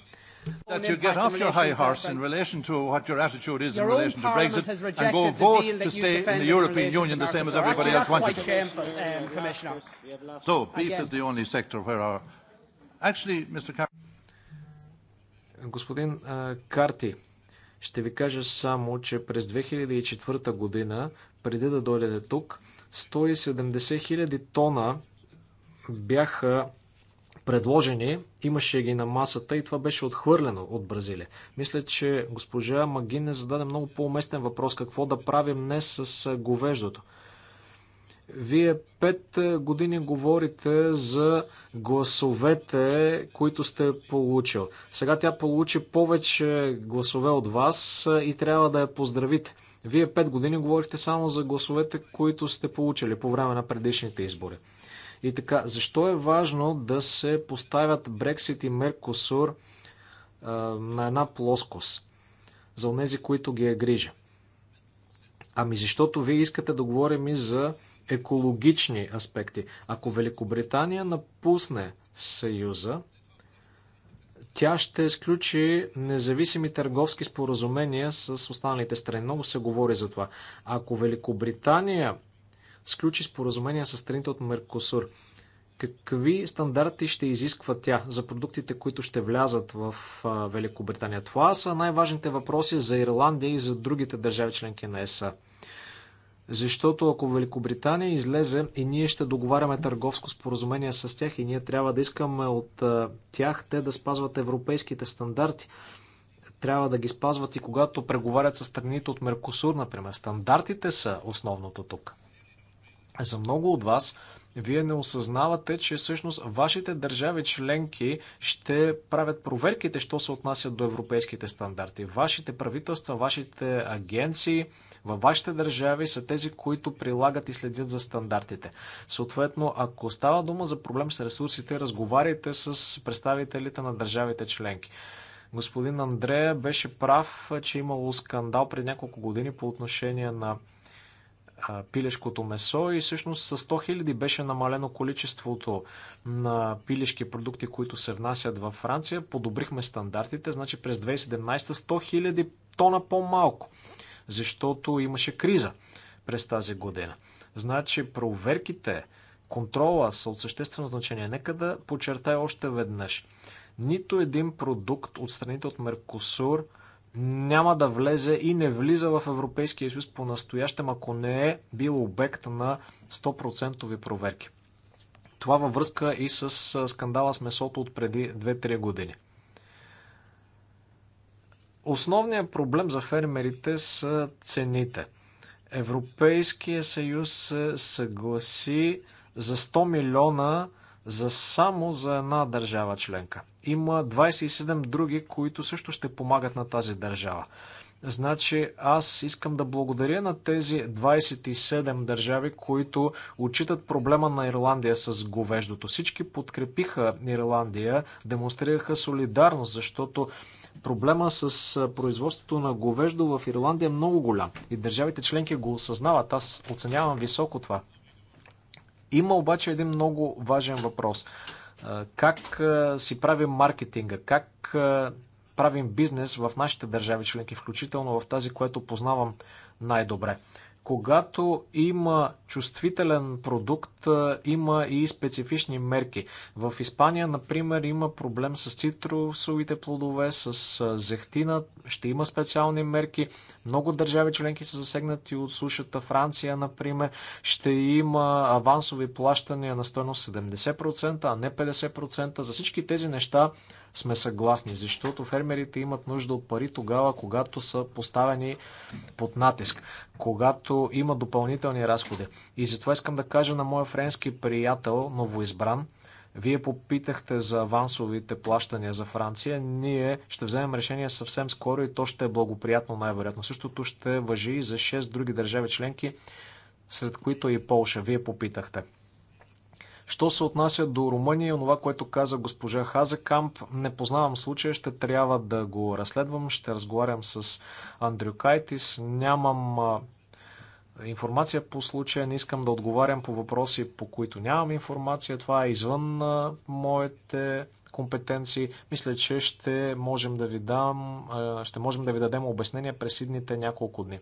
that you get off your high horse in relation to what your attitude is your in relation to Brexit and go vote to stay in the European Union the same as everybody else wanted. So beef is the only sector where our... Actually, Mr. Car- Господин Карти, ще ви кажа само, че през 2004 година, преди да дойдете тук, 170 000 тона бяха предложени, имаше ги на масата и това беше отхвърлено от Бразилия. Мисля, че госпожа Магине зададе много по-уместен въпрос. Какво да правим днес с говеждото? Вие пет години говорите за гласовете, които сте получил. Сега тя получи повече гласове от вас и трябва да я поздравите. Вие пет години говорихте само за гласовете, които сте получили по време на предишните избори. И така, защо е важно да се поставят Брексит и Меркосур на една плоскост? За онези, които ги е грижа. Ами защото вие искате да говорим и за екологични аспекти. Ако Великобритания напусне Съюза, тя ще изключи независими търговски споразумения с останалите страни. Много се говори за това. Ако Великобритания сключи споразумения с страните от Меркосур. Какви стандарти ще изисква тя за продуктите, които ще влязат в Великобритания? Това са най-важните въпроси за Ирландия и за другите държави членки на ЕСА. Защото ако Великобритания излезе и ние ще договаряме търговско споразумение с тях и ние трябва да искаме от тях те да спазват европейските стандарти, трябва да ги спазват и когато преговарят с страните от Меркосур, например. Стандартите са основното тук. За много от вас, вие не осъзнавате, че всъщност вашите държави членки ще правят проверките, що се отнасят до европейските стандарти. Вашите правителства, вашите агенции във вашите държави са тези, които прилагат и следят за стандартите. Съответно, ако става дума за проблем с ресурсите, разговаряйте с представителите на държавите членки. Господин Андрея беше прав, че имало скандал пред няколко години по отношение на пилешкото месо и всъщност с 100 000 беше намалено количеството на пилешки продукти, които се внасят във Франция. Подобрихме стандартите, значи през 2017 100 000 тона по-малко, защото имаше криза през тази година. Значи проверките, контрола са от съществено значение. Нека да подчертая още веднъж. Нито един продукт от страните от Меркосур – няма да влезе и не влиза в Европейския съюз по-настоящем, ако не е бил обект на 100% проверки. Това във връзка и с скандала с месото от преди 2-3 години. Основният проблем за фермерите са цените. Европейския съюз се съгласи за 100 милиона за само за една държава членка – има 27 други, които също ще помагат на тази държава. Значи аз искам да благодаря на тези 27 държави, които отчитат проблема на Ирландия с говеждото. Всички подкрепиха Ирландия, демонстрираха солидарност, защото проблема с производството на говеждо в Ирландия е много голям и държавите членки го осъзнават. Аз оценявам високо това. Има обаче един много важен въпрос – как си правим маркетинга, как правим бизнес в нашите държави членки, включително в тази, която познавам най-добре. Когато има чувствителен продукт, има и специфични мерки. В Испания, например, има проблем с цитрусовите плодове, с зехтина, ще има специални мерки. Много държави членки са засегнати от сушата. Франция, например, ще има авансови плащания на стоеност 70%, а не 50%. За всички тези неща сме съгласни, защото фермерите имат нужда от пари тогава, когато са поставени под натиск, когато има допълнителни разходи. И затова искам да кажа на моя френски приятел, новоизбран, вие попитахте за авансовите плащания за Франция. Ние ще вземем решение съвсем скоро и то ще е благоприятно най-вероятно. Същото ще въжи и за 6 други държави членки, сред които и Полша. Вие попитахте. Що се отнася до Румъния, това, което каза госпожа Хазекамп, не познавам случая, ще трябва да го разследвам, ще разговарям с Андрю Кайтис. Нямам информация по случая, не искам да отговарям по въпроси, по които нямам информация. Това е извън моите компетенции. Мисля, че ще можем да ви, дам, ще можем да ви дадем обяснение през идните няколко дни.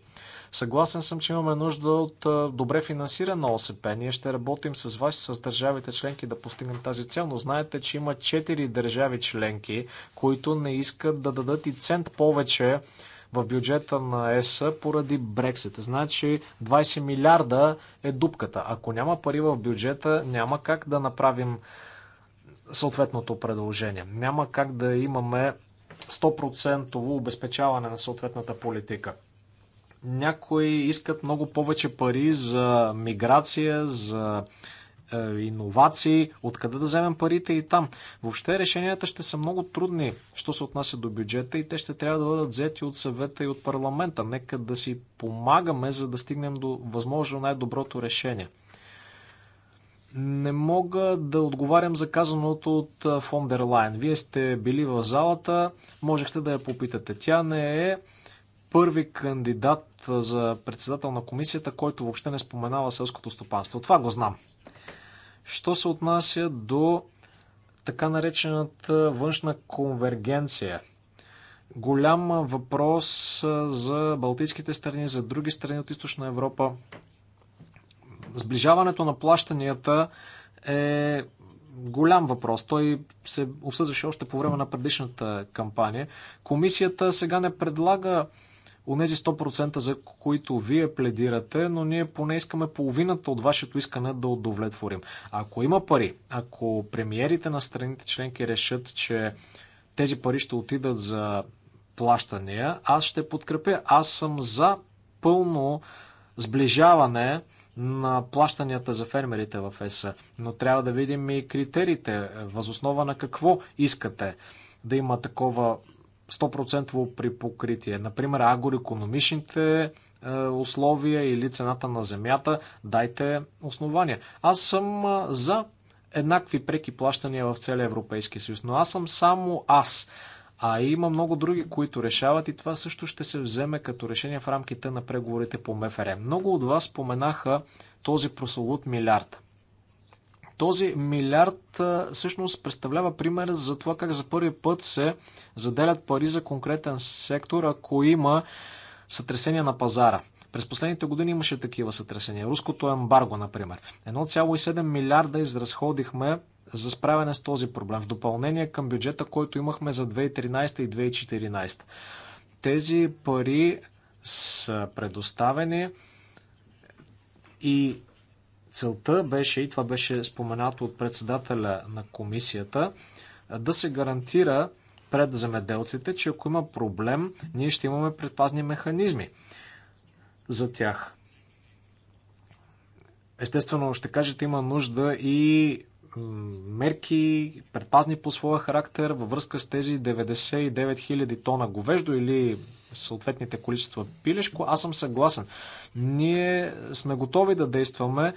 Съгласен съм, че имаме нужда от добре финансирана ОСП. Ние ще работим с вас, с държавите членки да постигнем тази цел, но знаете, че има 4 държави членки, които не искат да дадат и цент повече в бюджета на ЕС поради Брексит. Значи 20 милиарда е дупката. Ако няма пари в бюджета, няма как да направим съответното предложение. Няма как да имаме 100% обезпечаване на съответната политика. Някои искат много повече пари за миграция, за е, иновации, откъде да вземем парите и там. Въобще решенията ще са много трудни, що се отнася до бюджета и те ще трябва да бъдат взети от съвета и от парламента. Нека да си помагаме, за да стигнем до възможно най-доброто решение. Не мога да отговарям за казаното от фон дер Лайн. Вие сте били в залата, можехте да я попитате. Тя не е първи кандидат за председател на комисията, който въобще не споменава селското стопанство. Това го знам. Що се отнася до така наречената външна конвергенция? Голям въпрос за балтийските страни, за други страни от източна Европа. Сближаването на плащанията е голям въпрос. Той се обсъждаше още по време на предишната кампания. Комисията сега не предлага онези 100% за които вие пледирате, но ние поне искаме половината от вашето искане да удовлетворим. Ако има пари, ако премиерите на страните членки решат, че тези пари ще отидат за плащания, аз ще подкрепя. Аз съм за пълно сближаване на плащанията за фермерите в ЕСА, но трябва да видим и критериите, възоснова на какво искате да има такова 100% при покритие. Например, агроекономичните е, условия или цената на земята, дайте основания. Аз съм е, за еднакви преки плащания в целия Европейски съюз, но аз съм само аз. А има много други, които решават и това също ще се вземе като решение в рамките на преговорите по МФР. Много от вас споменаха този прословут милиард. Този милиард всъщност представлява пример за това как за първи път се заделят пари за конкретен сектор, ако има сътресение на пазара. През последните години имаше такива сътресения. Руското ембарго, например. 1,7 милиарда изразходихме за справяне с този проблем в допълнение към бюджета, който имахме за 2013 и 2014. Тези пари са предоставени и целта беше, и това беше споменато от председателя на комисията, да се гарантира пред земеделците, че ако има проблем, ние ще имаме предпазни механизми за тях. Естествено, ще кажете, има нужда и мерки, предпазни по своя характер във връзка с тези 99 000 тона говеждо или съответните количества пилешко. Аз съм съгласен. Ние сме готови да действаме,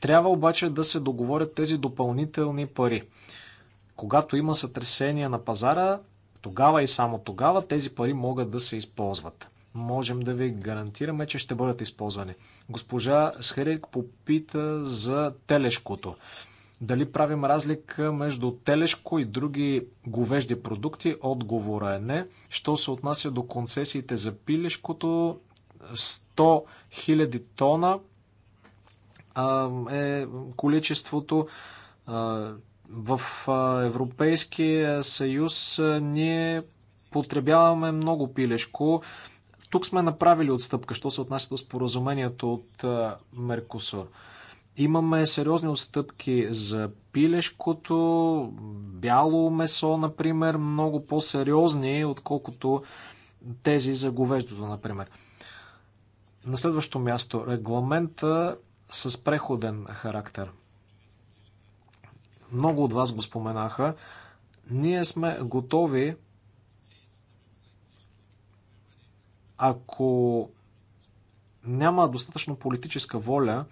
трябва обаче да се договорят тези допълнителни пари. Когато има сътресения на пазара, тогава и само тогава тези пари могат да се използват можем да ви гарантираме, че ще бъдат използвани. Госпожа Схерик попита за телешкото. Дали правим разлика между телешко и други говежди продукти? Отговора е не. Що се отнася до концесиите за пилешкото, 100 000 тона е количеството. В Европейския съюз ние потребяваме много пилешко. Тук сме направили отстъпка, що се отнася до споразумението от Меркосур. Имаме сериозни отстъпки за пилешкото, бяло месо, например, много по-сериозни, отколкото тези за говеждото, например. На следващо място, регламента с преходен характер. Много от вас го споменаха. Ние сме готови, ако няма достатъчно политическа воля,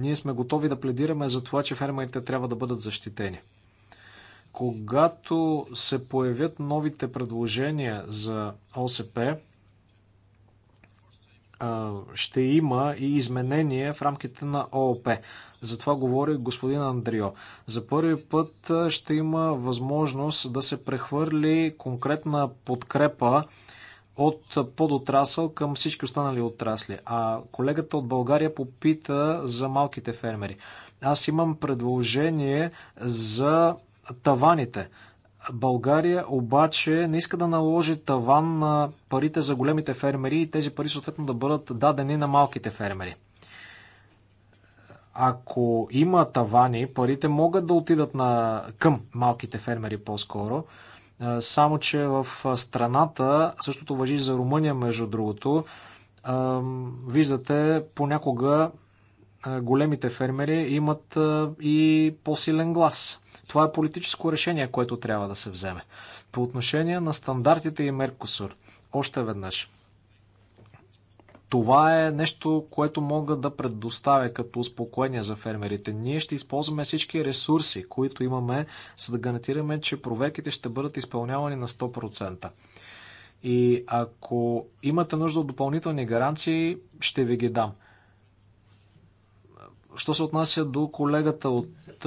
ние сме готови да пледираме за това, че фермерите трябва да бъдат защитени. Когато се появят новите предложения за ОСП, ще има и изменения в рамките на ООП. За това говори господин Андрио. За първи път ще има възможност да се прехвърли конкретна подкрепа от подотрасъл към всички останали отрасли. А колегата от България попита за малките фермери. Аз имам предложение за таваните. България обаче не иска да наложи таван на парите за големите фермери и тези пари съответно да бъдат дадени на малките фермери. Ако има тавани, парите могат да отидат на... към малките фермери по-скоро, е, само, че в страната, същото въжи за Румъния, между другото, е, виждате понякога е, големите фермери имат и по-силен глас. Това е политическо решение, което трябва да се вземе. По отношение на стандартите и Меркосур, още веднъж – това е нещо, което мога да предоставя като успокоение за фермерите. Ние ще използваме всички ресурси, които имаме, за да гарантираме, че проверките ще бъдат изпълнявани на 100%. И ако имате нужда от допълнителни гаранции, ще ви ги дам. Що се отнася до колегата от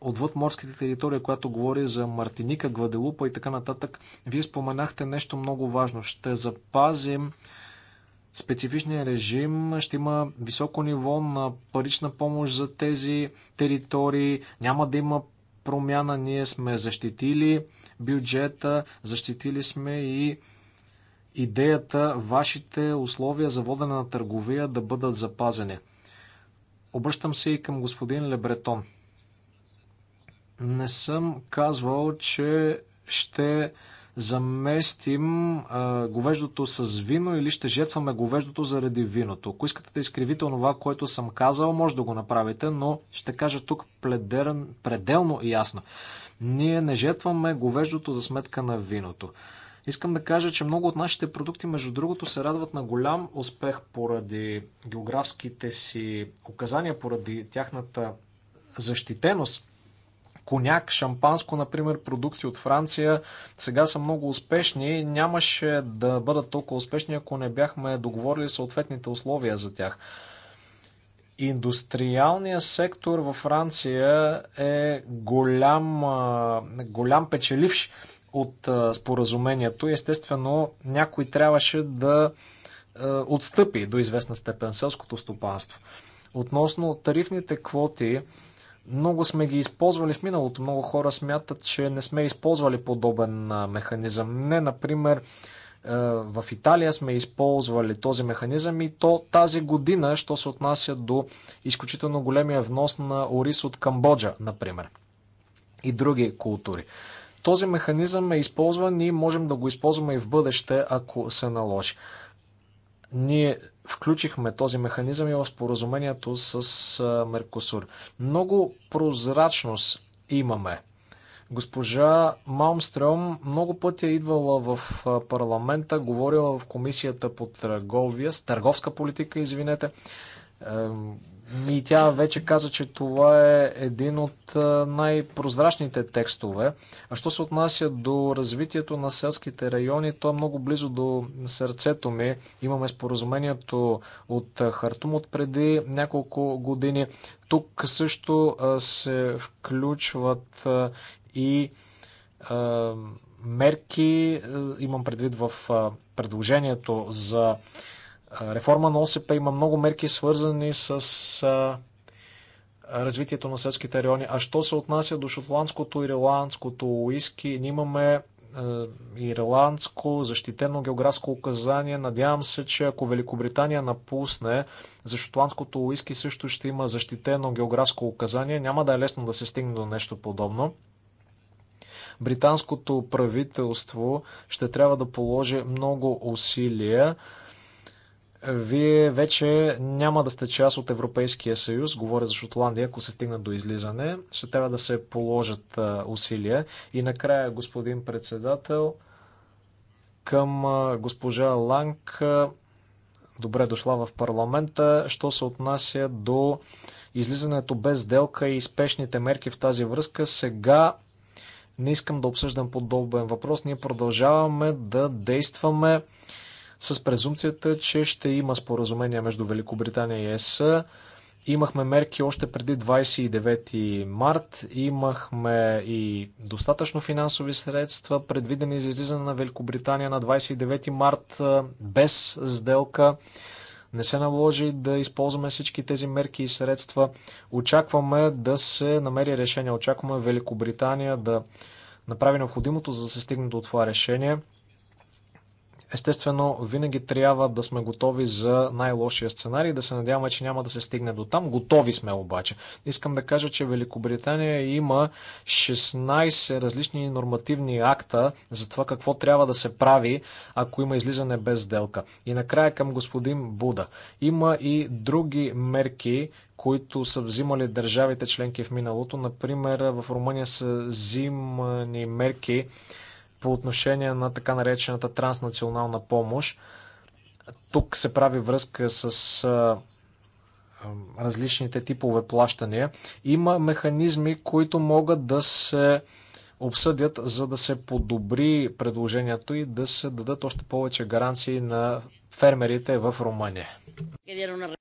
отвъд морските територии, която говори за Мартиника, Гваделупа и така нататък, вие споменахте нещо много важно. Ще запазим специфичния режим ще има високо ниво на парична помощ за тези територии, няма да има промяна. Ние сме защитили бюджета, защитили сме и идеята вашите условия за водене на търговия да бъдат запазени. Обръщам се и към господин Лебретон. Не съм казвал, че ще заместим а, говеждото с вино или ще жетваме говеждото заради виното. Ако искате да изкривите това, което съм казал, може да го направите, но ще кажа тук пледерен, пределно и ясно. Ние не жетваме говеждото за сметка на виното. Искам да кажа, че много от нашите продукти, между другото, се радват на голям успех поради географските си указания, поради тяхната защитеност коняк, шампанско, например, продукти от Франция, сега са много успешни. Нямаше да бъдат толкова успешни, ако не бяхме договорили съответните условия за тях. Индустриалният сектор във Франция е голям, голям печеливш от споразумението. Естествено, някой трябваше да отстъпи до известна степен селското стопанство. Относно тарифните квоти, много сме ги използвали в миналото. Много хора смятат, че не сме използвали подобен механизъм. Не, например, е, в Италия сме използвали този механизъм и то тази година, що се отнася до изключително големия внос на ориз от Камбоджа, например, и други култури. Този механизъм е използван и можем да го използваме и в бъдеще, ако се наложи. Ние включихме този механизъм и в споразумението с Меркосур. Много прозрачност имаме. Госпожа Малмстрем много пъти е идвала в парламента, говорила в комисията по търговия, с търговска политика, извинете. И тя вече каза, че това е един от най-прозрачните текстове. А що се отнася до развитието на селските райони, то е много близо до сърцето ми. Имаме споразумението от Хартум от преди няколко години. Тук също се включват и мерки, имам предвид в предложението за реформа на ОСП има много мерки свързани с развитието на селските райони. А що се отнася до шотландското и ирландското уиски, ние имаме ирландско защитено географско указание. Надявам се, че ако Великобритания напусне, за шотландското уиски също ще има защитено географско указание. Няма да е лесно да се стигне до нещо подобно. Британското правителство ще трябва да положи много усилия вие вече няма да сте част от Европейския съюз, говоря за Шотландия, ако се стигна до излизане, ще трябва да се положат усилия. И накрая, господин председател, към госпожа Ланг, добре дошла в парламента, що се отнася до излизането без сделка и спешните мерки в тази връзка. Сега не искам да обсъждам подобен въпрос. Ние продължаваме да действаме с презумцията, че ще има споразумение между Великобритания и ЕС. Имахме мерки още преди 29 март, имахме и достатъчно финансови средства, предвидени за излизане на Великобритания на 29 март без сделка. Не се наложи да използваме всички тези мерки и средства. Очакваме да се намери решение. Очакваме Великобритания да направи необходимото, за да се стигне до това решение. Естествено, винаги трябва да сме готови за най-лошия сценарий, да се надяваме, че няма да се стигне до там. Готови сме обаче. Искам да кажа, че Великобритания има 16 различни нормативни акта за това какво трябва да се прави, ако има излизане без сделка. И накрая към господин Буда. Има и други мерки, които са взимали държавите членки в миналото. Например, в Румъния са взимани мерки по отношение на така наречената транснационална помощ. Тук се прави връзка с различните типове плащания. Има механизми, които могат да се обсъдят, за да се подобри предложението и да се дадат още повече гаранции на фермерите в Румъния.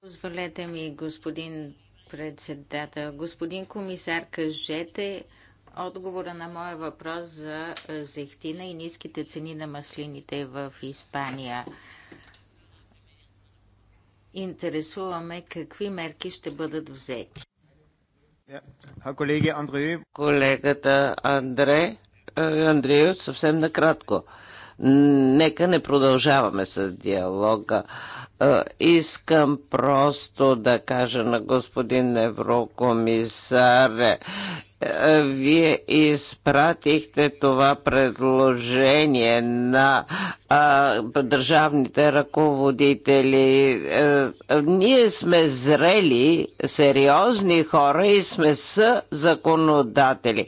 Позволете ми, господин председател. Господин комисар, кажете отговора на моя въпрос за зехтина и ниските цени на маслините в Испания. Интересуваме какви мерки ще бъдат взети. Колегата Андре, е, Андрею, съвсем накратко нека не продължаваме с диалога. Е, искам просто да кажа на господин еврокомисар, е, вие изпратихте това предложение на а, държавните ръководители. А, е, ние сме зрели, сериозни хора и сме с законодатели.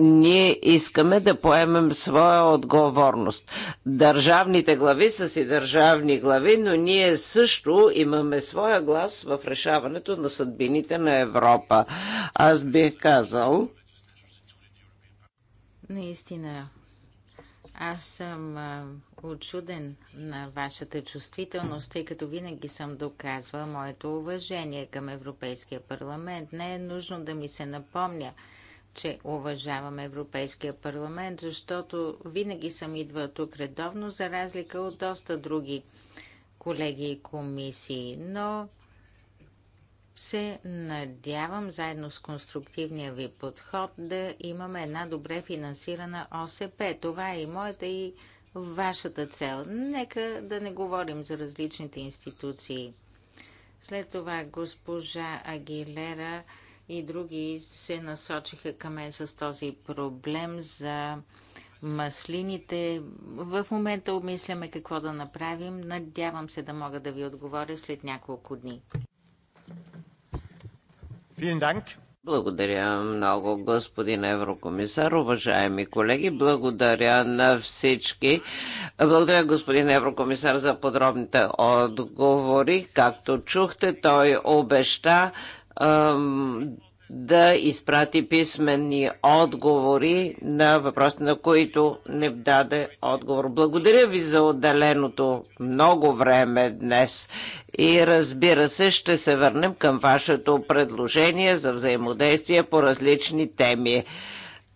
Ние искаме да поемем своя отговорност. Държавните глави са си държавни глави, но ние също имаме своя глас в решаването на съдбините на Европа. Аз бих казал. Наистина, аз съм очуден на вашата чувствителност, тъй като винаги съм доказвала моето уважение към Европейския парламент. Не е нужно да ми се напомня, че уважавам Европейския парламент, защото винаги съм идвал тук редовно, за разлика от доста други колеги и комисии, но се надявам заедно с конструктивния ви подход да имаме една добре финансирана ОСП. Това е и моята и вашата цел. Нека да не говорим за различните институции. След това госпожа Агилера и други се насочиха към мен с този проблем за маслините. В момента обмисляме какво да направим. Надявам се да мога да ви отговоря след няколко дни. Благодаря много, господин еврокомисар. Уважаеми колеги, благодаря на всички. Благодаря, господин еврокомисар, за подробните отговори. Както чухте, той обеща да изпрати писмени отговори на въпроси, на които не даде отговор. Благодаря ви за отделеното много време днес и разбира се ще се върнем към вашето предложение за взаимодействие по различни теми.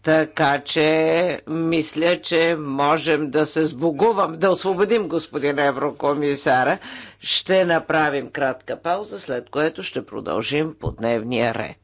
Така че мисля, че можем да се сбогувам, да освободим господин еврокомисара. Ще направим кратка пауза, след което ще продължим по дневния ред.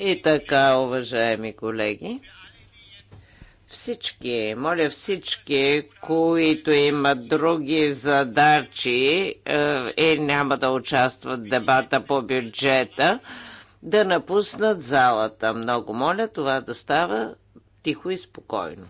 И така, уважаеми колеги, всички, моля всички, които имат други задачи е, и няма да участват в дебата по бюджета, да напуснат залата. Много моля това да става тихо и спокойно.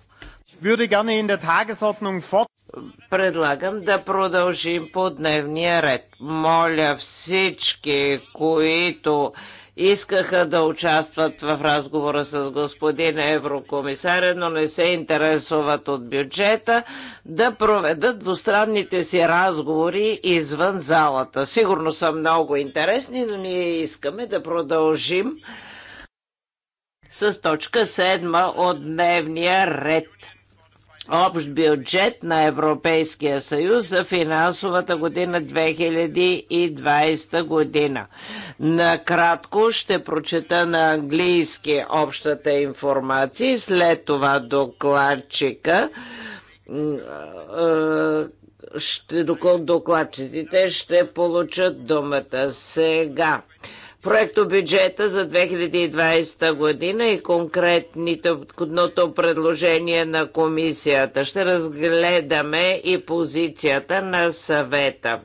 Предлагам да продължим по дневния ред. Моля всички, които искаха да участват в разговора с господин еврокомисаря, но не се интересуват от бюджета, да проведат двустранните си разговори извън залата. Сигурно са много интересни, но ние искаме да продължим с точка 7 от дневния ред общ бюджет на Европейския съюз за финансовата година 2020 година. Накратко ще прочета на английски общата информация, след това докладчика ще, докладчиците ще получат думата сега проекто бюджета за 2020 година и конкретното предложение на комисията. Ще разгледаме и позицията на съвета.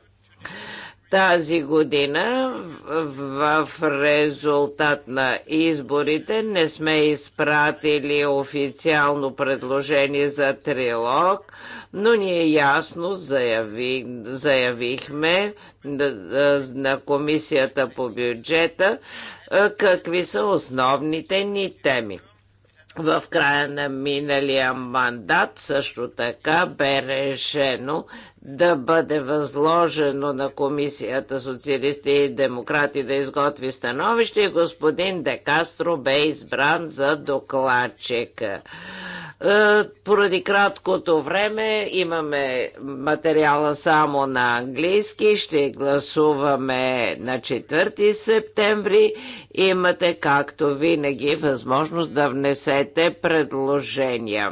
Тази година в резултат на изборите не сме изпратили официално предложение за трилог, но ние ясно заяви, заявихме на Комисията по бюджета какви са основните ни теми в края на миналия мандат също така бе решено да бъде възложено на Комисията социалисти и демократи да изготви становище и господин Декастро бе избран за докладчика. Е, поради краткото време имаме материала само на английски. Ще гласуваме на 4 септември. Имате, както винаги, възможност да внесете предложения.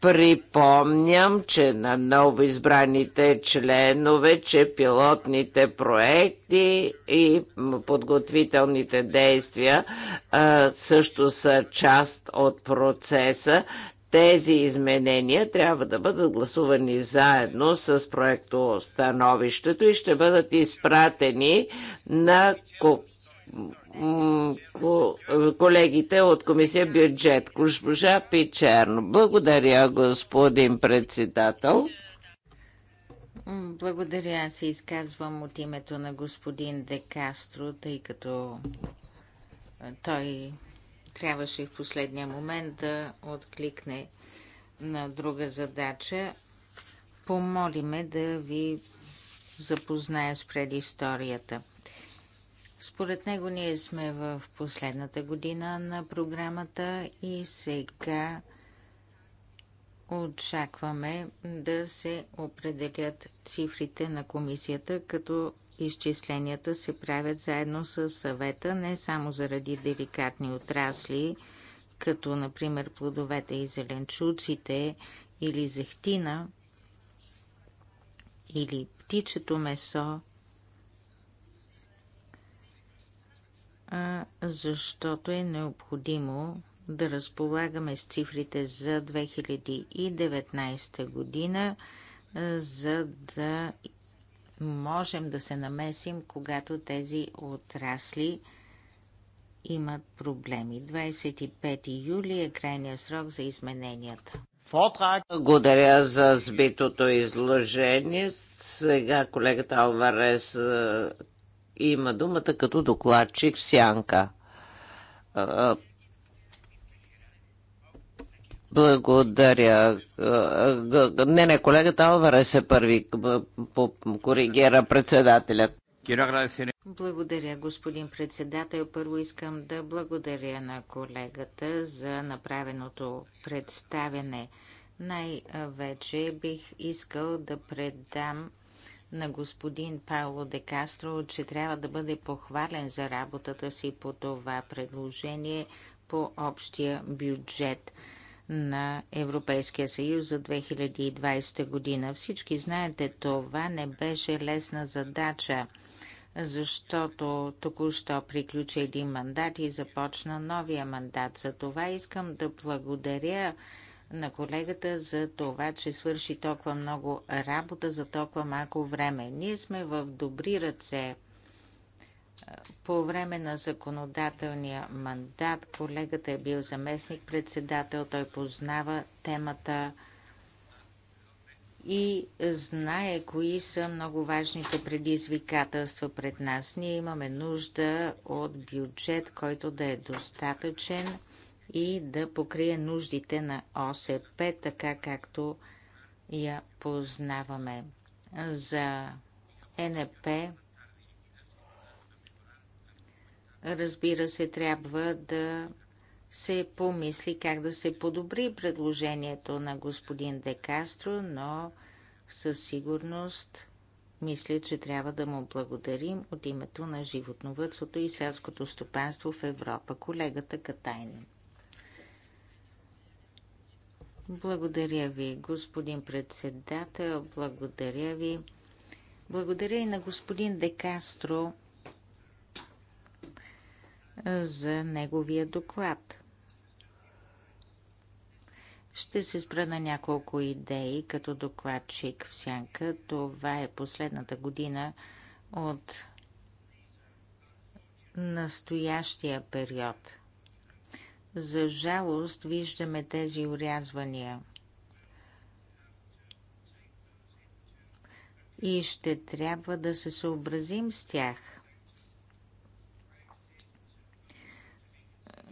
Припомням, че на ново избраните членове, че пилотните проекти и подготвителните действия също са част от процеса. Тези изменения трябва да бъдат гласувани заедно с проекто становището и ще бъдат изпратени на колегите от комисия бюджет. Госпожа Пичерно. Благодаря, господин председател. Благодаря. Аз се изказвам от името на господин Декастро, тъй като той трябваше в последния момент да откликне на друга задача. Помолиме да ви запозная с предисторията. Според него ние сме в последната година на програмата и сега очакваме да се определят цифрите на комисията, като изчисленията се правят заедно с съвета, не само заради деликатни отрасли, като например плодовете и зеленчуците или зехтина или птичето месо – а защото е необходимо да разполагаме с цифрите за 2019 година, за да можем да се намесим, когато тези отрасли имат проблеми. 25 юли е крайният срок за измененията. Благодаря за сбитото изложение. Сега колегата Алварес има думата като докладчик в сянка. Благодаря. Не, не, колегата Алварес е първи. Коригира председателят. Благодаря, господин председател. Първо искам да благодаря на колегата за направеното представяне. Най-вече бих искал да предам на господин Пауло де Кастро, че трябва да бъде похвален за работата си по това предложение по общия бюджет на Европейския съюз за 2020 година. Всички знаете, това не беше лесна задача, защото току-що приключи един мандат и започна новия мандат. За това искам да благодаря на колегата за това, че свърши толкова много работа за толкова малко време. Ние сме в добри ръце. По време на законодателния мандат колегата е бил заместник-председател, той познава темата и знае кои са много важните предизвикателства пред нас. Ние имаме нужда от бюджет, който да е достатъчен и да покрие нуждите на ОСП, така както я познаваме. За НП разбира се, трябва да се помисли как да се подобри предложението на господин Декастро, но със сигурност мисля, че трябва да му благодарим от името на животновътството и селското стопанство в Европа, колегата Катайнин. Благодаря ви, господин председател. Благодаря ви. Благодаря и на господин Декастро за неговия доклад. Ще се спра на няколко идеи като докладчик в сянка. Това е последната година от настоящия период – за жалост виждаме тези урязвания. И ще трябва да се съобразим с тях.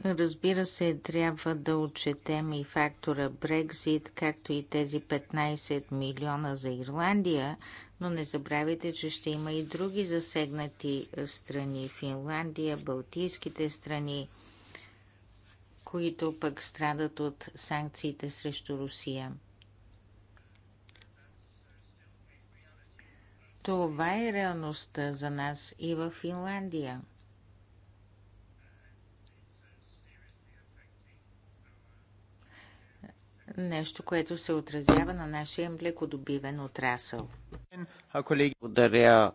Разбира се, трябва да отчетем и фактора Брекзит, както и тези 15 милиона за Ирландия, но не забравяйте, че ще има и други засегнати страни Финландия, Балтийските страни които пък страдат от санкциите срещу Русия. Това е реалността за нас и в Финландия. Нещо, което се отразява на нашия млекодобивен отрасъл. Благодаря,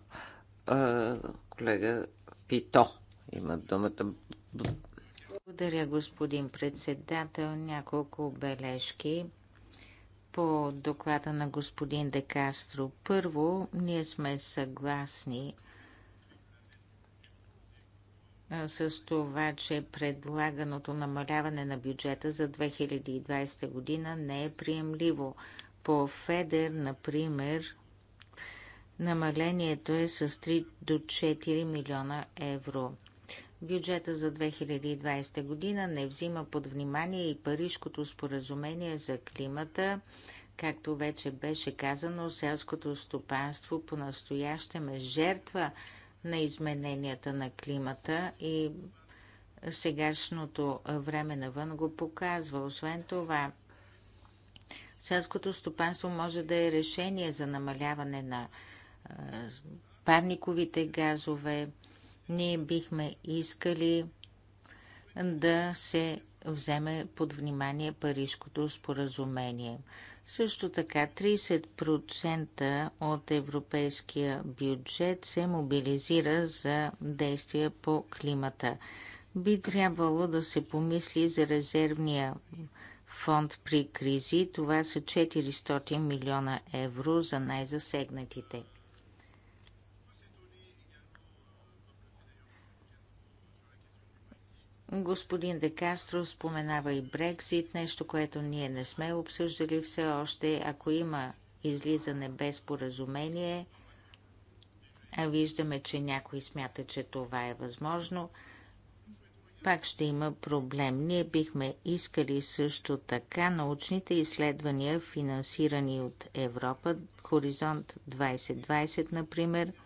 колега Пито. Има думата. Благодаря, господин председател. Няколко бележки по доклада на господин Декастро. Първо, ние сме съгласни с това, че предлаганото намаляване на бюджета за 2020 година не е приемливо. По ФЕДЕР, например, намалението е с 3 до 4 милиона евро. Бюджета за 2020 година не взима под внимание и Парижкото споразумение за климата. Както вече беше казано, селското стопанство по-настоящем е жертва на измененията на климата и сегашното време навън го показва. Освен това, селското стопанство може да е решение за намаляване на парниковите газове, ние бихме искали да се вземе под внимание Парижското споразумение. Също така 30% от европейския бюджет се мобилизира за действия по климата. Би трябвало да се помисли за резервния фонд при кризи. Това са 400 милиона евро за най-засегнатите. Господин Декастро споменава и Брекзит, нещо, което ние не сме обсъждали все още. Ако има излизане без поразумение, а виждаме, че някой смята, че това е възможно, пак ще има проблем. Ние бихме искали също така научните изследвания, финансирани от Европа, Хоризонт 2020, например –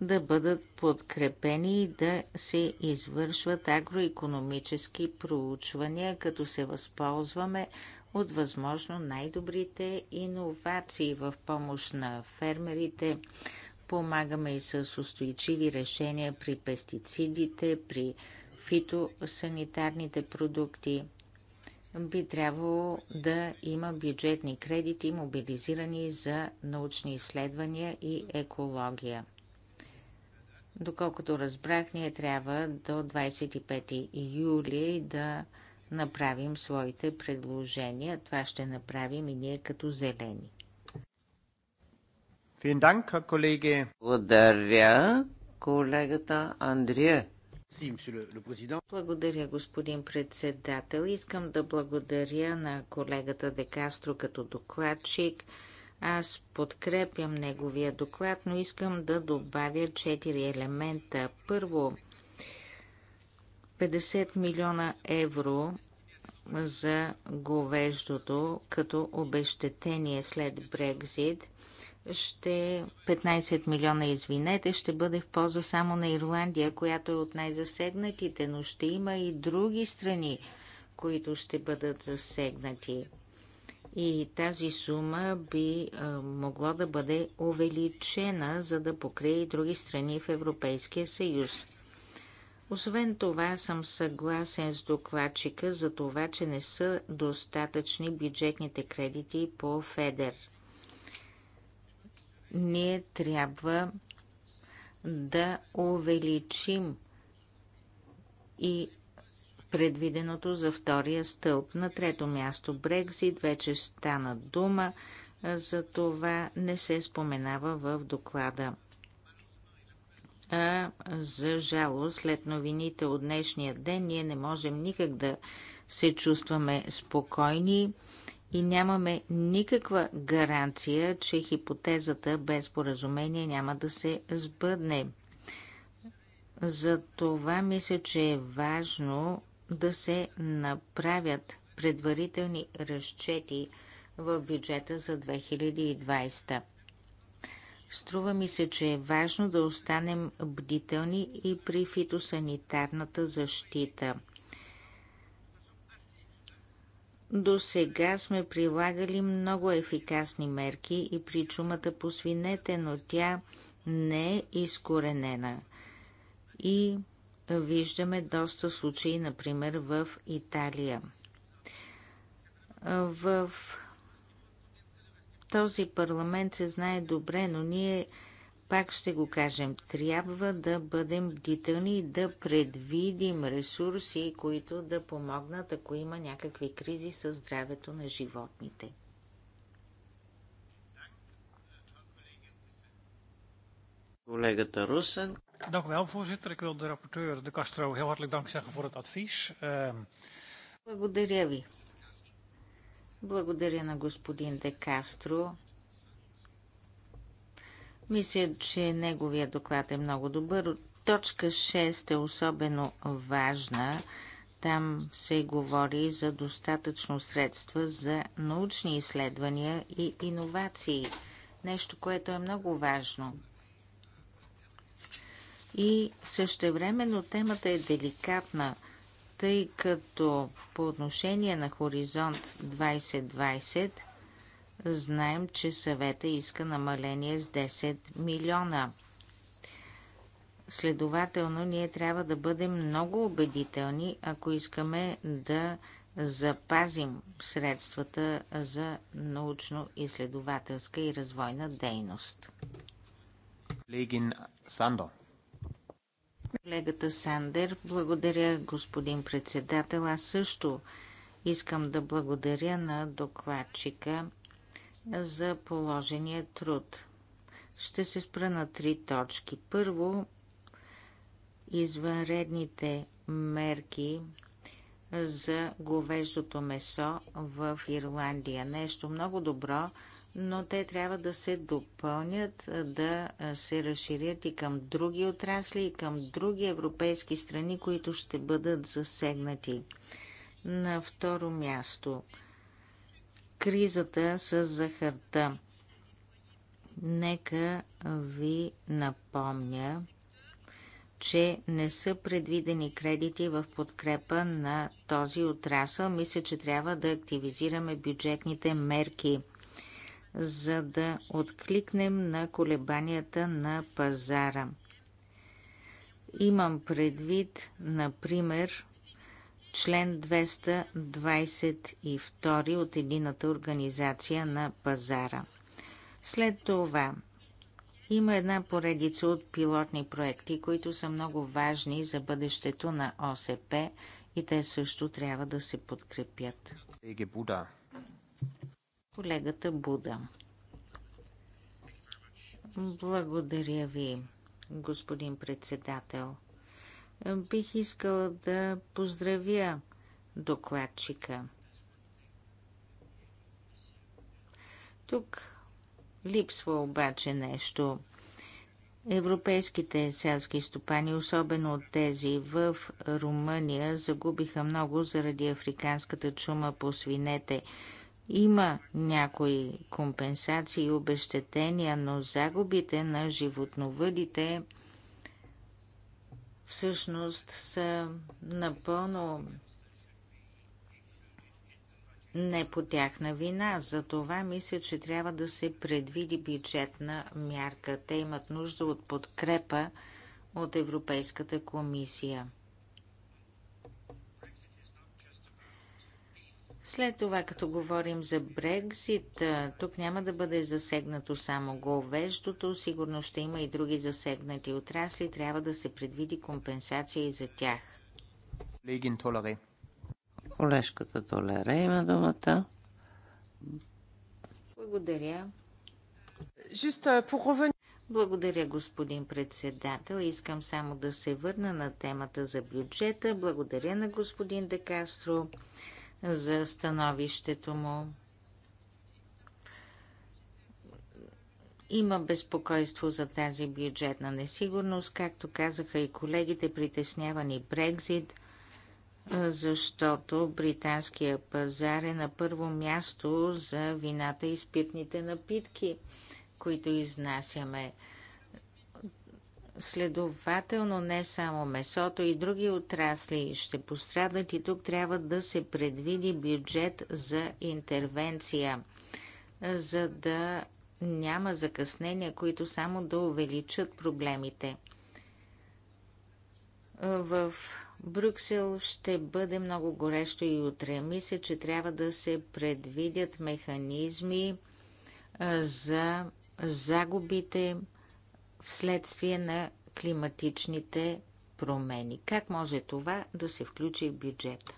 да бъдат подкрепени и да се извършват агроекономически проучвания, като се възползваме от възможно най-добрите иновации в помощ на фермерите. Помагаме и с устойчиви решения при пестицидите, при фитосанитарните продукти. Би трябвало да има бюджетни кредити, мобилизирани за научни изследвания и екология. Доколкото разбрах, ние трябва до 25 юли да направим своите предложения. Това ще направим и ние като зелени. Благодаря, колегата Андрия. Благодаря, господин председател. Искам да благодаря на колегата Декастро като докладчик. Аз подкрепям неговия доклад, но искам да добавя четири елемента. Първо, 50 милиона евро за говеждото като обещетение след Брекзит ще 15 милиона, извинете, ще бъде в полза само на Ирландия, която е от най-засегнатите, но ще има и други страни, които ще бъдат засегнати и тази сума би могла да бъде увеличена, за да покрие и други страни в Европейския съюз. Освен това съм съгласен с докладчика за това, че не са достатъчни бюджетните кредити по ФЕДЕР. Ние трябва да увеличим и предвиденото за втория стълб. На трето място Брекзит вече стана дума, за това не се споменава в доклада. А за жало, след новините от днешния ден, ние не можем никак да се чувстваме спокойни и нямаме никаква гаранция, че хипотезата без поразумение няма да се сбъдне. За това мисля, че е важно да се направят предварителни разчети в бюджета за 2020. Струва ми се, че е важно да останем бдителни и при фитосанитарната защита. До сега сме прилагали много ефикасни мерки и при чумата по свинете, но тя не е изкоренена. И виждаме доста случаи, например в Италия. В този парламент се знае добре, но ние пак ще го кажем, трябва да бъдем бдителни и да предвидим ресурси, които да помогнат, ако има някакви кризи със здравето на животните. Колегата Русен. Dank u wel, voorzitter. Ik wil de rapporteur De Castro heel hartelijk dank zeggen voor het advies. Ehm, Благодаря ви. Благодаря на господин Де Кастро. Мисля, че неговия доклад е много добър. Точка 6 е особено важна. Там се говори за достатъчно средства за научни изследвания и иновации. Нещо, което е много важно. И същевременно темата е деликатна, тъй като по отношение на Хоризонт 2020 знаем, че съвета иска намаление с 10 милиона. Следователно, ние трябва да бъдем много убедителни, ако искаме да запазим средствата за научно-изследователска и развойна дейност. Легин Сандо. Колегата Сандер, благодаря господин председател. Аз също искам да благодаря на докладчика за положения труд. Ще се спра на три точки. Първо, извънредните мерки за говеждото месо в Ирландия. Нещо много добро, но те трябва да се допълнят, да се разширят и към други отрасли и към други европейски страни, които ще бъдат засегнати. На второ място кризата с захарта. Нека ви напомня, че не са предвидени кредити в подкрепа на този отрасъл. Мисля, че трябва да активизираме бюджетните мерки – за да откликнем на колебанията на пазара. Имам предвид, например, член 222 от Едината организация на пазара. След това има една поредица от пилотни проекти, които са много важни за бъдещето на ОСП и те също трябва да се подкрепят колегата Буда. Благодаря ви, господин председател. Бих искала да поздравя докладчика. Тук липсва обаче нещо. Европейските селски стопани, особено от тези в Румъния, загубиха много заради африканската чума по свинете – има някои компенсации и обещетения, но загубите на животновъдите всъщност са напълно не по тяхна вина. За това мисля, че трябва да се предвиди бюджетна мярка. Те имат нужда от подкрепа от Европейската комисия. След това, като говорим за Брекзит, тук няма да бъде засегнато само говеждото, сигурно ще има и други засегнати отрасли, трябва да се предвиди компенсация и за тях. Легин Толаре. Олешката Толере има думата. Благодаря. Благодаря, господин председател. Искам само да се върна на темата за бюджета. Благодаря на господин Декастро. Кастро за становището му. Има безпокойство за тази бюджетна несигурност, както казаха и колегите, притеснявани Брекзит, защото британския пазар е на първо място за вината и спиртните напитки, които изнасяме. Следователно не само месото и други отрасли ще пострадат и тук трябва да се предвиди бюджет за интервенция, за да няма закъснения, които само да увеличат проблемите. В Брюксел ще бъде много горещо и утре. Мисля, че трябва да се предвидят механизми за загубите, вследствие на климатичните промени. Как може това да се включи в бюджета?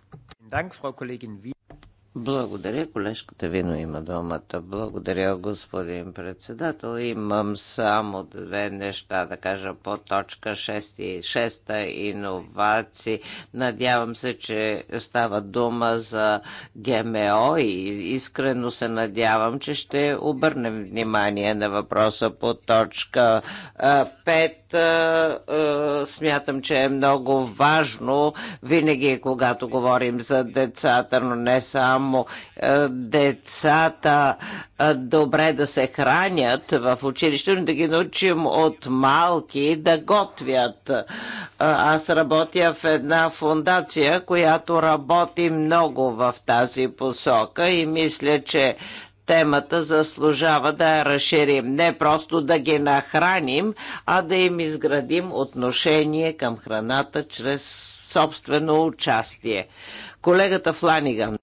Благодаря. Колежката Вино има думата. Благодаря, господин председател. Имам само две неща да кажа по точка 6, 6 иновации. Надявам се, че става дума за ГМО и искрено се надявам, че ще обърнем внимание на въпроса по точка 5. Смятам, че е много важно винаги, когато говорим за децата, но не само само е, децата е, добре да се хранят в училище, но да ги научим от малки да готвят. Е, аз работя в една фундация, която работи много в тази посока и мисля, че темата заслужава да я разширим. Не просто да ги нахраним, а да им изградим отношение към храната чрез собствено участие. Колегата Фланиган.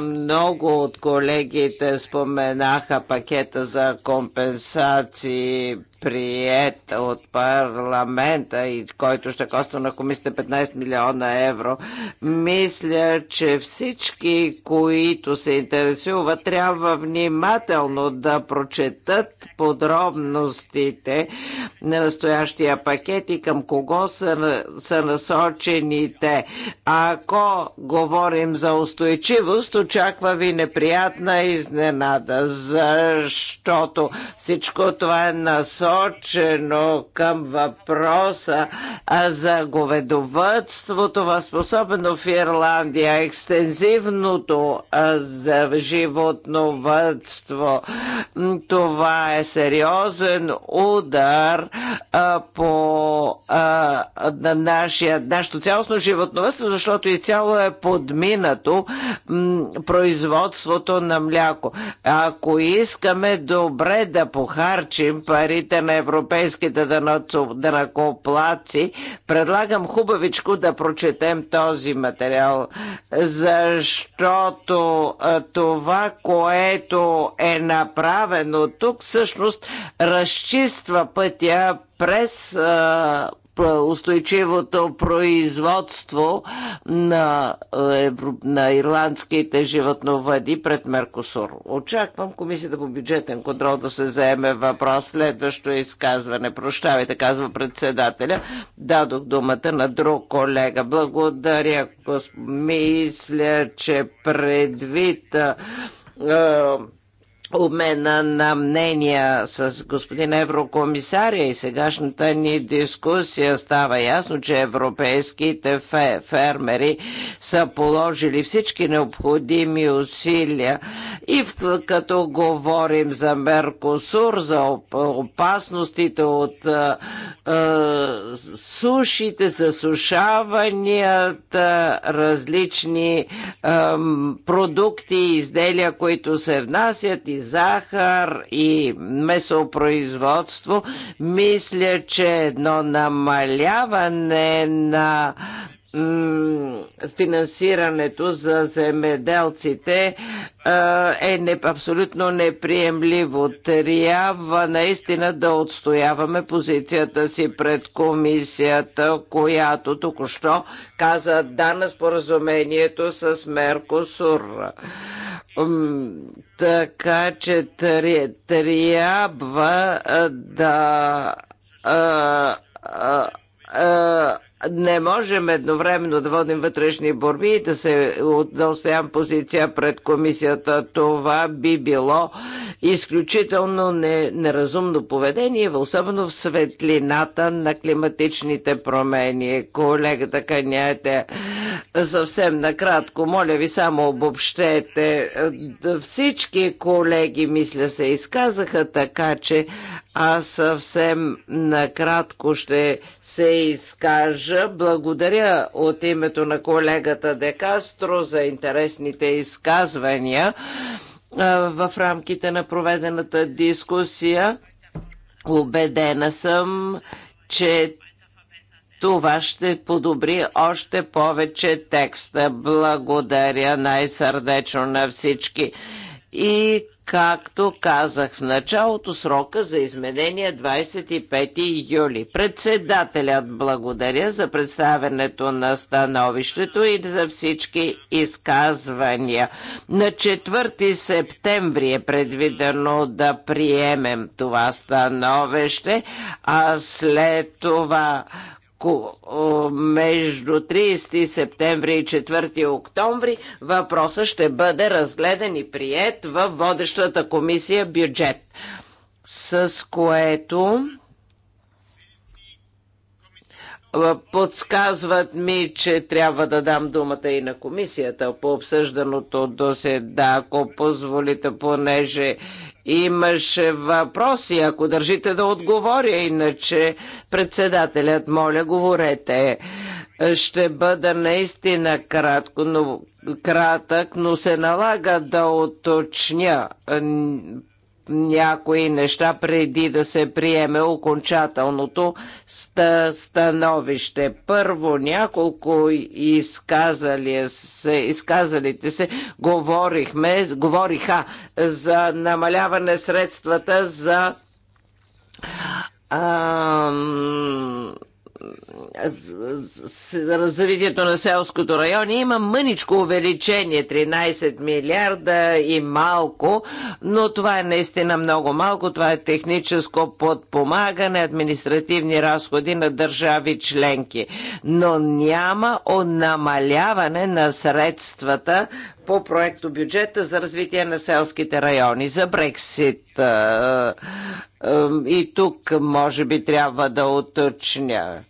Много от колегите споменаха пакета за компенсации прият от парламента и който ще коства на комисията 15 милиона евро, мисля, че всички, които се интересуват, трябва внимателно да прочетат подробностите на настоящия пакет и към кого са, са насочените. Ако говорим за устойчивост, очаква ви неприятна изненада, защото всичко това е насочено насочено към въпроса за говедовътството, възпособено в Ирландия, екстензивното за животновътство. Това е сериозен удар по на нашия, нашето цялостно животновътство, защото изцяло е подминато производството на мляко. Ако искаме добре да похарчим парите на европейските данакоплаци, предлагам хубавичко да прочетем този материал, защото това, което е направено тук, всъщност разчиства пътя през устойчивото производство на, е, на ирландските животновъди пред Меркосур. Очаквам комисията по бюджетен контрол да се заеме въпрос. Следващо изказване. Прощавайте, казва председателя. Дадох думата на друг колега. Благодаря. Мисля, че предвид обмена на мнения с господин еврокомисаря и сегашната ни дискусия става ясно, че европейските фермери са положили всички необходими усилия и в, като говорим за Меркосур, за опасностите от е, сушите, засушаванията, различни е, продукти и изделия, които се внасят и захар и месопроизводство, мисля, че едно намаляване на финансирането за земеделците е, е не, абсолютно неприемливо. Трябва наистина да отстояваме позицията си пред комисията, която току-що каза да на споразумението с Меркосур така че трябва да а, а, а, не можем едновременно да водим вътрешни борби и да се да позиция пред комисията. Това би било изключително неразумно поведение, особено в светлината на климатичните промени. Колегата Каняте Съвсем накратко, моля ви само обобщете. Всички колеги, мисля, се изказаха така, че аз съвсем накратко ще се изкажа. Благодаря от името на колегата Декастро за интересните изказвания в рамките на проведената дискусия. Убедена съм, че това ще подобри още повече текста. Благодаря най-сърдечно на всички. И както казах в началото, срока за изменение 25 е юли. Председателят благодаря за представенето на становището и за всички изказвания. На 4 септември е предвидено да приемем това становище, а след това между 30 септември и 4 октомври въпросът ще бъде разгледан и прият във водещата комисия бюджет, с което Подсказват ми, че трябва да дам думата и на комисията по обсъжданото до седа, ако позволите, понеже имаше въпроси, ако държите да отговоря, иначе председателят, моля, говорете. Ще бъда наистина кратко, но, кратък, но се налага да уточня някои неща преди да се приеме окончателното становище. Първо няколко изказали се, изказалите се говорихме, говориха за намаляване средствата за а, развитието на селското райони има мъничко увеличение 13 милиарда и малко, но това е наистина много малко. Това е техническо подпомагане, административни разходи на държави членки. Но няма намаляване на средствата по проекто бюджета за развитие на селските райони, за Брексит. И тук може би трябва да уточня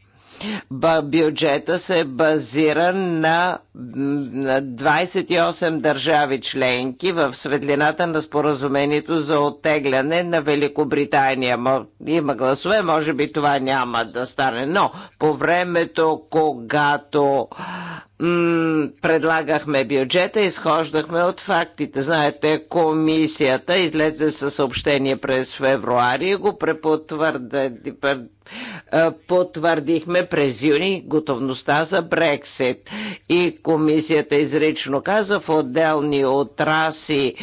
Бюджета се базира на 28 държави членки в светлината на споразумението за оттегляне на Великобритания. Има гласове, може би това няма да стане, но по времето, когато предлагахме бюджета, изхождахме от фактите. Знаете, комисията излезе със съобщение през февруари и го препотвърди, потвърдихме през юни готовността за Брексит. И комисията изрично каза, в отделни отраси,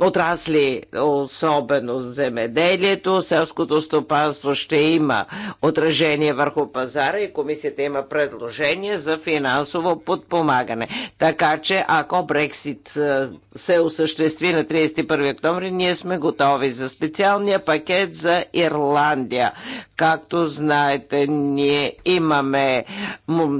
отрасли, особено земеделието, селското стопанство ще има отражение върху пазара и комисията има предложение за финансово подпомагане. Така че, ако Брексит се осъществи на 31 октомври, ние сме готови за специалния пакет за Ирландия. Както знаете, ние имаме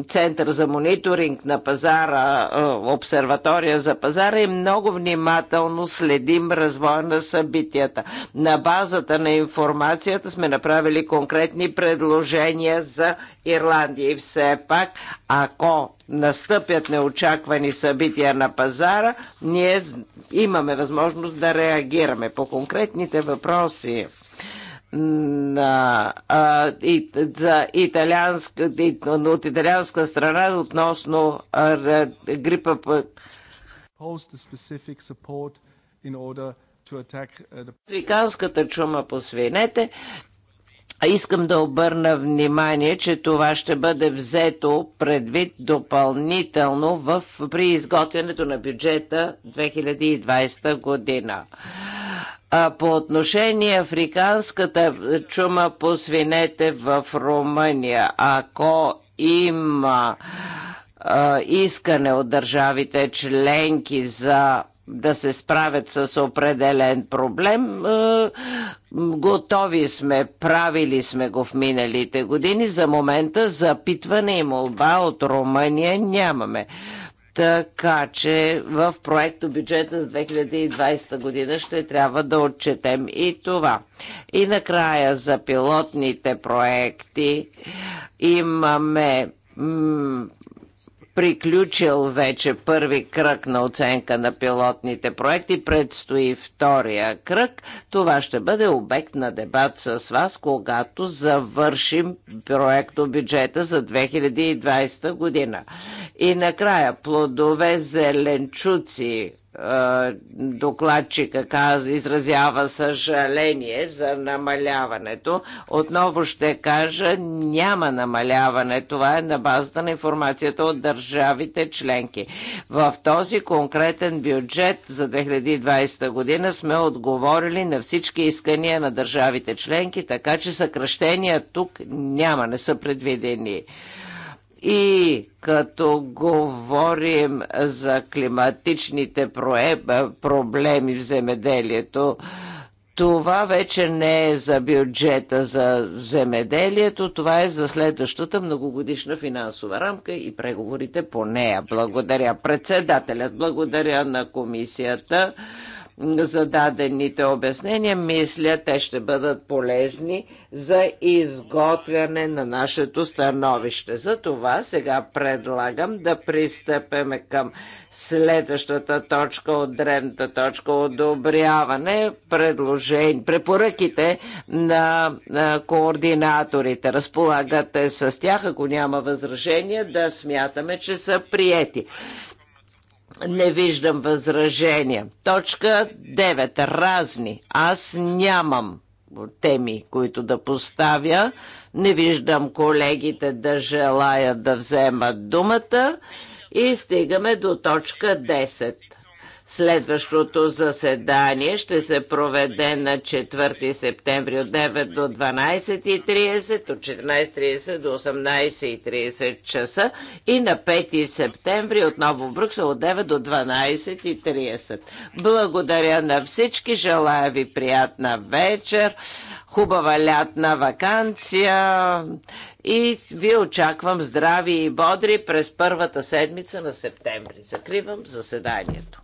Център за мониторинг на пазара, пазара, обсерватория за пазара и много внимателно следим развоя на събитията. На базата на информацията сме направили конкретни предложения за Ирландия и все пак, ако настъпят неочаквани събития на пазара, ние имаме възможност да реагираме по конкретните въпроси на, а, и, за италианск, и, от италианска страна относно а, грипа. Uh, Африканската чума по свинете Искам да обърна внимание, че това ще бъде взето предвид допълнително в, при изготвянето на бюджета 2020 година. А по отношение африканската чума по свинете в Румъния, ако има а, искане от държавите членки за да се справят с определен проблем. Готови сме, правили сме го в миналите години. За момента запитване и молба от Румъния нямаме. Така че в проекто бюджета за 2020 година ще трябва да отчетем и това. И накрая за пилотните проекти имаме приключил вече първи кръг на оценка на пилотните проекти, предстои втория кръг. Това ще бъде обект на дебат с вас, когато завършим проекто бюджета за 2020 година. И накрая плодове, зеленчуци, докладчика каза, изразява съжаление за намаляването. Отново ще кажа, няма намаляване. Това е на базата на информацията от държавите членки. В този конкретен бюджет за 2020 година сме отговорили на всички искания на държавите членки, така че съкръщения тук няма, не са предвидени. И като говорим за климатичните проблеми в земеделието, това вече не е за бюджета за земеделието, това е за следващата многогодишна финансова рамка и преговорите по нея. Благодаря председателят, благодаря на комисията за дадените обяснения. Мисля, те ще бъдат полезни за изготвяне на нашето становище. За това сега предлагам да пристъпеме към следващата точка от древната точка одобряване, предложение, препоръките на, на координаторите. Разполагате с тях, ако няма възражения, да смятаме, че са приети. Не виждам възражения. Точка 9. Разни. Аз нямам теми, които да поставя. Не виждам колегите да желаят да вземат думата. И стигаме до точка 10. Следващото заседание ще се проведе на 4 септември от 9 до 12.30, от 14.30 до 18.30 часа и на 5 септември отново в Брюксел от 9 до 12.30. Благодаря на всички, желая ви приятна вечер, хубава лятна вакансия и ви очаквам здрави и бодри през първата седмица на септември. Закривам заседанието.